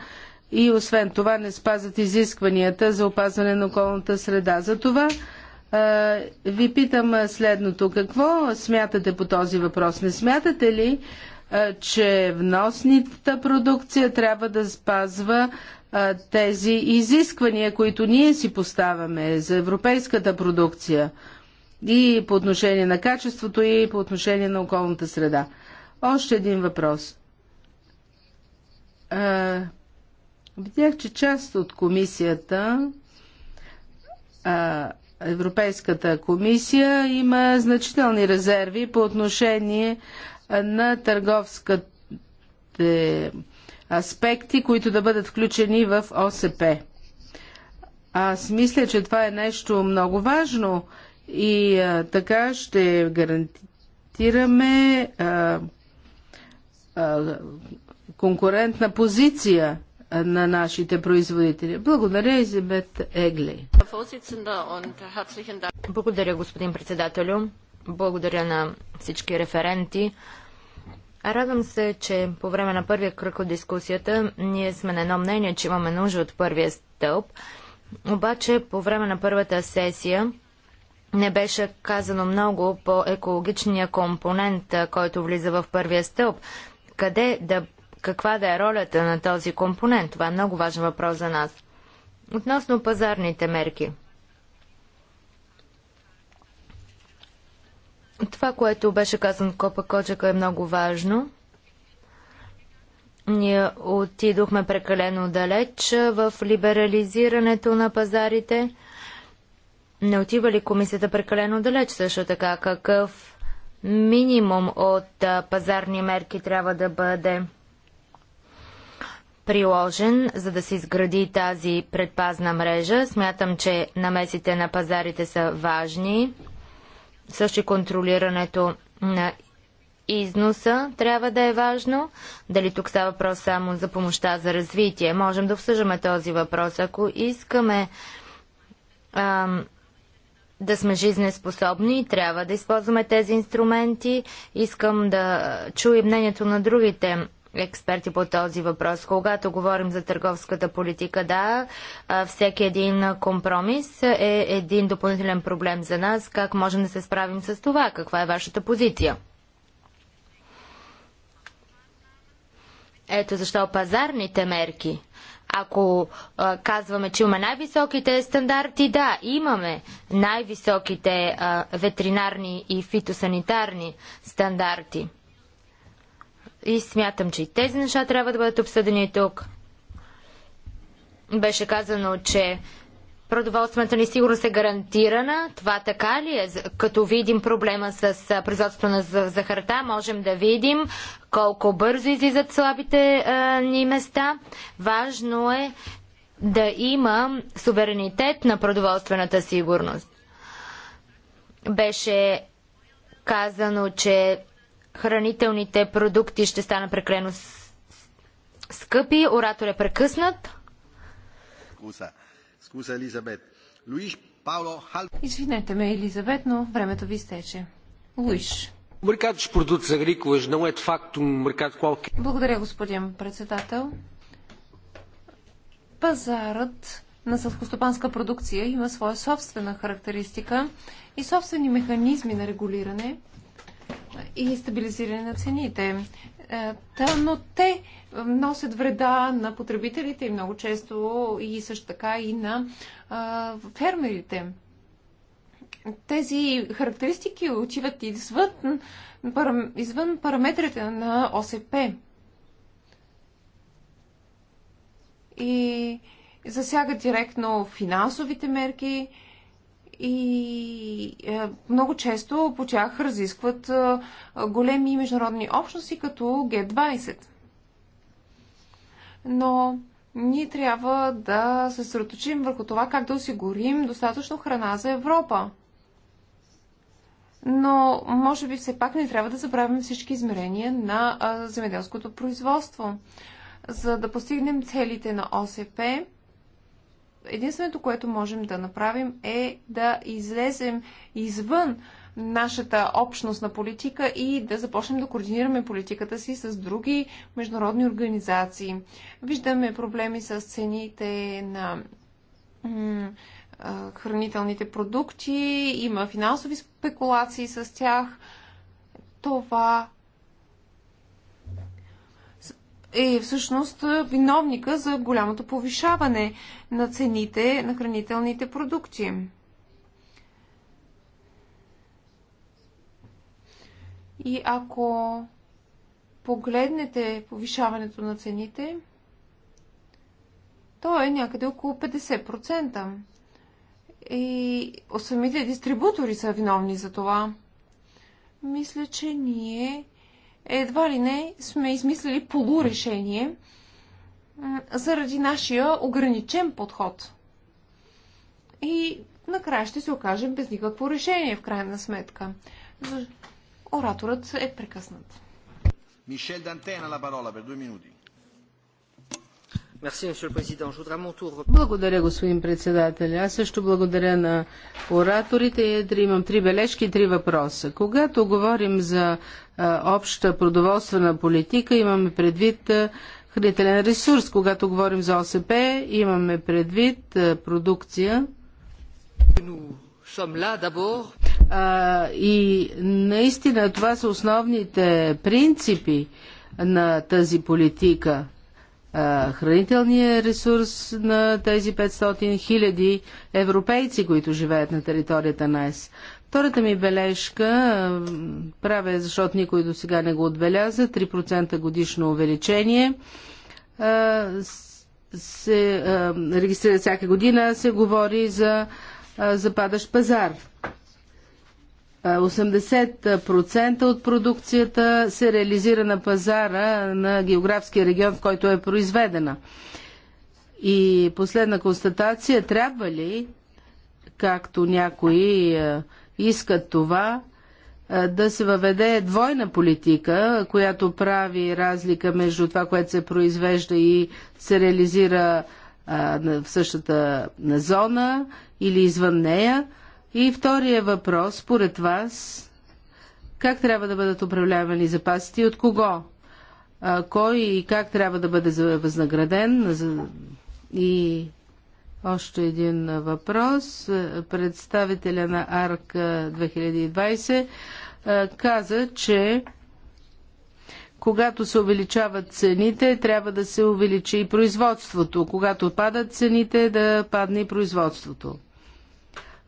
и освен това не спазват изискванията за опазване на околната среда. За това ви питам следното. Какво смятате по този въпрос? Не смятате ли, че вносната продукция трябва да спазва тези изисквания, които ние си поставяме за европейската продукция и по отношение на качеството и по отношение на околната среда. Още един въпрос. видях, че част от комисията, Европейската комисия, има значителни резерви по отношение на търговските аспекти, които да бъдат включени в ОСП. Аз мисля, че това е нещо много важно и а, така ще гарантираме а, а, конкурентна позиция на нашите производители. Благодаря, Изабет Егли. Благодаря, господин председателю. Благодаря на всички референти. Радвам се, че по време на първия кръг от дискусията ние сме на едно мнение, че имаме нужда от първия стълб. Обаче по време на първата сесия не беше казано много по екологичния компонент, който влиза в първия стълб. Къде да, каква да е ролята на този компонент? Това е много важен въпрос за нас. Относно пазарните мерки. Това, което беше казано Копа Коджака е много важно. Ние отидохме прекалено далеч в либерализирането на пазарите. Не отива ли комисията прекалено далеч също така? Какъв минимум от пазарни мерки трябва да бъде приложен, за да се изгради тази предпазна мрежа? Смятам, че намесите на пазарите са важни. Също контролирането на износа трябва да е важно. Дали тук става въпрос само за помощта за развитие? Можем да обсъждаме този въпрос. Ако искаме ам, да сме жизнеспособни, трябва да използваме тези инструменти. Искам да чуя мнението на другите експерти по този въпрос. Когато говорим за търговската политика, да, всеки един компромис е един допълнителен проблем за нас. Как можем да се справим с това? Каква е вашата позиция? Ето защо пазарните мерки. Ако а, казваме, че имаме най-високите стандарти, да, имаме най-високите ветеринарни и фитосанитарни стандарти. И смятам, че и тези неща трябва да бъдат обсъдени тук. Беше казано, че продоволствената ни сигурност е гарантирана. Това така ли е? Като видим проблема с производството на захарта, можем да видим колко бързо излизат слабите а, ни места. Важно е да има суверенитет на продоволствената сигурност. Беше казано, че хранителните продукти ще станат прекалено скъпи. Оратор е прекъснат. Извинете ме, Елизабет, но времето ви стече. Луиш. Um Благодаря, господин председател. Пазарът на селскостопанска продукция има своя собствена характеристика и собствени механизми на регулиране – и стабилизиране на цените. Е, та, но те носят вреда на потребителите и много често и също така и на а, фермерите. Тези характеристики отиват извън, извън параметрите на ОСП. И засягат директно финансовите мерки, и е, много често по тях разискват е, големи международни общности, като Г20. Но ние трябва да се съсредоточим върху това как да осигурим достатъчно храна за Европа. Но, може би, все пак не трябва да забравим всички измерения на е, земеделското производство. За да постигнем целите на ОСП, единственото, което можем да направим е да излезем извън нашата общност на политика и да започнем да координираме политиката си с други международни организации. Виждаме проблеми с цените на хранителните продукти, има финансови спекулации с тях. Това е всъщност виновника за голямото повишаване на цените на хранителните продукти. И ако погледнете повишаването на цените, то е някъде около 50%. И самите дистрибутори са виновни за това. Мисля, че ние едва ли не сме измислили полурешение заради нашия ограничен подход. И накрая ще се окажем без никакво решение, в крайна сметка. Ораторът е прекъснат. Мишел Дантена, на парола per минути. Благодаря, господин председател. Аз също благодаря на ораторите. Имам три бележки и три въпроса. Когато говорим за обща продоволствена политика, имаме предвид хранителен ресурс. Когато говорим за ОСП, имаме предвид продукция. и наистина това са основните принципи на тази политика – е, хранителния ресурс на тези 500 хиляди европейци, които живеят на територията на ЕС. Втората ми бележка е, правя, защото никой до сега не го отбеляза, 3% годишно увеличение е, се регистрира всяка година, се говори за западащ пазар. 80% от продукцията се реализира на пазара на географския регион, в който е произведена. И последна констатация, трябва ли, както някои е, искат това, е, да се въведе двойна политика, която прави разлика между това, което се произвежда и се реализира е, в същата зона или извън нея – и втория въпрос, според вас, как трябва да бъдат управлявани запасите и от кого? А, кой и как трябва да бъде възнаграден? И още един въпрос. Представителя на АРК 2020 каза, че когато се увеличават цените, трябва да се увеличи и производството. Когато падат цените, да падне и производството.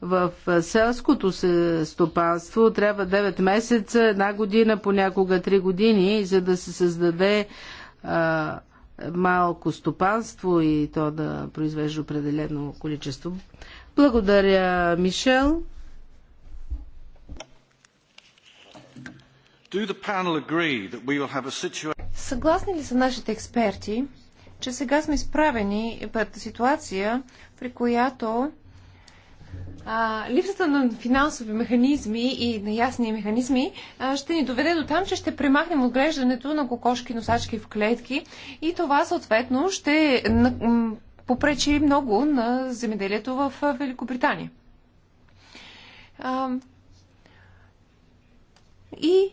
В селското стопанство трябва 9 месеца, една година, понякога 3 години, за да се създаде а, малко стопанство и то да произвежда определено количество. Благодаря, Мишел. Съгласни ли са нашите експерти, че сега сме изправени пред ситуация, при която а, липсата на финансови механизми и на ясни механизми а, ще ни доведе до там, че ще премахнем отглеждането на кокошки носачки в клетки и това съответно ще на, попречи много на земеделието в Великобритания. А, и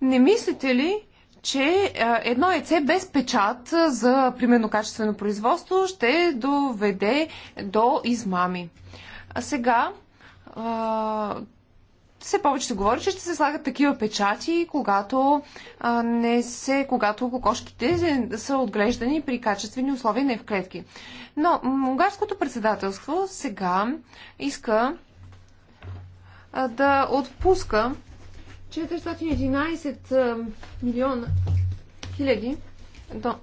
не мислите ли, че едно яйце без печат за примерно качествено производство ще доведе до измами? А сега а, все повече се говори, че ще се слагат такива печати, когато а, не се, когато кокошките са отглеждани при качествени условия, не в клетки. Но унгарското председателство сега иска а, да отпуска 411 милиона хиляди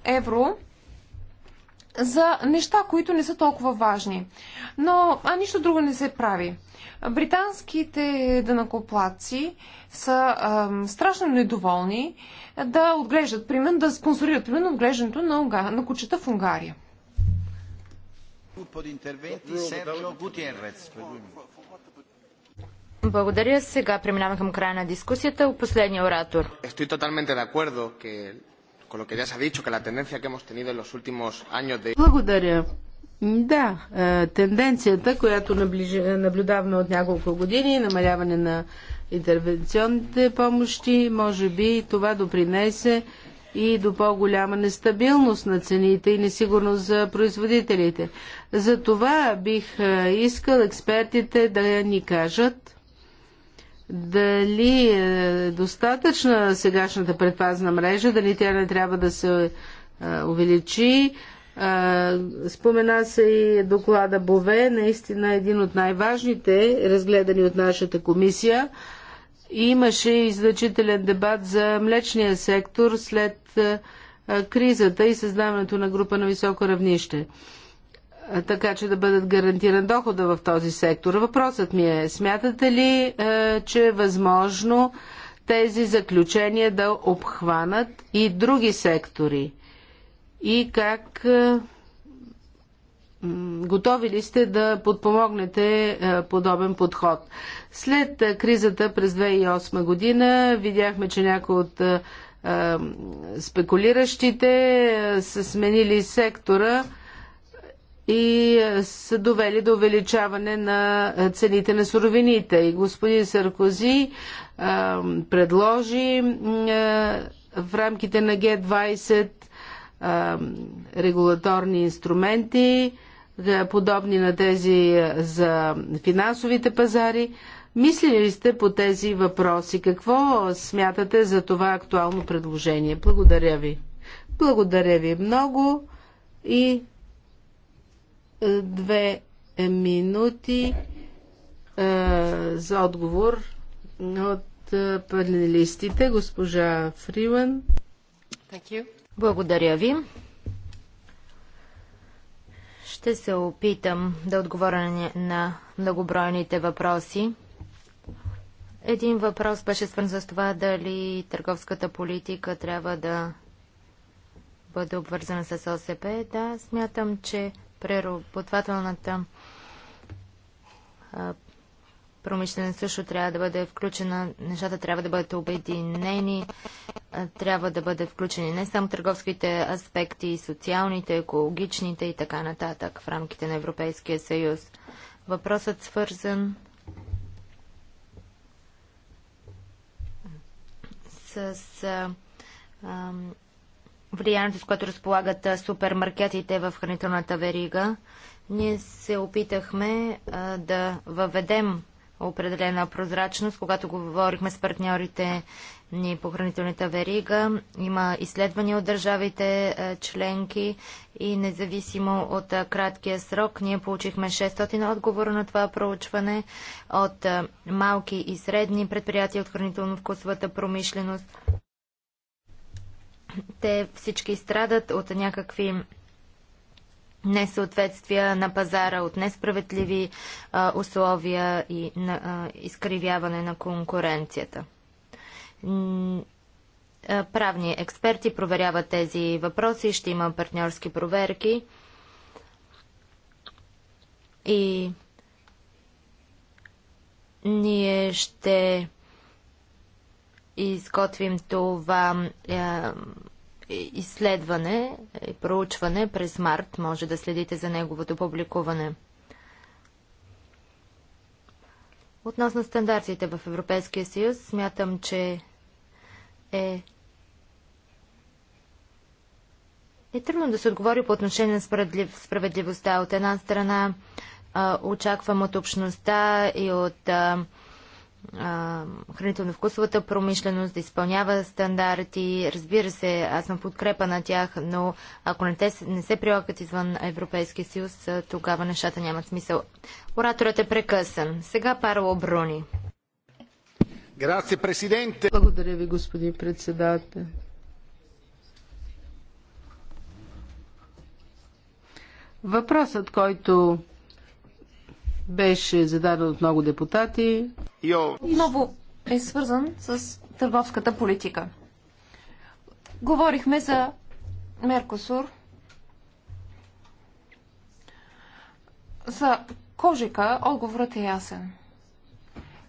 евро за неща, които не са толкова важни. Но а нищо друго не се прави. Британските дънакоплаци са ам, страшно недоволни да отглеждат, примерно, да спонсорират, примерно, отглеждането на, Унга... на кучета в Унгария. Благодаря. Сега преминаваме към края на дискусията. Последния оратор. Estoy totalmente de acuerdo que con lo que ya se ha dicho, que la tendencia que hemos tenido en los últimos años de... Благодаря. Да, е, тенденцията, която е, наблюдаваме от няколко години, намаляване на интервенционните помощи, може би това допринесе и до по-голяма нестабилност на цените и несигурност за производителите. За това бих е, искал експертите да ни кажат дали е достатъчна сегашната предпазна мрежа, дали тя не трябва да се е, увеличи. Е, спомена се и доклада Бове, наистина един от най-важните, разгледани от нашата комисия. Имаше и значителен дебат за млечния сектор след е, кризата и създаването на група на високо равнище така че да бъдат гарантиран дохода в този сектор. Въпросът ми е, смятате ли, че е възможно тези заключения да обхванат и други сектори? И как готови ли сте да подпомогнете подобен подход? След кризата през 2008 година видяхме, че някои от спекулиращите са сменили сектора – и е, са довели до увеличаване на е, цените на суровините. И господин Саркози е, предложи в рамките на Г-20 регулаторни инструменти, подобни на тези за финансовите пазари. Мислили ли сте по тези въпроси? Какво смятате за това актуално предложение? Благодаря ви. Благодаря ви много и Две минути за отговор от панелистите, госпожа Фрилан. Благодаря ви. Ще се опитам да отговоря на многобройните въпроси. Един въпрос беше свързан с това дали търговската политика трябва да бъде обвързана с ОСП. Да, смятам, че преработвателната промишленост също трябва да бъде включена, нещата трябва да бъдат обединени, трябва да бъде включени не само търговските аспекти, и социалните, екологичните и така нататък в рамките на Европейския съюз. Въпросът свързан с влиянието, с което разполагат супермаркетите в хранителната верига, ние се опитахме да въведем определена прозрачност. Когато говорихме с партньорите ни по хранителната верига, има изследвания от държавите членки и независимо от краткия срок, ние получихме 600 отговора на това проучване от малки и средни предприятия от хранително-вкусовата промишленост. Те всички страдат от някакви несъответствия на пазара, от несправедливи а, условия и на, а, изкривяване на конкуренцията. Правни експерти проверяват тези въпроси, ще има партньорски проверки и ние ще изготвим това е, изследване и проучване през март. Може да следите за неговото публикуване. Относно стандартите в Европейския съюз, смятам, че е е трудно да се отговори по отношение на справедлив... справедливостта. От една страна очаквам от общността и от а, хранително-вкусовата промишленост, да изпълнява стандарти. Разбира се, аз съм подкрепа на тях, но ако не, те не се прилагат извън Европейския съюз, тогава нещата нямат смисъл. Ораторът е прекъсан. Сега Парло Бруни. Благодаря ви, господин председател. Въпросът, който беше зададен от много депутати. Много е свързан с търговската политика. Говорихме за Меркосур, за кожика отговорът е ясен.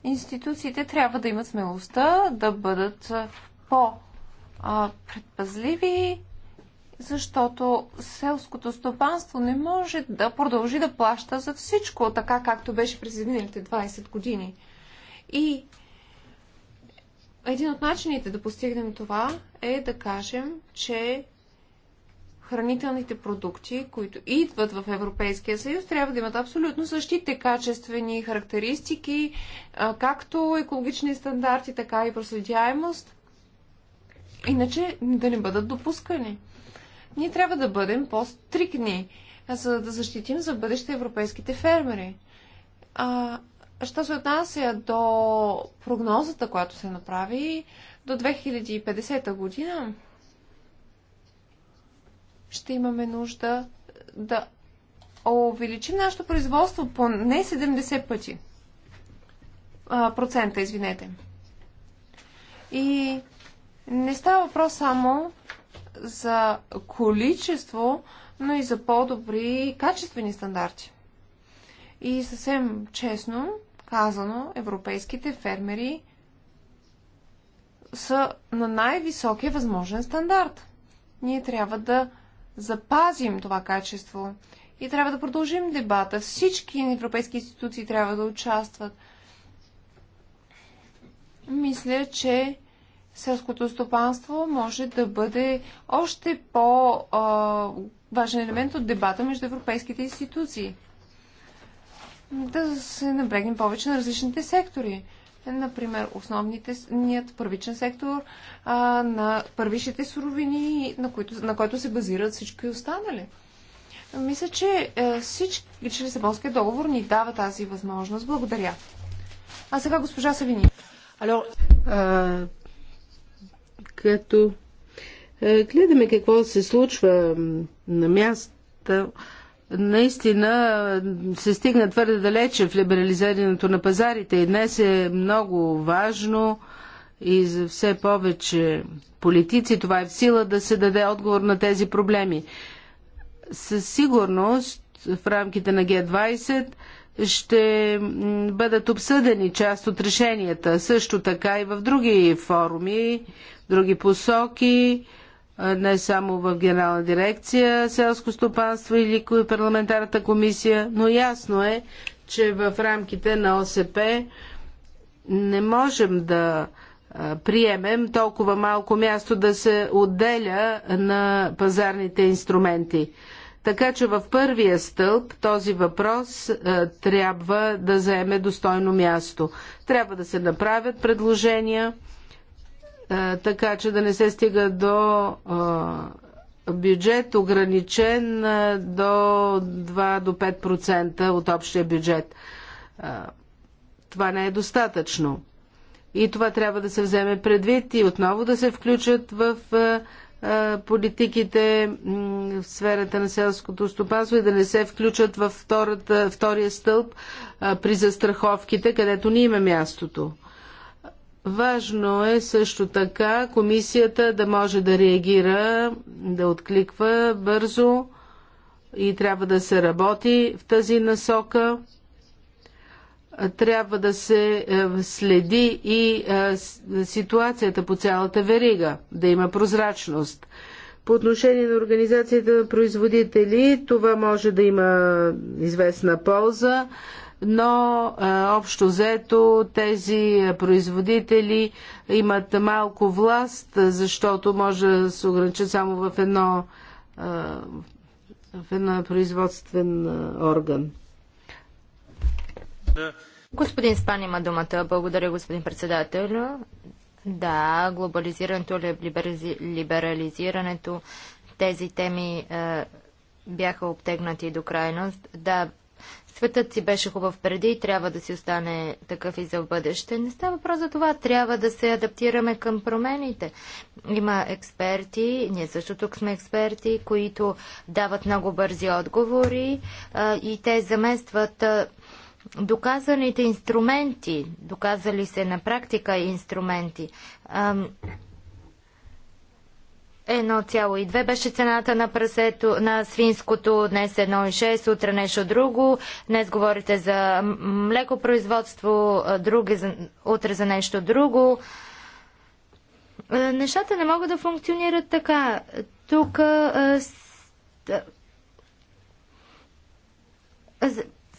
Институциите трябва да имат смелостта да бъдат по-предпазливи защото селското стопанство не може да продължи да плаща за всичко, така както беше през изминалите 20 години. И един от начините да постигнем това е да кажем, че хранителните продукти, които идват в Европейския съюз, трябва да имат абсолютно същите качествени характеристики, както екологични стандарти, така и проследяемост. Иначе да не бъдат допускани. Ние трябва да бъдем по-стрикни, за да защитим за бъдеще европейските фермери. А, що се отнася до прогнозата, която се направи до 2050 година, ще имаме нужда да увеличим нашето производство по не 70 пъти. А, процента, извинете. И не става въпрос само за количество, но и за по-добри качествени стандарти. И съвсем честно казано, европейските фермери са на най-високия възможен стандарт. Ние трябва да запазим това качество и трябва да продължим дебата. Всички европейски институции трябва да участват. Мисля, че селското стопанство може да бъде още по-важен елемент от дебата между европейските институции. Да се набрегнем повече на различните сектори. Например, ният първичен сектор а, на първичните суровини, на, които, на който се базират всички останали. Мисля, че е, всички, че Лисабонския договор ни дава тази възможност. Благодаря. А сега госпожа Савини. Алло. Е, като е, гледаме какво се случва на място, наистина се стигна твърде далече в либерализирането на пазарите и днес е много важно и за все повече политици това е в сила да се даде отговор на тези проблеми. Със сигурност в рамките на Г20 ще бъдат обсъдени част от решенията, също така и в други форуми, други посоки, не само в Генерална дирекция селско стопанство или парламентарната комисия, но ясно е, че в рамките на ОСП не можем да приемем толкова малко място да се отделя на пазарните инструменти. Така че в първия стълб този въпрос е, трябва да заеме достойно място. Трябва да се направят предложения, е, така че да не се стига до е, бюджет ограничен е, до 2 до 5% от общия бюджет. Е, това не е достатъчно. И това трябва да се вземе предвид и отново да се включат в е, политиките в сферата на селското стопанство и да не се включат във втората, втория стълб при застраховките, където ни има мястото. Важно е също така комисията да може да реагира, да откликва бързо и трябва да се работи в тази насока трябва да се е, следи и е, ситуацията по цялата верига, да има прозрачност. По отношение на организацията на производители, това може да има известна полза, но е, общо взето тези производители имат малко власт, защото може да се ограничат само в едно в една производствен орган. Господин Спан има думата. Благодаря, господин председател. Да, глобализирането, либерализирането, тези теми е, бяха обтегнати до крайност. Да, светът си беше хубав преди и трябва да си остане такъв и за в бъдеще. Не става въпрос за това. Трябва да се адаптираме към промените. Има експерти, ние също тук сме експерти, които дават много бързи отговори е, и те заместват Е, доказаните инструменти, доказали се на практика инструменти, 1,2 беше цената на прасето, на свинското, днес 1,6, утре нещо друго, днес говорите за млекопроизводство, други за, утре за нещо друго. Нещата не могат да функционират така. Тук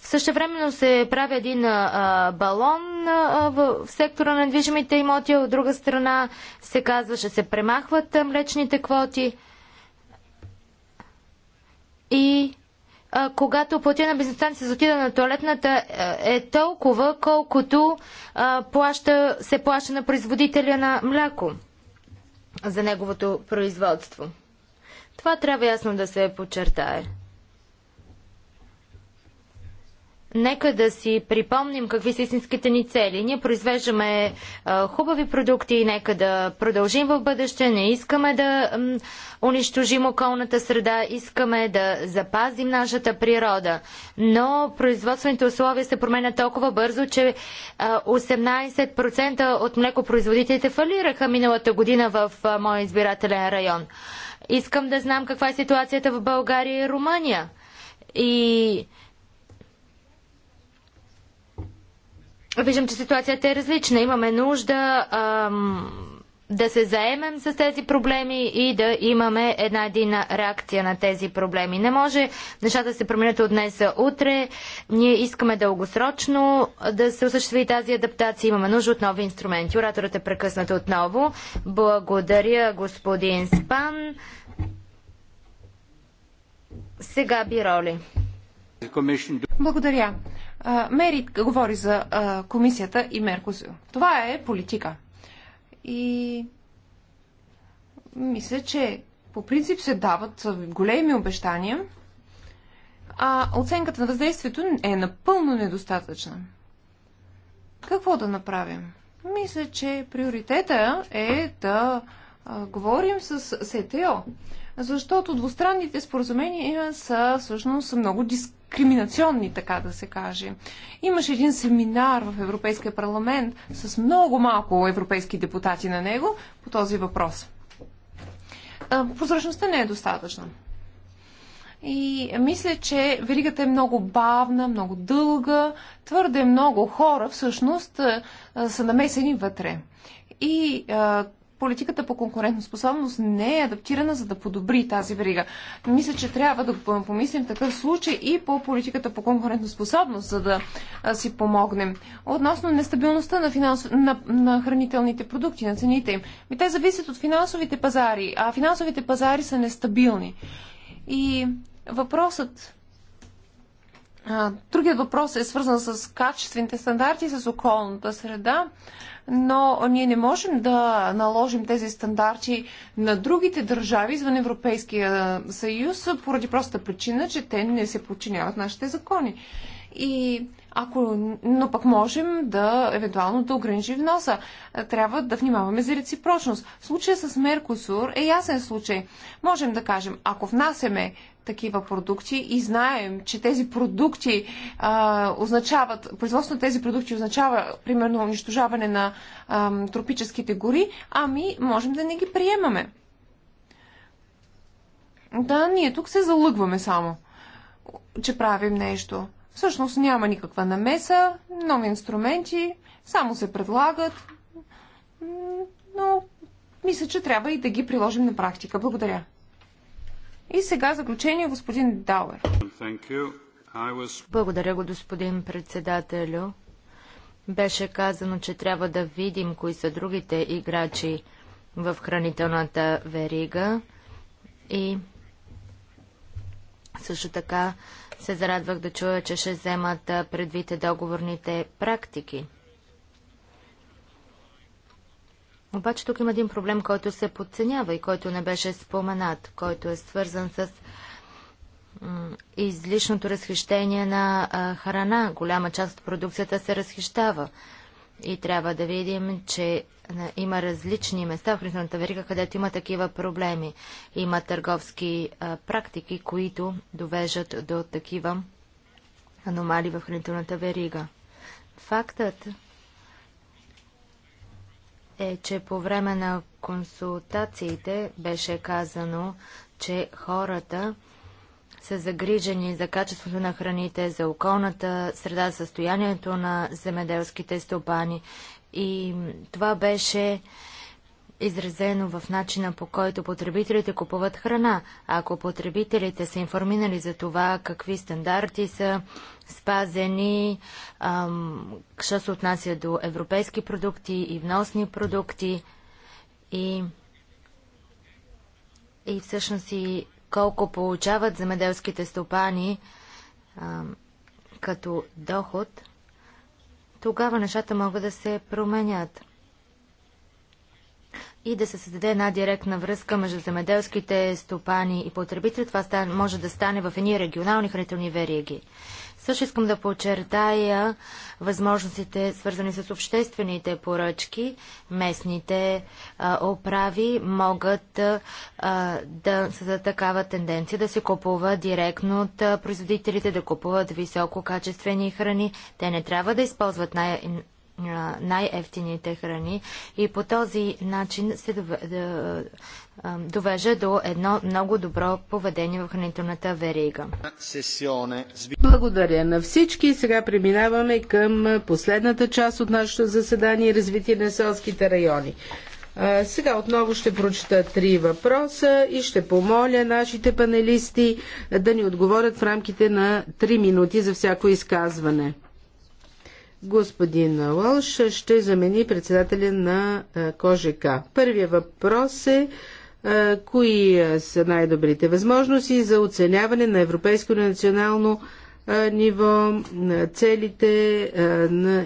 Същевременно се прави един а, балон а, в, в сектора на движимите имоти, от друга страна се казва, че се премахват а, млечните квоти. И а, когато платя на бензинстанция за отида на туалетната е, е толкова, колкото а, плаща, се плаща на производителя на мляко за неговото производство. Това трябва ясно да се подчертае. Нека да си припомним какви са истинските ни цели. Ние произвеждаме а, хубави продукти и нека да продължим в бъдеще. Не искаме да м, унищожим околната среда, искаме да запазим нашата природа. Но производствените условия се променят толкова бързо, че а, 18% от млекопроизводителите фалираха миналата година в а, моя избирателен район. Искам да знам каква е ситуацията в България и Румъния. И виждам, че ситуацията е различна. Имаме нужда ам, да се заемем с тези проблеми и да имаме една едина реакция на тези проблеми. Не може нещата да се променят от днес утре. Ние искаме дългосрочно да се осъществи тази адаптация. Имаме нужда от нови инструменти. Ораторът е прекъснат отново. Благодаря, господин Спан. Сега би роли. Благодаря. Мери говори за а, комисията и Меркозио. Това е политика. И мисля, че по принцип се дават големи обещания, а оценката на въздействието е напълно недостатъчна. Какво да направим? Мисля, че приоритета е да а, говорим с СТО защото двустранните споразумения са всъщност много дискриминационни, така да се каже. Имаше един семинар в Европейския парламент с много малко европейски депутати на него по този въпрос. Прозрачността не е достатъчна. И мисля, че веригата е много бавна, много дълга. Твърде много хора всъщност са намесени вътре. И политиката по конкурентоспособност не е адаптирана за да подобри тази верига. Мисля, че трябва да помислим такъв случай и по политиката по конкурентоспособност, за да си помогнем. Относно нестабилността на, финансов... на, на хранителните продукти, на цените им, ми те зависят от финансовите пазари, а финансовите пазари са нестабилни. И въпросът Другият въпрос е свързан с качествените стандарти, с околната среда но ние не можем да наложим тези стандарти на другите държави извън Европейския съюз, поради простата причина, че те не се подчиняват нашите закони. И ако, но пък можем да евентуално да ограничим вноса. Трябва да внимаваме за реципрочност. В случая с Меркосур е ясен случай. Можем да кажем, ако внасяме такива продукти и знаем, че тези продукти а, означават, производството на тези продукти означава, примерно, унищожаване на а, тропическите гори, ами можем да не ги приемаме. Да, ние тук се залъгваме само, че правим нещо. Всъщност няма никаква намеса, много инструменти, само се предлагат, но мисля, че трябва и да ги приложим на практика. Благодаря. И сега заключение господин Дауер. Благодаря го, господин председателю. Беше казано, че трябва да видим кои са другите играчи в хранителната верига и също така се зарадвах да чуя, че ще вземат предвид договорните практики. Обаче тук има един проблем, който се подценява и който не беше споменат, който е свързан с излишното разхищение на храна. Голяма част от продукцията се разхищава. И трябва да видим, че има различни места в хранителната верига, където има такива проблеми. Има търговски практики, които довеждат до такива аномали в хранителната верига. Фактът, е, че по време на консултациите беше казано, че хората са загрижени за качеството на храните, за околната среда, състоянието на земеделските стопани. И това беше изразено в начина по който потребителите купуват храна. Ако потребителите са информирани за това какви стандарти са спазени, що се отнася до европейски продукти и вносни продукти и, и всъщност и колко получават земеделските стопани като доход, тогава нещата могат да се променят и да се създаде една директна връзка между земеделските стопани и потребители. Това може да стане в едни регионални хранителни вериги. Също искам да подчертая възможностите, свързани с обществените поръчки. Местните а, управи могат а, да създадат такава тенденция да се купува директно от а, производителите, да купуват висококачествени храни. Те не трябва да използват най- най-ефтините храни и по този начин се довежа до едно много добро поведение в хранителната верига. Благодаря на всички. Сега преминаваме към последната част от нашето заседание развитие на селските райони. Сега отново ще прочета три въпроса и ще помоля нашите панелисти да ни отговорят в рамките на три минути за всяко изказване. Господин Лош ще замени председателя на е, КОЖК. Първият въпрос е, е кои е, са най-добрите възможности за оценяване на европейско и национално ниво, целите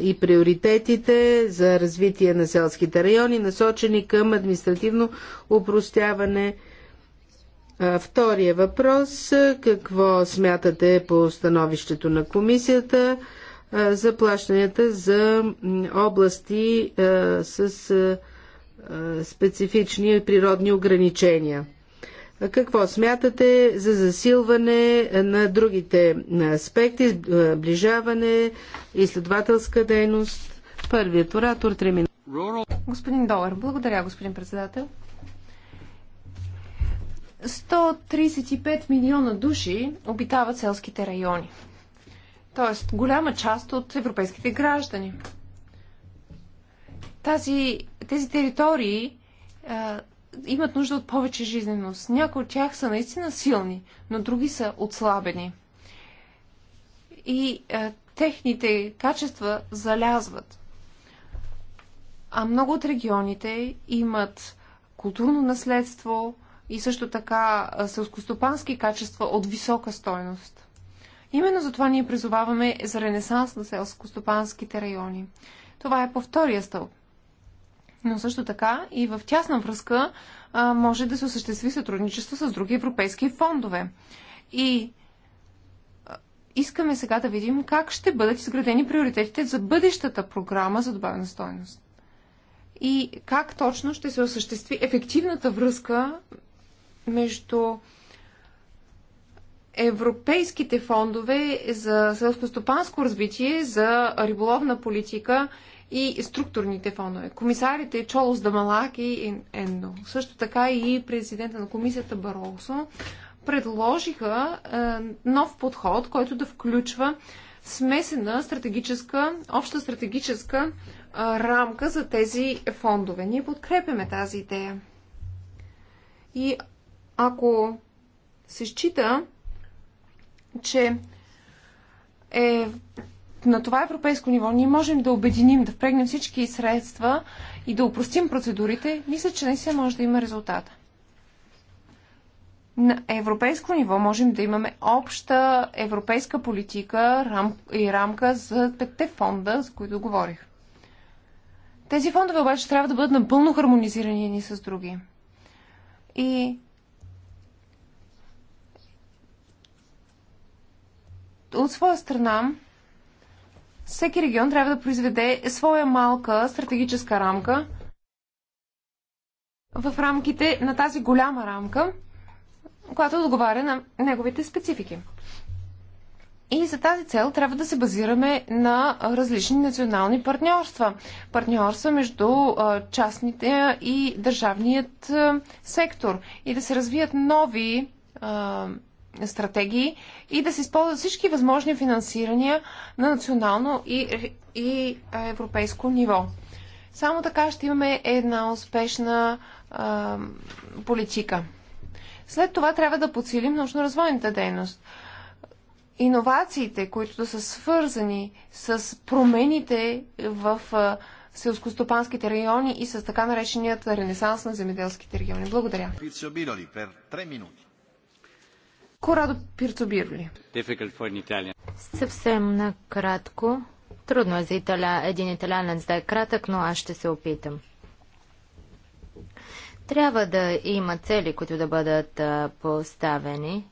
и приоритетите за развитие на селските райони, насочени към административно упростяване. Втория въпрос – какво смятате по становището на комисията – заплащанията за области с специфични природни ограничения. Какво смятате за засилване на другите аспекти, сближаване, изследователска дейност? Първият оратор, 3 минути. Господин Долар, благодаря, господин председател. 135 милиона души обитават селските райони т.е. голяма част от европейските граждани. Тази, тези територии а, е, имат нужда от повече жизненост. Някои от тях са наистина силни, но други са отслабени. И а, е, техните качества залязват. А много от регионите имат културно наследство и също така е, селскостопански качества от висока стойност. Именно за това ние призоваваме за ренесанс на селско-стопанските райони. Това е по втория стълб. Но също така и в тясна връзка а, може да се осъществи сътрудничество с други европейски фондове. И а, искаме сега да видим как ще бъдат изградени приоритетите за бъдещата програма за добавена стойност. И как точно ще се осъществи ефективната връзка между европейските фондове за селскостопанско развитие, за риболовна политика и структурните фондове. Комисарите Чолос Дамалак и Ендо, също така и президента на комисията Баросо предложиха е, нов подход, който да включва смесена стратегическа, обща стратегическа е, рамка за тези фондове. Ние подкрепяме тази идея. И ако се счита, че е, на това европейско ниво ние можем да обединим, да впрегнем всички средства и да упростим процедурите, мисля, че не се може да има резултата. На европейско ниво можем да имаме обща европейска политика рам, и рамка за петте фонда, за които говорих. Тези фондове обаче трябва да бъдат напълно хармонизирани едни с други. И От своя страна, всеки регион трябва да произведе своя малка стратегическа рамка в рамките на тази голяма рамка, която отговаря на неговите специфики. И за тази цел трябва да се базираме на различни национални партньорства. Партньорства между частните и държавният сектор. И да се развият нови стратегии и да се използват всички възможни финансирания на национално и, и европейско ниво. Само така ще имаме една успешна а, политика. След това трябва да подсилим научно-развойната дейност. Иновациите, които да са свързани с промените в а, селскостопанските райони и с така нареченият ренесанс на земеделските региони. Благодаря. Корадо Пирцобирли. Съвсем накратко. Трудно е за италя... един италянец да е кратък, но аз ще се опитам. Трябва да има цели, които да бъдат а, поставени.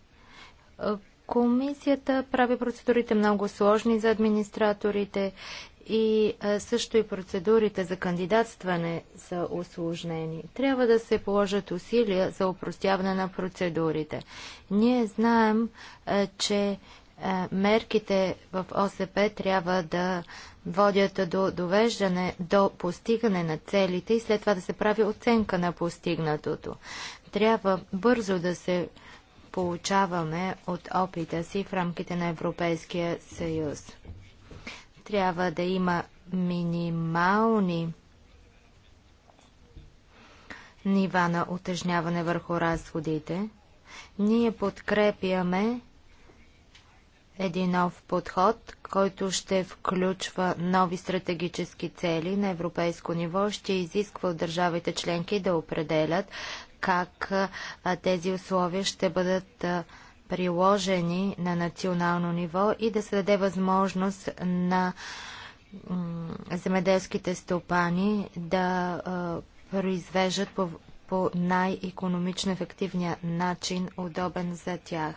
Комисията прави процедурите много сложни за администраторите и също и процедурите за кандидатстване са осложнени. Трябва да се положат усилия за упростяване на процедурите. Ние знаем, че мерките в ОСП трябва да водят до довеждане до постигане на целите и след това да се прави оценка на постигнатото. Трябва бързо да се получаваме от опита си в рамките на Европейския съюз. Трябва да има минимални нива на утежняване върху разходите. Ние подкрепяме един нов подход, който ще включва нови стратегически цели на европейско ниво, ще изисква от държавите членки да определят как тези условия ще бъдат а, приложени на национално ниво и да се даде възможност на земеделските стопани да произвеждат по, по най-економично ефективния начин, удобен за тях.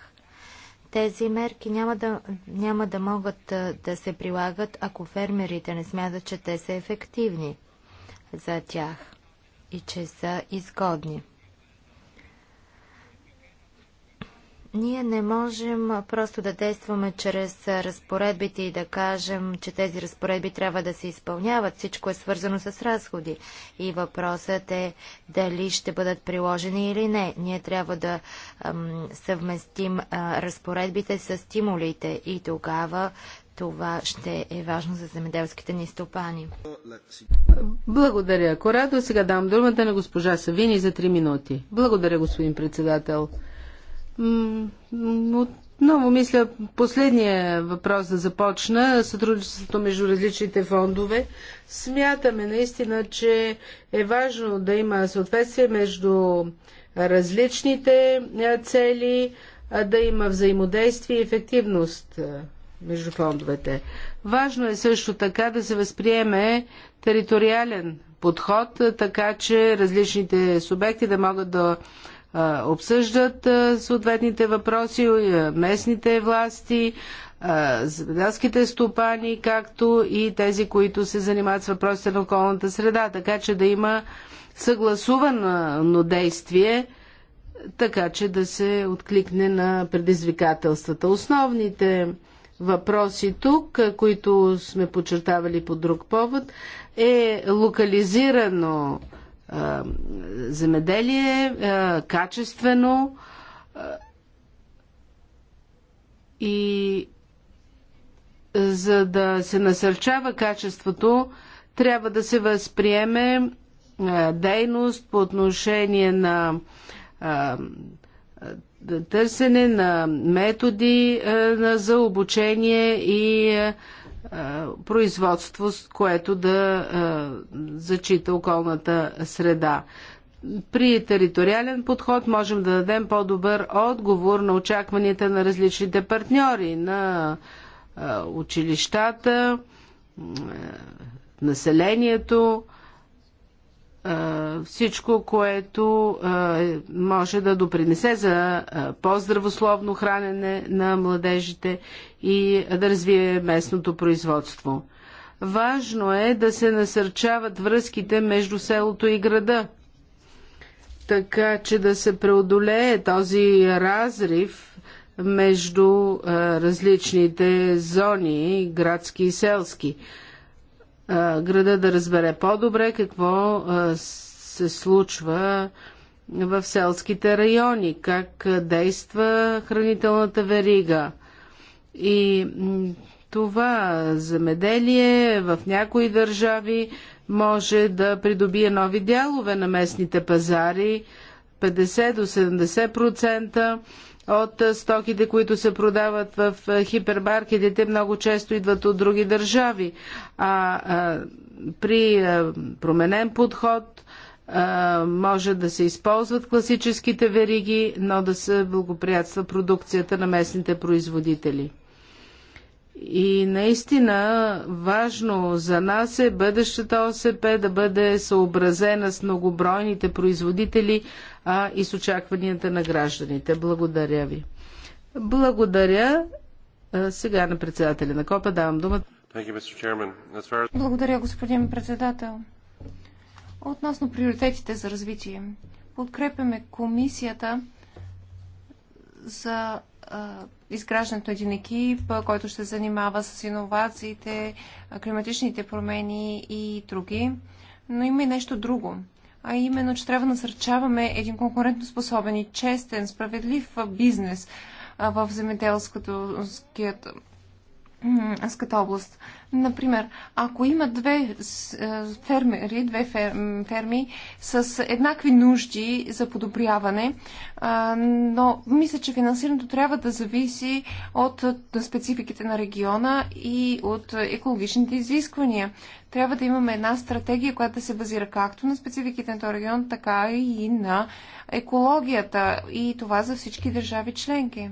Тези мерки няма да, няма да могат да се прилагат, ако фермерите не смятат, че те са ефективни за тях и че са изгодни. Ние не можем просто да действаме чрез разпоредбите и да кажем, че тези разпоредби трябва да се изпълняват. Всичко е свързано с разходи. И въпросът е дали ще бъдат приложени или не. Ние трябва да ам, съвместим а, разпоредбите с стимулите и тогава това ще е важно за земеделските ни стопани. Благодаря. Корадо, сега дам думата на госпожа Савини за 3 минути. Благодаря, господин председател. Отново мисля последния въпрос да започна. Сътрудничеството между различните фондове. Смятаме наистина, че е важно да има съответствие между различните цели, да има взаимодействие и ефективност между фондовете. Важно е също така да се възприеме териториален подход, така че различните субекти да могат да обсъждат съответните въпроси, местните власти, земеделските стопани, както и тези, които се занимават с въпросите на околната среда, така че да има съгласувано действие, така че да се откликне на предизвикателствата. Основните въпроси тук, които сме подчертавали по друг повод, е локализирано земеделие, качествено и за да се насърчава качеството, трябва да се възприеме дейност по отношение на търсене на методи за обучение и е, производство, което да е, зачита околната среда. При териториален подход можем да дадем по-добър отговор на очакванията на различните партньори, на е, училищата, населението, всичко, което може да допринесе за по-здравословно хранене на младежите и да развие местното производство. Важно е да се насърчават връзките между селото и града, така че да се преодолее този разрив между различните зони, градски и селски града да разбере по-добре какво се случва в селските райони, как действа хранителната верига. И това замеделие в някои държави може да придобие нови дялове на местните пазари, 50 до 70 от е, стоките, които се продават в е, хипермаркетите, много често идват от други държави. А, а при а, е, променен подход а, може да се използват класическите вериги, но да се благоприятства продукцията на местните производители. И наистина важно за нас е бъдещата ОСП да бъде съобразена с многобройните производители а и с очакванията на гражданите. Благодаря ви. Благодаря. Сега на председателя на КОПА давам думата. Благодаря, господин председател. Относно приоритетите за развитие, подкрепяме комисията за изграждането един екип, който ще занимава с иновациите, климатичните промени и други. Но има и нещо друго. А именно, че трябва да насърчаваме един конкурентоспособен и честен, справедлив бизнес в земеделската област. Например, ако има две е, фермери, две ферми с еднакви нужди за подобряване, е, но мисля, че финансирането трябва да зависи от спецификите на региона и от екологичните изисквания. Трябва да имаме една стратегия, която да се базира както на спецификите на този регион, така и на екологията и това за всички държави членки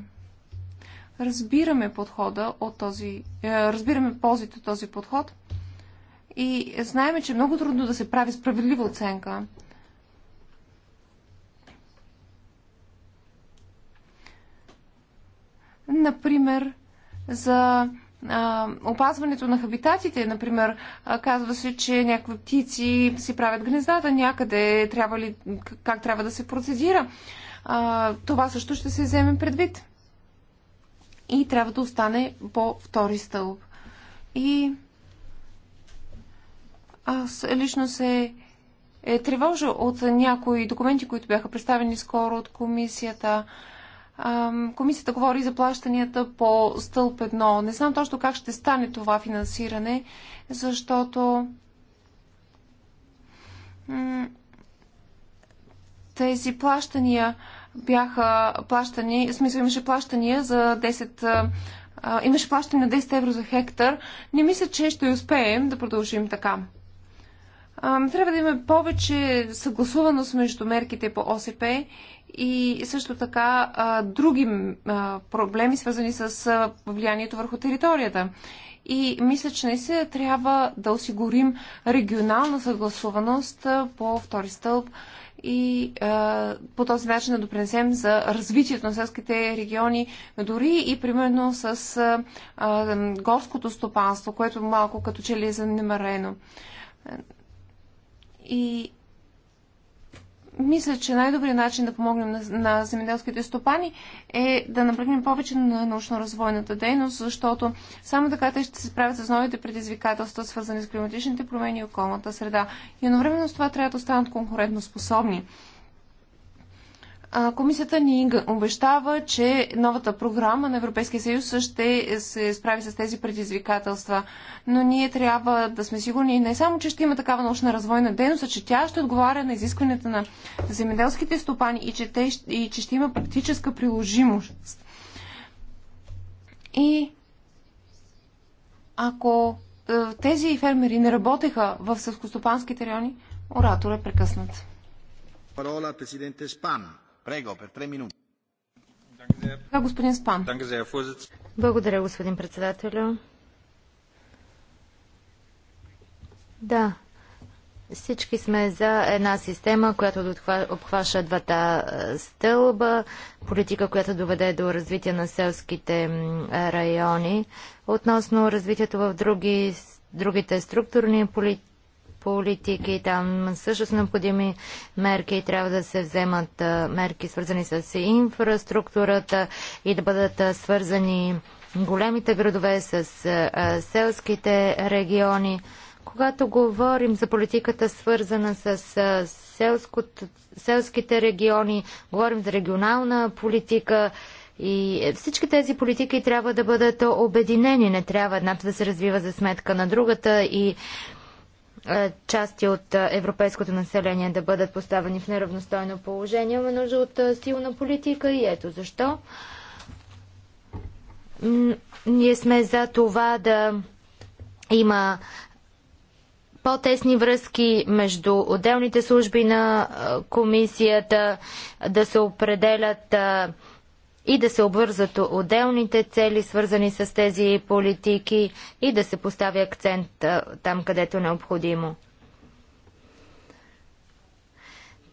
разбираме подхода от този, е, разбираме ползите от този подход и знаеме, че е много трудно да се прави справедлива оценка. Например, за а, опазването на хабитатите, например, а, казва се, че някакви птици си правят гнездата някъде, трябва ли, как трябва да се процедира. А, това също ще се вземе предвид и трябва да остане по втори стълб. И аз лично се е тревожа от някои документи, които бяха представени скоро от комисията. Комисията говори за плащанията по стълб едно. Не знам точно как ще стане това финансиране, защото тези плащания бяха плащани, в смисъл имаше плащания за 10, а, имаше плащане на 10 евро за хектар. Не мисля, че ще успеем да продължим така. А, трябва да има повече съгласуваност между мерките по ОСП и също така а, други а, проблеми, свързани с а, влиянието върху територията. И мисля, че не се трябва да осигурим регионална съгласуваност по втори стълб и а, по този начин да допринесем за развитието на селските региони, дори и примерно с а, а, горското стопанство, което малко като че ли е занемарено. И мисля, че най-добрият начин да помогнем на, на земеделските стопани е да направим повече на научно-развойната дейност, защото само така те ще се справят с новите предизвикателства, свързани с климатичните промени и околната среда. И едновременно с това трябва да останат конкурентоспособни. способни Комисията ни обещава, че новата програма на Европейския съюз ще се справи с тези предизвикателства. Но ние трябва да сме сигурни не само, че ще има такава научна развойна дейност, а че тя ще отговаря на изискванията на земеделските стопани и че, те, и че ще има практическа приложимост. И ако е, тези фермери не работеха в селскостопанските райони, оратор е прекъснат. Парола президенте Спана. Благодаря, господин председателю. Да, всички сме за една система, която обхваща двата стълба, политика, която доведе до развитие на селските райони. Относно развитието в други, другите структурни политики, политики. Там също са необходими мерки. Трябва да се вземат мерки, свързани с инфраструктурата и да бъдат свързани големите градове с селските региони. Когато говорим за политиката свързана с селските региони, говорим за регионална политика, и е, всички тези политики трябва да бъдат обединени. Не трябва едната да се развива за сметка на другата и е, части от е, европейското население да бъдат поставени в неравностойно положение. Има нужда от е, силна политика и ето защо. Ние сме за това да има по-тесни връзки между отделните служби на комисията, да се определят и да се обвързат отделните цели, свързани с тези политики и да се постави акцент там, където е необходимо.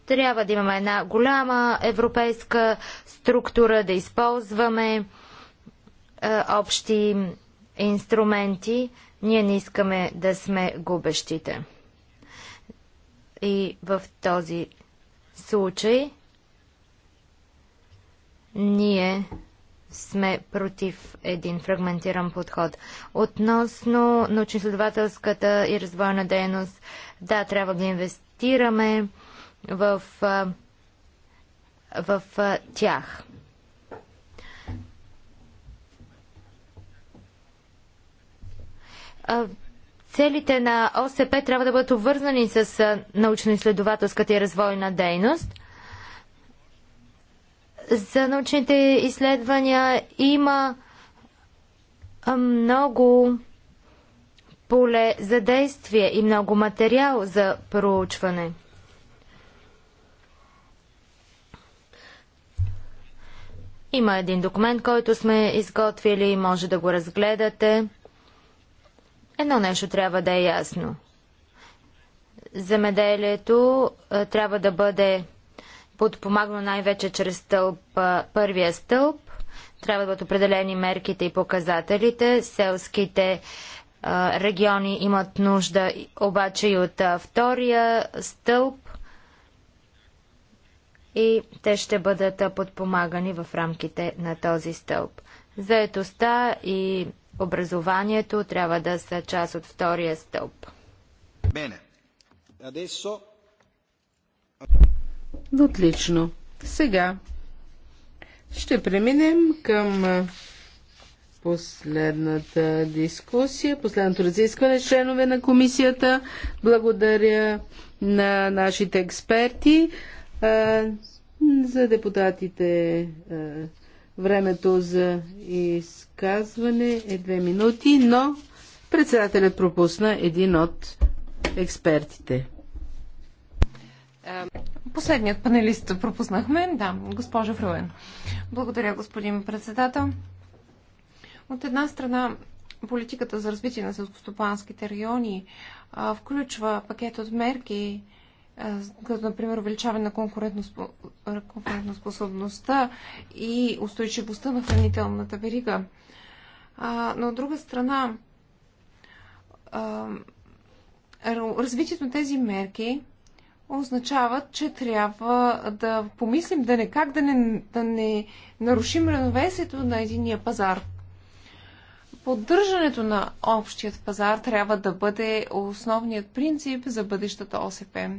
Трябва да имаме една голяма европейска структура, да използваме е, общи инструменти. Ние не искаме да сме губещите. И в този случай ние сме против един фрагментиран подход. Относно научно-изследователската и развойна дейност, да, трябва да инвестираме в, в, в тях. Целите на ОСП трябва да бъдат обвързани с научно-изследователската и развойна дейност за научните изследвания има много поле за действие и много материал за проучване. Има един документ, който сме изготвили, може да го разгледате. Едно нещо трябва да е ясно. Земеделието трябва да бъде подпомагано най-вече чрез стълб, първия стълб. Трябва да бъдат определени мерките и показателите. Селските региони имат нужда обаче и от втория стълб и те ще бъдат подпомагани в рамките на този стълб. Заетостта и образованието трябва да са част от втория стълб. Bene. Adesso... Отлично. Сега ще преминем към последната дискусия, последното разискване членове на комисията. Благодаря на нашите експерти. За депутатите времето за изказване е две минути, но председателят пропусна един от експертите. Последният панелист пропуснахме. Да, госпожа Фруен. Благодаря, господин председател. От една страна, политиката за развитие на селскостопанските райони а, включва пакет от мерки, а, като например увеличаване на конкурентоспособността и устойчивостта на хранителната верига. А, но от друга страна, развитието на тези мерки означават, че трябва да помислим да не как да не, да не нарушим равновесието на единия пазар. Поддържането на общият пазар трябва да бъде основният принцип за бъдещата ОСП.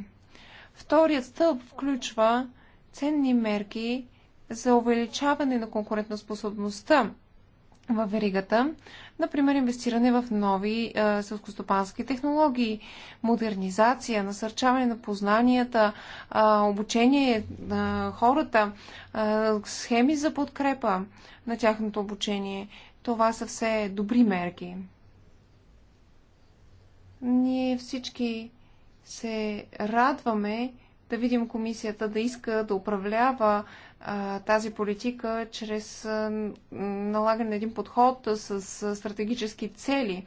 Вторият стълб включва ценни мерки за увеличаване на конкурентоспособността в веригата, например инвестиране в нови е, селскостопански технологии, модернизация, насърчаване на познанията, е, обучение на хората, е, схеми за подкрепа на тяхното обучение. Това са все добри мерки. Ние всички се радваме да видим комисията да иска да управлява тази политика чрез налагане на един подход с стратегически цели.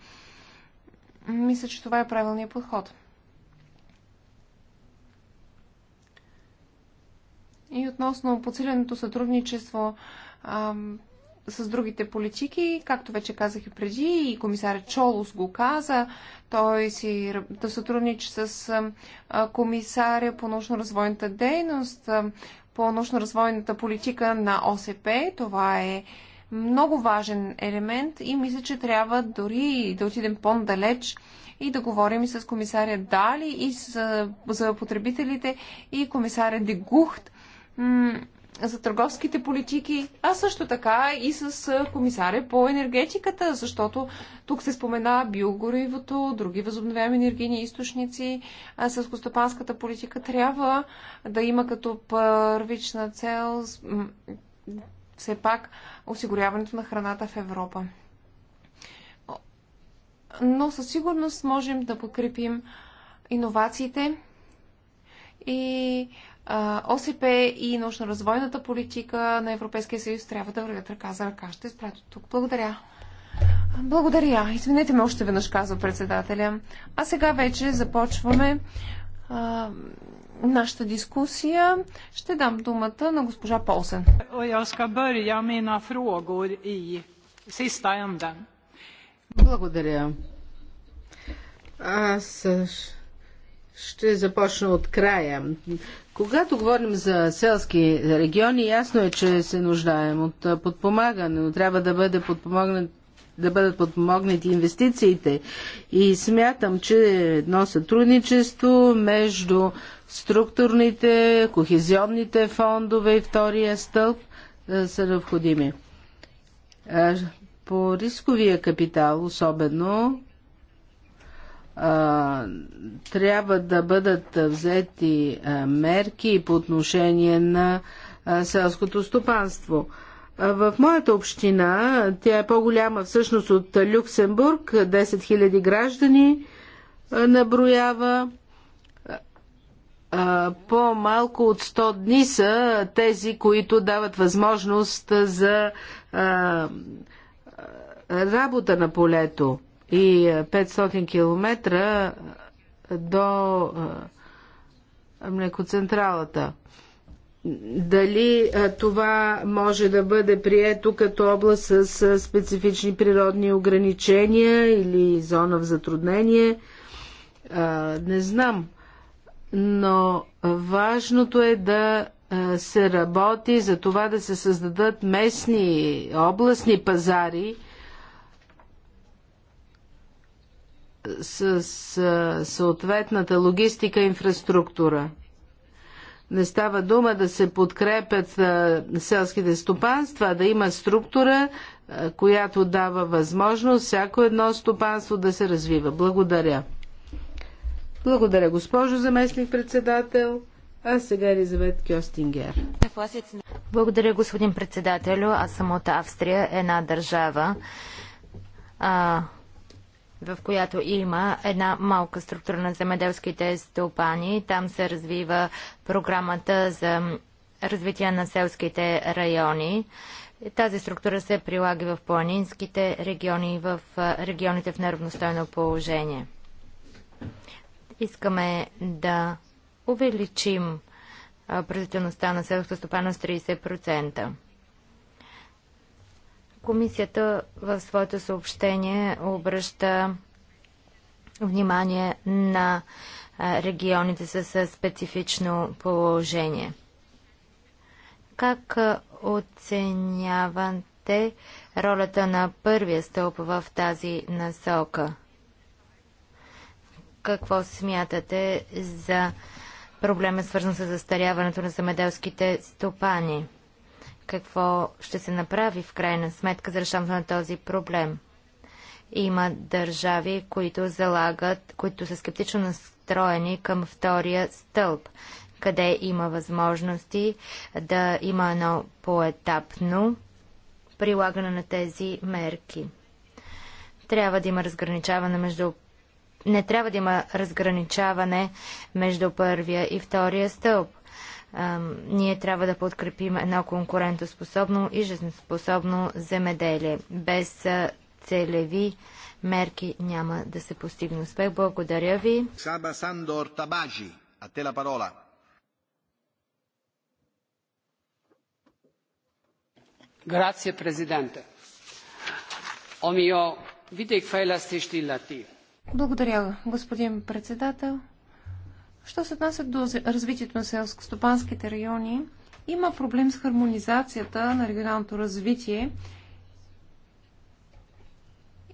Мисля, че това е правилният подход. И относно подсиленото сътрудничество а, с другите политики, както вече казах и преди, и комисар Чолус го каза, той си да сътрудничи с комисаря по научно-развойната дейност, а, по научно-развойната политика на ОСП. Това е много важен елемент и мисля, че трябва дори да отидем по-далеч и да говорим и с комисаря Дали и с, за потребителите и комисаря Дегухт за търговските политики, а също така и с комисаря по енергетиката, защото тук се спомена биогоривото, други възобновяеми енергийни източници, а с костопанската политика трябва да има като първична цел все пак осигуряването на храната в Европа. Но със сигурност можем да подкрепим иновациите и ОСП и научно-развойната политика на Европейския съюз трябва да вървят ръка за ръка. Ще изпратя тук. Благодаря. Благодаря. Извинете ме още веднъж, казва председателя. А сега вече започваме а, нашата дискусия. Ще дам думата на госпожа Полсен. Благодаря. Аз ще започна от края. Когато говорим за селски региони, ясно е, че се нуждаем от подпомагане, но трябва да, бъде да бъдат подпомогнати инвестициите. И смятам, че едно сътрудничество между структурните, кохезионните фондове и втория стълб са необходими. По рисковия капитал особено трябва да бъдат взети мерки по отношение на селското стопанство. В моята община, тя е по-голяма всъщност от Люксембург, 10 000 граждани наброява. По-малко от 100 дни са тези, които дават възможност за работа на полето и 500 км до млекоцентралата. Дали това може да бъде прието като област с специфични природни ограничения или зона в затруднение, не знам. Но важното е да се работи за това да се създадат местни областни пазари, с съответната логистика и инфраструктура. Не става дума да се подкрепят селските стопанства, а да има структура, която дава възможност всяко едно стопанство да се развива. Благодаря. Благодаря, госпожо заместник председател. А сега Елизавет Кьостингер. Благодаря, господин председателю. Аз съм от Австрия, една държава, а, в която има една малка структура на земеделските стопани. Там се развива програмата за развитие на селските райони. Тази структура се прилага в планинските региони и в регионите в неравностойно положение. Искаме да увеличим производителността на селското стопано с 30%. Комисията в своето съобщение обръща внимание на регионите с специфично положение. Как оценявате ролята на първия стълб в тази насока? Какво смятате за проблема, свързан с застаряването на земеделските стопани? какво ще се направи в крайна сметка за решаването на този проблем. Има държави, които залагат, които са скептично настроени към втория стълб, къде има възможности да има едно поетапно прилагане на тези мерки. Трябва да има разграничаване между не трябва да има разграничаване между първия и втория стълб ние трябва да подкрепим едно конкурентоспособно и жизнеспособно земеделие. Без целеви мерки няма да се постигне успех. Благодаря ви. Саба Сандор Табажи, а те ла парола. Грация, Presidente. Omio, videk fejla ste Благодаря, господин председател. Що се отнася до развитието на селско-стопанските райони, има проблем с хармонизацията на регионалното развитие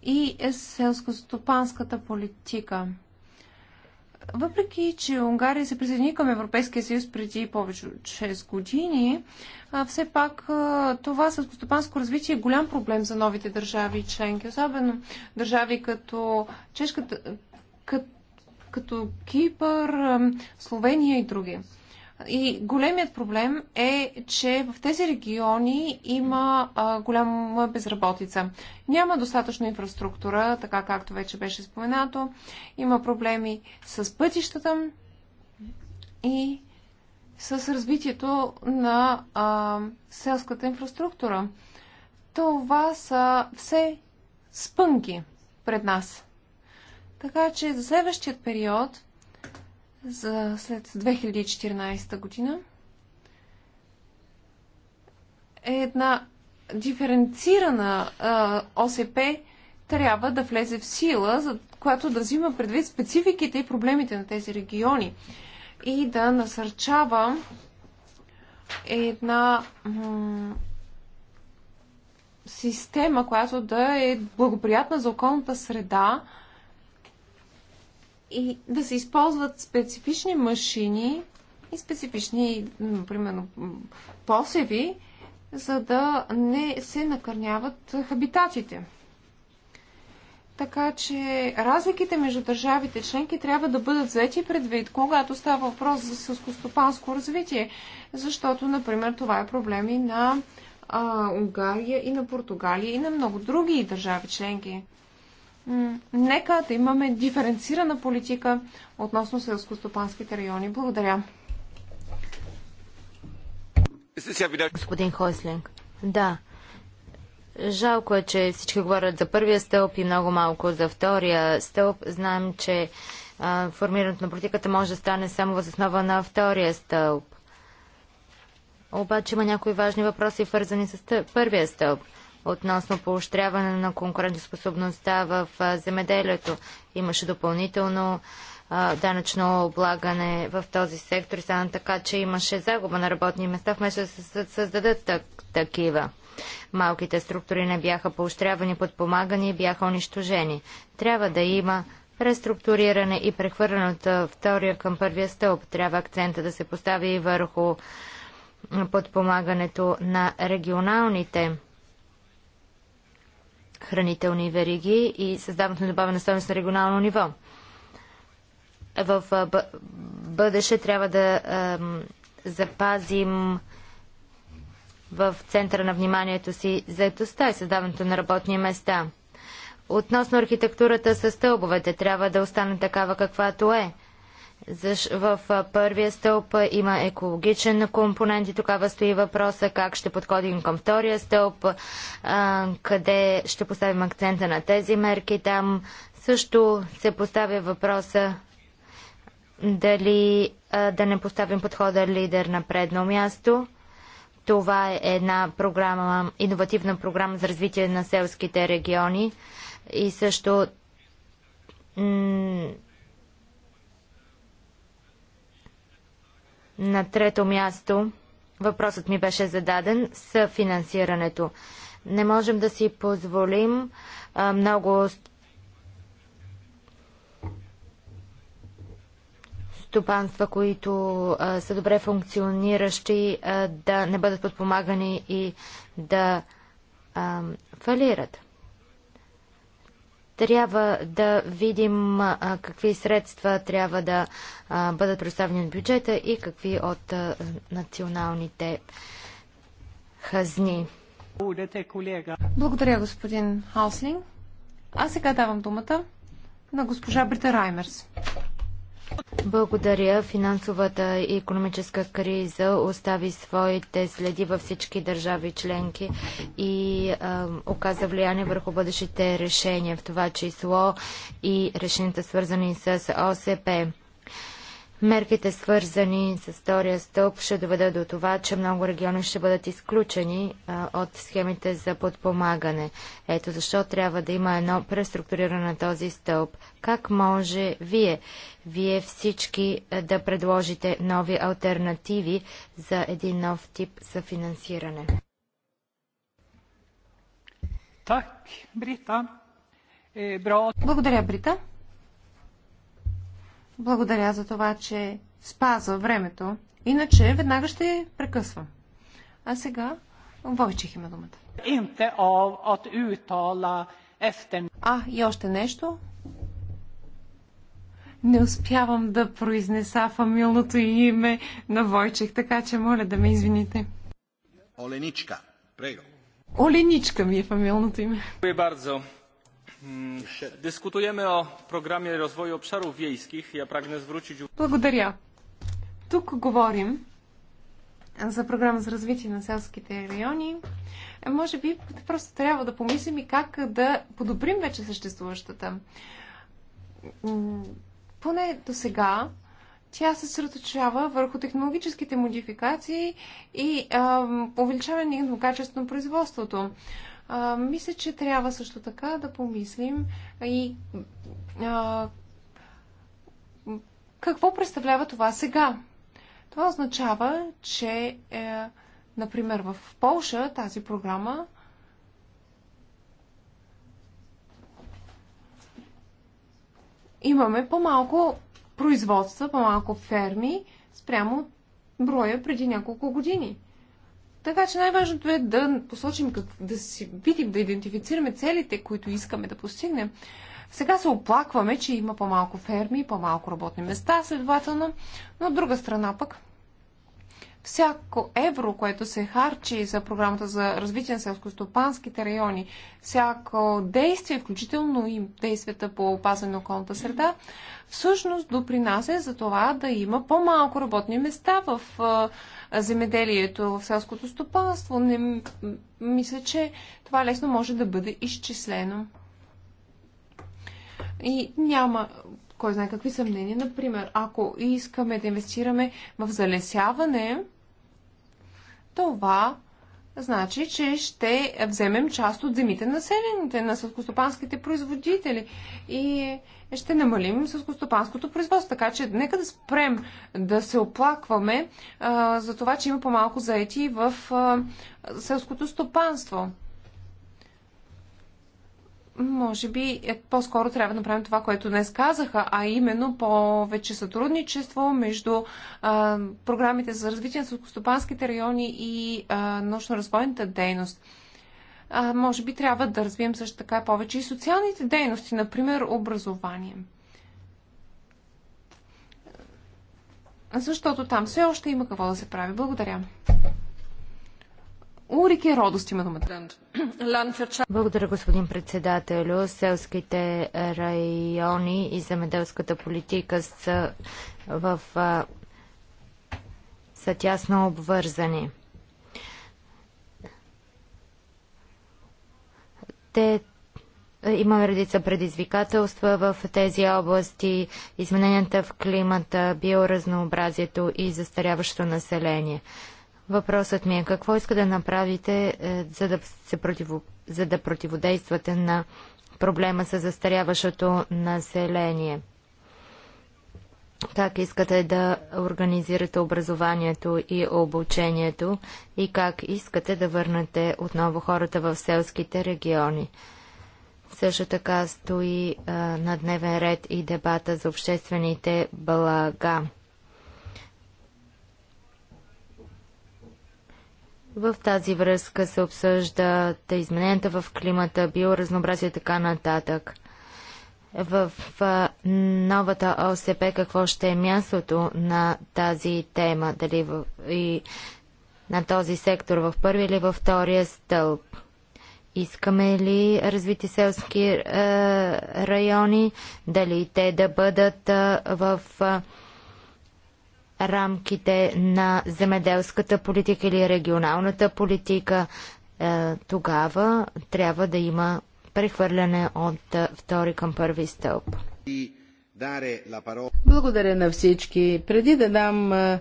и е селско-стопанската политика. Въпреки, че Унгария се присъедини към Европейския съюз преди повече от 6 години, все пак това селскостопанско развитие е голям проблем за новите държави и членки, особено държави като Чешката, като като Кипър, Словения и други. И големият проблем е, че в тези региони има а, голяма безработица. Няма достатъчно инфраструктура, така както вече беше споменато. Има проблеми с пътищата и с развитието на а, селската инфраструктура. Това са все спънки пред нас. Така че за следващият период, за след 2014 година, е една диференцирана а, ОСП трябва да влезе в сила, за която да взима предвид спецификите и проблемите на тези региони и да насърчава една система, която да е благоприятна за околната среда, и да се използват специфични машини и специфични, примерно, посеви, за да не се накърняват хабитатите. Така че разликите между държавите членки трябва да бъдат взети предвид, когато става въпрос за селскостопанско развитие, защото, например, това е проблеми на а, Унгария и на Португалия и на много други държави членки нека да имаме диференцирана политика относно селско-стопанските райони. Благодаря. Господин Хойслинг, да. Жалко е, че всички говорят за първия стълб и много малко за втория стълб. Знаем, че а, формирането на политиката може да стане само въз основа на втория стълб. Обаче има някои важни въпроси, вързани с първия стълб относно поощряване на конкурентоспособността в земеделието. Имаше допълнително данъчно облагане в този сектор и стана така, че имаше загуба на работни места, вместо да се създадат такива. Малките структури не бяха поощрявани, подпомагани и бяха унищожени. Трябва да има реструктуриране и прехвърляне от втория към първия стълб. Трябва акцента да се постави и върху подпомагането на регионалните хранителни вериги и създаването на добавена стоеност на регионално ниво. В бъдеще трябва да запазим в центъра на вниманието си заедостта и създаването на работни места. Относно архитектурата с стълбовете, трябва да остане такава каквато е – в първия стълб има екологичен компонент и тогава стои въпроса как ще подходим към втория стълб, къде ще поставим акцента на тези мерки. Там също се поставя въпроса дали да не поставим подхода лидер на предно място. Това е една програма, иновативна програма за развитие на селските региони и също На трето място, въпросът ми беше зададен с финансирането. Не можем да си позволим а, много стопанства, които а, са добре функциониращи, а, да не бъдат подпомагани и да а, фалират. Трябва да видим а, какви средства трябва да а, бъдат представени от бюджета и какви от а, националните хазни. Благодаря, господин Хаслинг, А сега давам думата на госпожа Брита Раймерс. Благодаря. Финансовата и економическа криза остави своите следи във всички държави членки и а, е, оказа влияние върху бъдещите решения, в това число и решенията свързани с ОСП. Мерките, свързани с втория стълб, ще доведат до това, че много региони ще бъдат изключени а, от схемите за подпомагане. Ето защо трябва да има едно преструктуриране на този стълб. Как може вие, вие всички да предложите нови альтернативи за един нов тип съфинансиране? Так, Брита. Е, бро... Благодаря, Брита. Благодаря за това, че спазва времето. Иначе веднага ще прекъсвам. А сега Войчих има думата. А, и още нещо. Не успявам да произнеса фамилното име на Войчих, така че моля да ме извините. Оленичка, прего. Оленичка ми е фамилното име. Благодаря. Дискутujemy mm, о programie rozwoju obszarów wiejskich. Ja Благодаря. Тук говорим за програма за развитие на селските райони. Може би просто трябва да помислим и как да подобрим вече съществуващата. Поне до сега тя се съсредоточава върху технологическите модификации и а, увеличаване на качеството на производството. А, мисля, че трябва също така да помислим и а, какво представлява това сега. Това означава, че, е, например, в Полша тази програма имаме по-малко производства, по-малко ферми спрямо броя преди няколко години. Така че най-важното е да посочим, как, да си видим, да идентифицираме целите, които искаме да постигнем. Сега се оплакваме, че има по-малко ферми, по-малко работни места, следователно, но от друга страна пък всяко евро, което се харчи за програмата за развитие на селско-стопанските райони, всяко действие, включително и действията по опазване на околната среда, всъщност допринася за това да има по-малко работни места в земеделието, в селското стопанство. Не, мисля, че това лесно може да бъде изчислено. И няма кой знае какви съмнения. Например, ако искаме да инвестираме в залесяване, това значи, че ще вземем част от земите на селените, на съскостопанските производители и ще намалим съскостопанското производство. Така че нека да спрем да се оплакваме а, за това, че има по-малко заети в а, селското стопанство може би е, по-скоро трябва да направим това, което днес казаха, а именно повече сътрудничество между а, програмите за развитие на сълкостопанските райони и научно разбойната дейност. А, може би трябва да развием също така повече и социалните дейности, например образование. Защото там все още има какво да се прави. Благодаря. Урике Родост има думата. Благодаря, господин председател. Селските райони и земеделската политика са, в, са тясно обвързани. Те има редица предизвикателства в тези области, измененията в климата, биоразнообразието и застаряващото население. Въпросът ми е какво иска да направите, е, за да, се противо, за да противодействате на проблема с застаряващото население? Как искате да организирате образованието и обучението и как искате да върнете отново хората в селските региони? Също така стои а, е, на дневен ред и дебата за обществените блага. В тази връзка се обсъждат измененията в климата, биоразнообразие и така нататък. В новата ОСП какво ще е мястото на тази тема? Дали в, и на този сектор в първи или във втория стълб? Искаме ли развити селски е, райони? Дали те да бъдат е, в. Е, рамките на земеделската политика или регионалната политика, е, тогава трябва да има прехвърляне от е, втори към първи стълб. Благодаря на всички. Преди да дам е,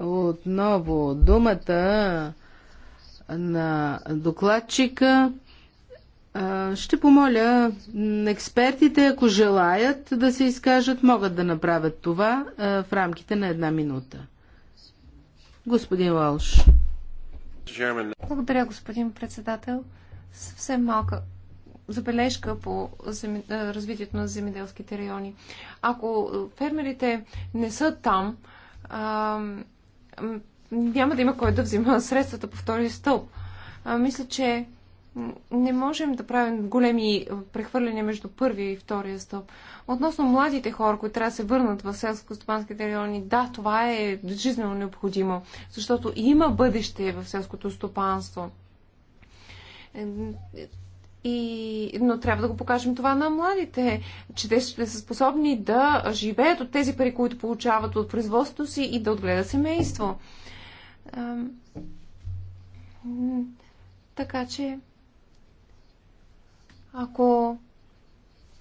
отново думата на докладчика, ще помоля експертите, ако желаят да се изкажат, могат да направят това в рамките на една минута. Господин Уолш. Благодаря, господин председател. Съвсем малка забележка по развитието на земеделските райони. Ако фермерите не са там, а... няма да има кой да взима средствата по втори стълб. А, мисля, че не можем да правим големи прехвърляния между първия и втория стоп. Относно младите хора, които трябва да се върнат в селско-стопанските райони, да, това е жизненно необходимо, защото има бъдеще в селското стопанство. Е, и, но трябва да го покажем това на младите, че те ще са способни да живеят от тези пари, които получават от производството си и да отгледат семейство. Така че ако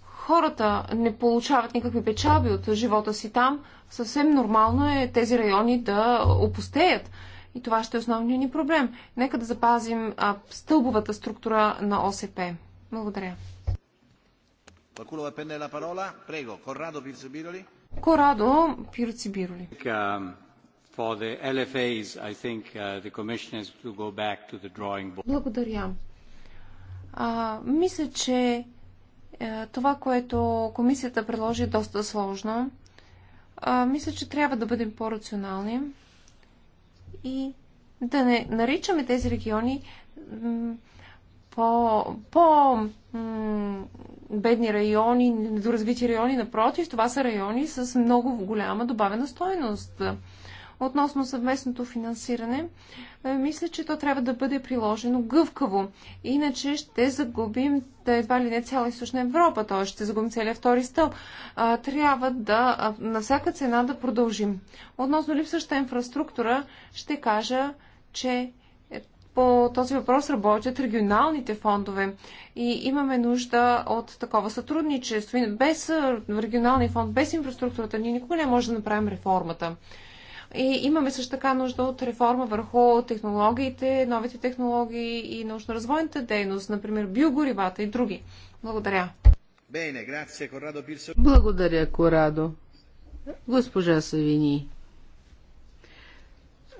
хората не получават никакви печалби от живота си там, съвсем нормално е тези райони да опустеят. И това ще е основният ни проблем. Нека да запазим а, стълбовата структура на ОСП. Благодаря. Корадо Пирцибироли. Um, uh, Благодаря. А, мисля, че а, е, това, което комисията предложи е доста сложно. А, мисля, че трябва да бъдем по-рационални и да не наричаме тези региони по, по бедни райони, недоразвити райони. Напротив, това са райони с много голяма добавена стойност относно съвместното финансиране, е, мисля, че то трябва да бъде приложено гъвкаво. Иначе ще загубим да едва ли не цяла източна Европа, т.е. ще загубим целият втори стълб. Трябва да на всяка цена да продължим. Относно липсваща инфраструктура, ще кажа, че е, по този въпрос работят регионалните фондове и имаме нужда от такова сътрудничество. Без регионалния фонд, без инфраструктурата, ние никога не можем да направим реформата. И имаме също така нужда от реформа върху технологиите, новите технологии и научно-развойната дейност, например биогоривата и други. Благодаря. Благодаря, Корадо. Госпожа Савини.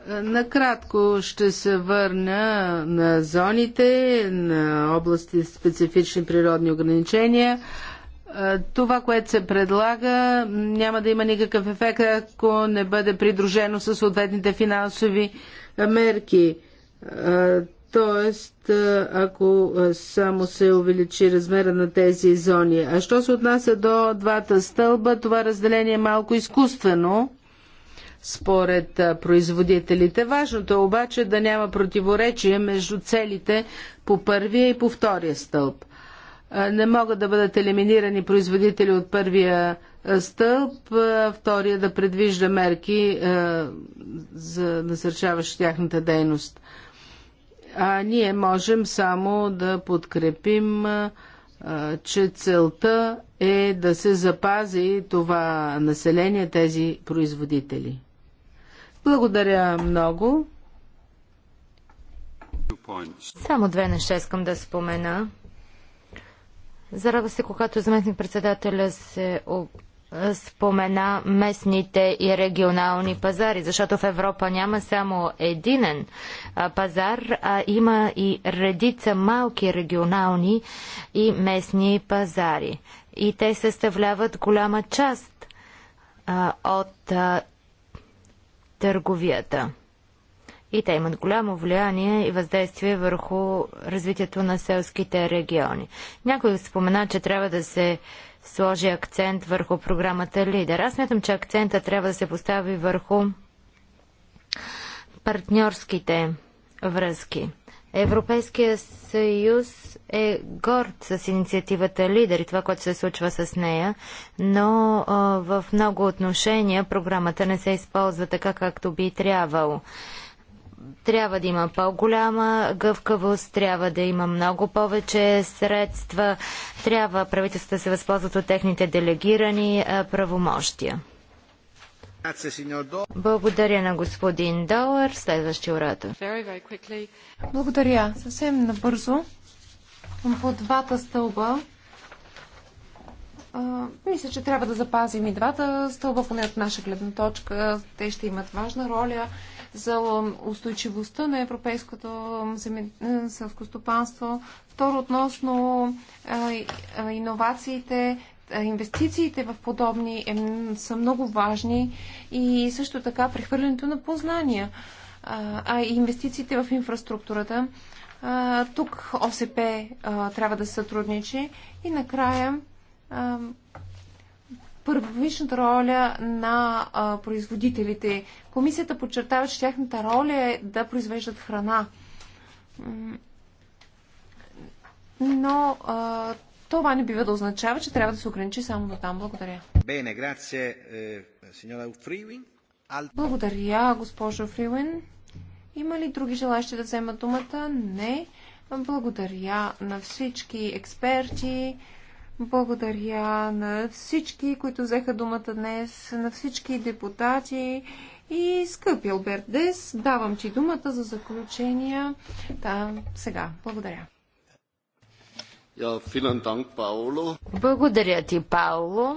Накратко ще се върна на зоните, на области с специфични природни ограничения това, което се предлага, няма да има никакъв ефект, ако не бъде придружено с съответните финансови мерки. Тоест, ако само се увеличи размера на тези зони. А що се отнася до двата стълба, това разделение е малко изкуствено според производителите. Важното е обаче да няма противоречие между целите по първия и по втория стълб не могат да бъдат елиминирани производители от първия стълб, втория да предвижда мерки за насърчаващи тяхната дейност. А ние можем само да подкрепим, че целта е да се запази това население, тези производители. Благодаря много. Само две неща искам да спомена. Зарава се, когато заместник председателя се спомена местните и регионални пазари, защото в Европа няма само единен пазар, а има и редица малки регионални и местни пазари. И те съставляват голяма част от търговията и те имат голямо влияние и въздействие върху развитието на селските региони. Някой спомена, че трябва да се сложи акцент върху програмата Лидер. Аз смятам, че акцента трябва да се постави върху партньорските връзки. Европейския съюз е горд с инициативата Лидер и това, което се случва с нея, но а, в много отношения програмата не се използва така, както би трябвало трябва да има по-голяма гъвкавост, трябва да има много повече средства, трябва правителството да се възползват от техните делегирани правомощия. Благодаря на господин Долар. Следващия урата. Благодаря. Съвсем набързо. По двата стълба. А, мисля, че трябва да запазим и двата стълба, поне от наша гледна точка. Те ще имат важна роля за устойчивостта на европейското селско стопанство. Второ, относно иновациите, инвестициите в подобни са много важни и също така прехвърлянето на познания, а, и инвестициите в инфраструктурата. тук ОСП трябва да сътрудничи и накрая Първовичната роля на а, производителите. Комисията подчертава, че тяхната роля е да произвеждат храна. Но а, това не бива да означава, че трябва да се ограничи само до там. Благодаря. Бене, грация, сеньора Фривин. Благодаря, госпожо Фривин. Има ли други желащи да вземат думата? Не. Благодаря на всички експерти. Благодаря на всички, които взеха думата днес, на всички депутати и скъпи Алберт Дес, давам ти думата за заключения да, сега. Благодаря. vielen Dank, Благодаря ти, Пауло.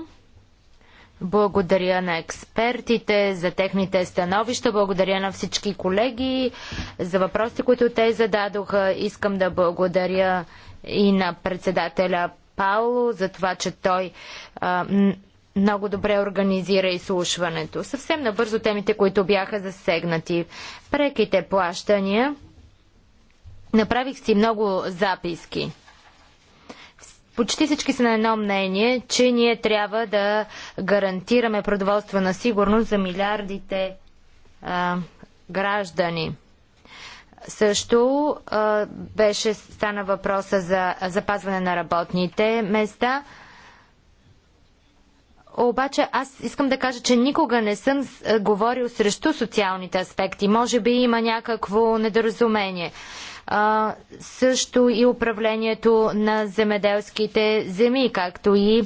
Благодаря на експертите за техните становища. Благодаря на всички колеги за въпросите, които те зададоха. Искам да благодаря и на председателя Пауло за това, че той а, много добре организира изслушването. Съвсем набързо темите, които бяха засегнати. Преките плащания. Направих си много записки. Почти всички са на едно мнение, че ние трябва да гарантираме продоволствена сигурност за милиардите а, граждани. Също а, беше стана въпроса за запазване на работните места. Обаче аз искам да кажа, че никога не съм говорил срещу социалните аспекти. Може би има някакво недоразумение. А, също и управлението на земеделските земи, както и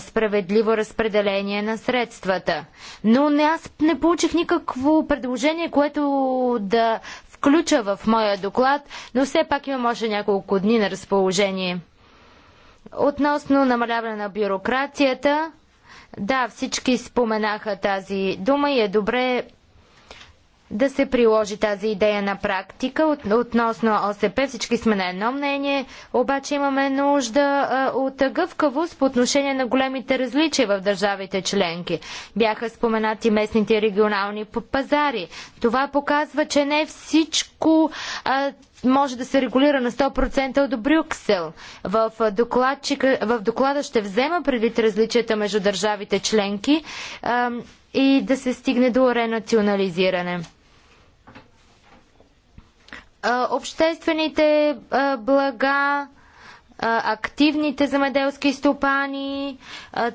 справедливо разпределение на средствата. Но не, аз не получих никакво предложение, което да включа в моя доклад, но все пак имам още няколко дни на разположение. Относно намаляване на бюрокрацията, да, всички споменаха тази дума и е добре да се приложи тази идея на практика от, относно ОСП. Всички сме на едно мнение, обаче имаме нужда а, от гъвкавост по отношение на големите различия в държавите членки. Бяха споменати местните регионални пазари. Това показва, че не всичко а, може да се регулира на 100% от Брюксел. В, в доклада ще взема предвид различията между държавите членки а, и да се стигне до ренационализиране обществените блага, активните замеделски стопани,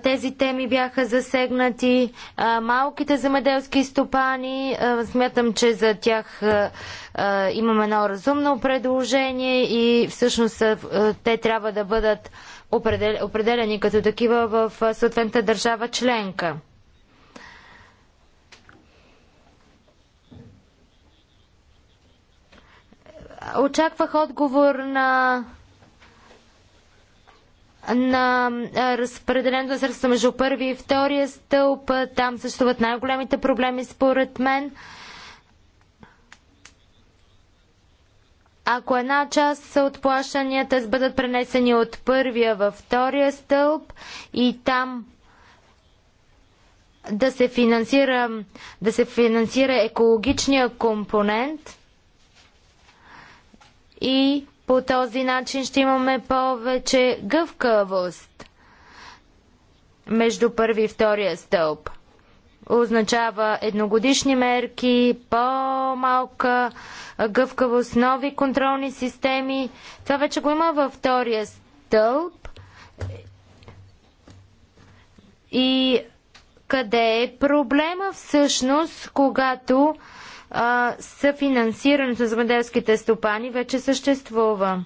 тези теми бяха засегнати, малките замеделски стопани, смятам, че за тях имам едно разумно предложение и всъщност те трябва да бъдат определени като такива в съответната държава членка. Очаквах отговор на на разпределението на средства между първи и втория стълб. Там съществуват най-големите проблеми, според мен. Ако една част от плащанията бъдат пренесени от първия във втория стълб и там да се финансира, да се финансира екологичния компонент, и по този начин ще имаме повече гъвкавост между първи и втория стълб. Означава едногодишни мерки, по-малка гъвкавост, нови контролни системи. Това вече го има във втория стълб. И къде е проблема всъщност, когато съфинансирането за земеделските стопани вече съществува.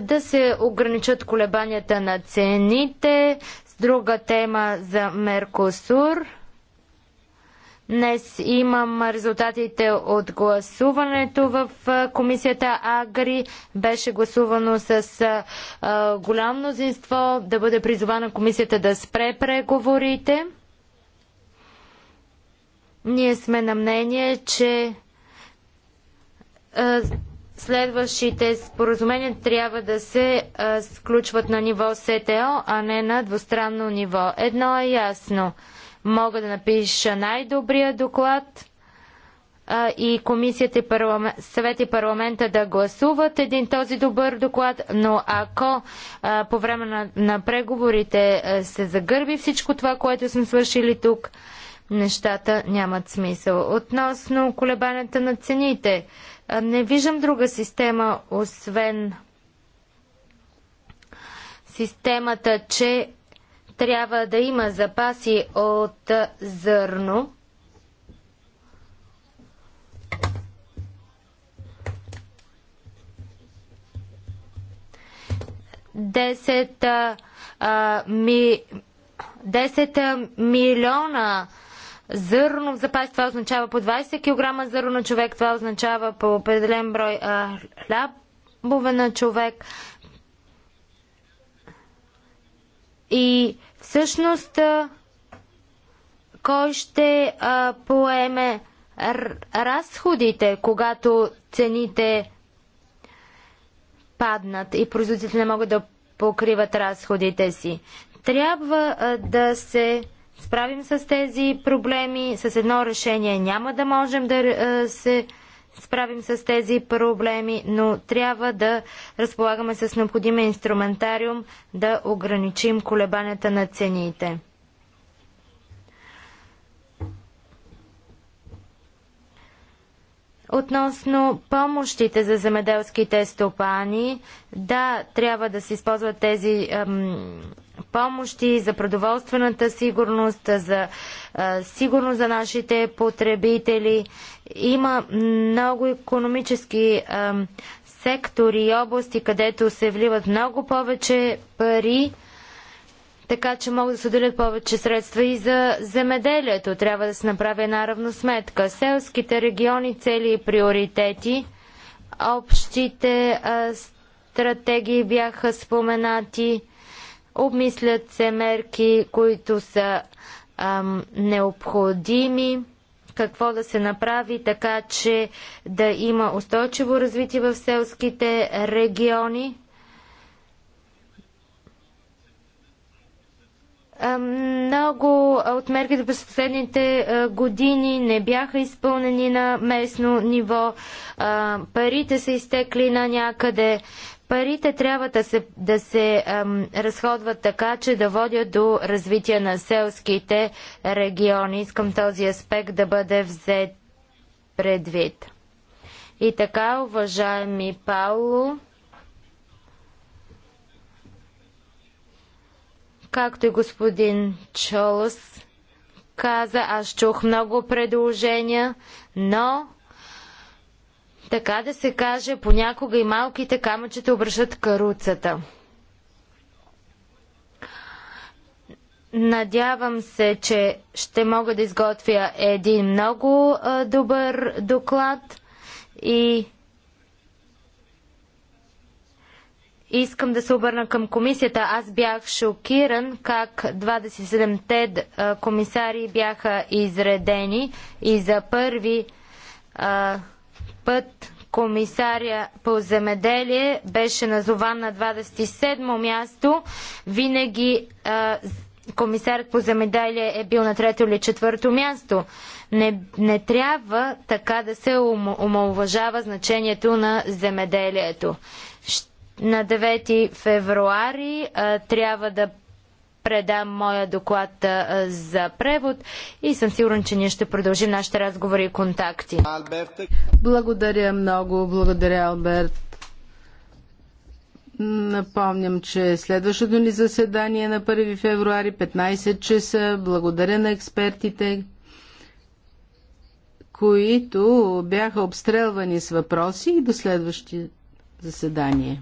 Да се ограничат колебанията на цените. С друга тема за Меркосур. Днес имам резултатите от гласуването в комисията Агри. Беше гласувано с голямо мнозинство да бъде призована комисията да спре преговорите. Ние сме на мнение, че следващите споразумения трябва да се сключват на ниво СТО, а не на двустранно ниво. Едно е ясно. Мога да напиша най-добрия доклад и комисията и парламент, съвет и парламента да гласуват един този добър доклад, но ако а, по време на, на преговорите а, се загърби всичко това, което сме свършили тук, нещата нямат смисъл. Относно колебанията на цените, не виждам друга система, освен системата, че трябва да има запаси от зърно. Десет ми, 10 милиона зърно в запас. Това означава по 20 кг зърно на човек. Това означава по определен брой а, хлябове на човек. И всъщност кой ще а, поеме разходите, когато цените паднат и производителите не могат да покриват разходите си. Трябва а, да се справим с тези проблеми. С едно решение няма да можем да е, се справим с тези проблеми, но трябва да разполагаме с необходимия инструментариум да ограничим колебанията на цените. Относно помощите за земеделските стопани, да, трябва да се използват тези ам, помощи за продоволствената сигурност, за сигурност за нашите потребители. Има много економически сектори и области, където се вливат много повече пари, така че могат да се отделят повече средства и за земеделието. Трябва да се направи една равносметка. Селските региони, цели и приоритети, общите а, стратегии бяха споменати. Обмислят се мерки, които са ам, необходими, какво да се направи така, че да има устойчиво развитие в селските региони. Много от мерките през последните години не бяха изпълнени на местно ниво. Парите са изтекли на някъде. Парите трябва да се, да се ем, разходват така, че да водят до развитие на селските региони. Искам този аспект да бъде взет предвид. И така, уважаеми Пауло, както и господин Чолос каза, аз чух много предложения, но така да се каже, понякога и малките камъчета обръщат каруцата. Надявам се, че ще мога да изготвя един много а, добър доклад и искам да се обърна към комисията. Аз бях шокиран как 27-те комисари бяха изредени и за първи а, път комисаря по земеделие беше назован на 27-мо място. Винаги комисарят по земеделие е бил на трето или четвърто място. Не, не трябва така да се омалуважава значението на земеделието. На 9 февруари трябва да предам моя доклад за превод и съм сигурен, че ние ще продължим нашите разговори и контакти. Благодаря много, благодаря Алберт. Напомням, че следващото ни заседание е на 1 февруари, 15 часа. Благодаря на експертите, които бяха обстрелвани с въпроси и до следващото заседание.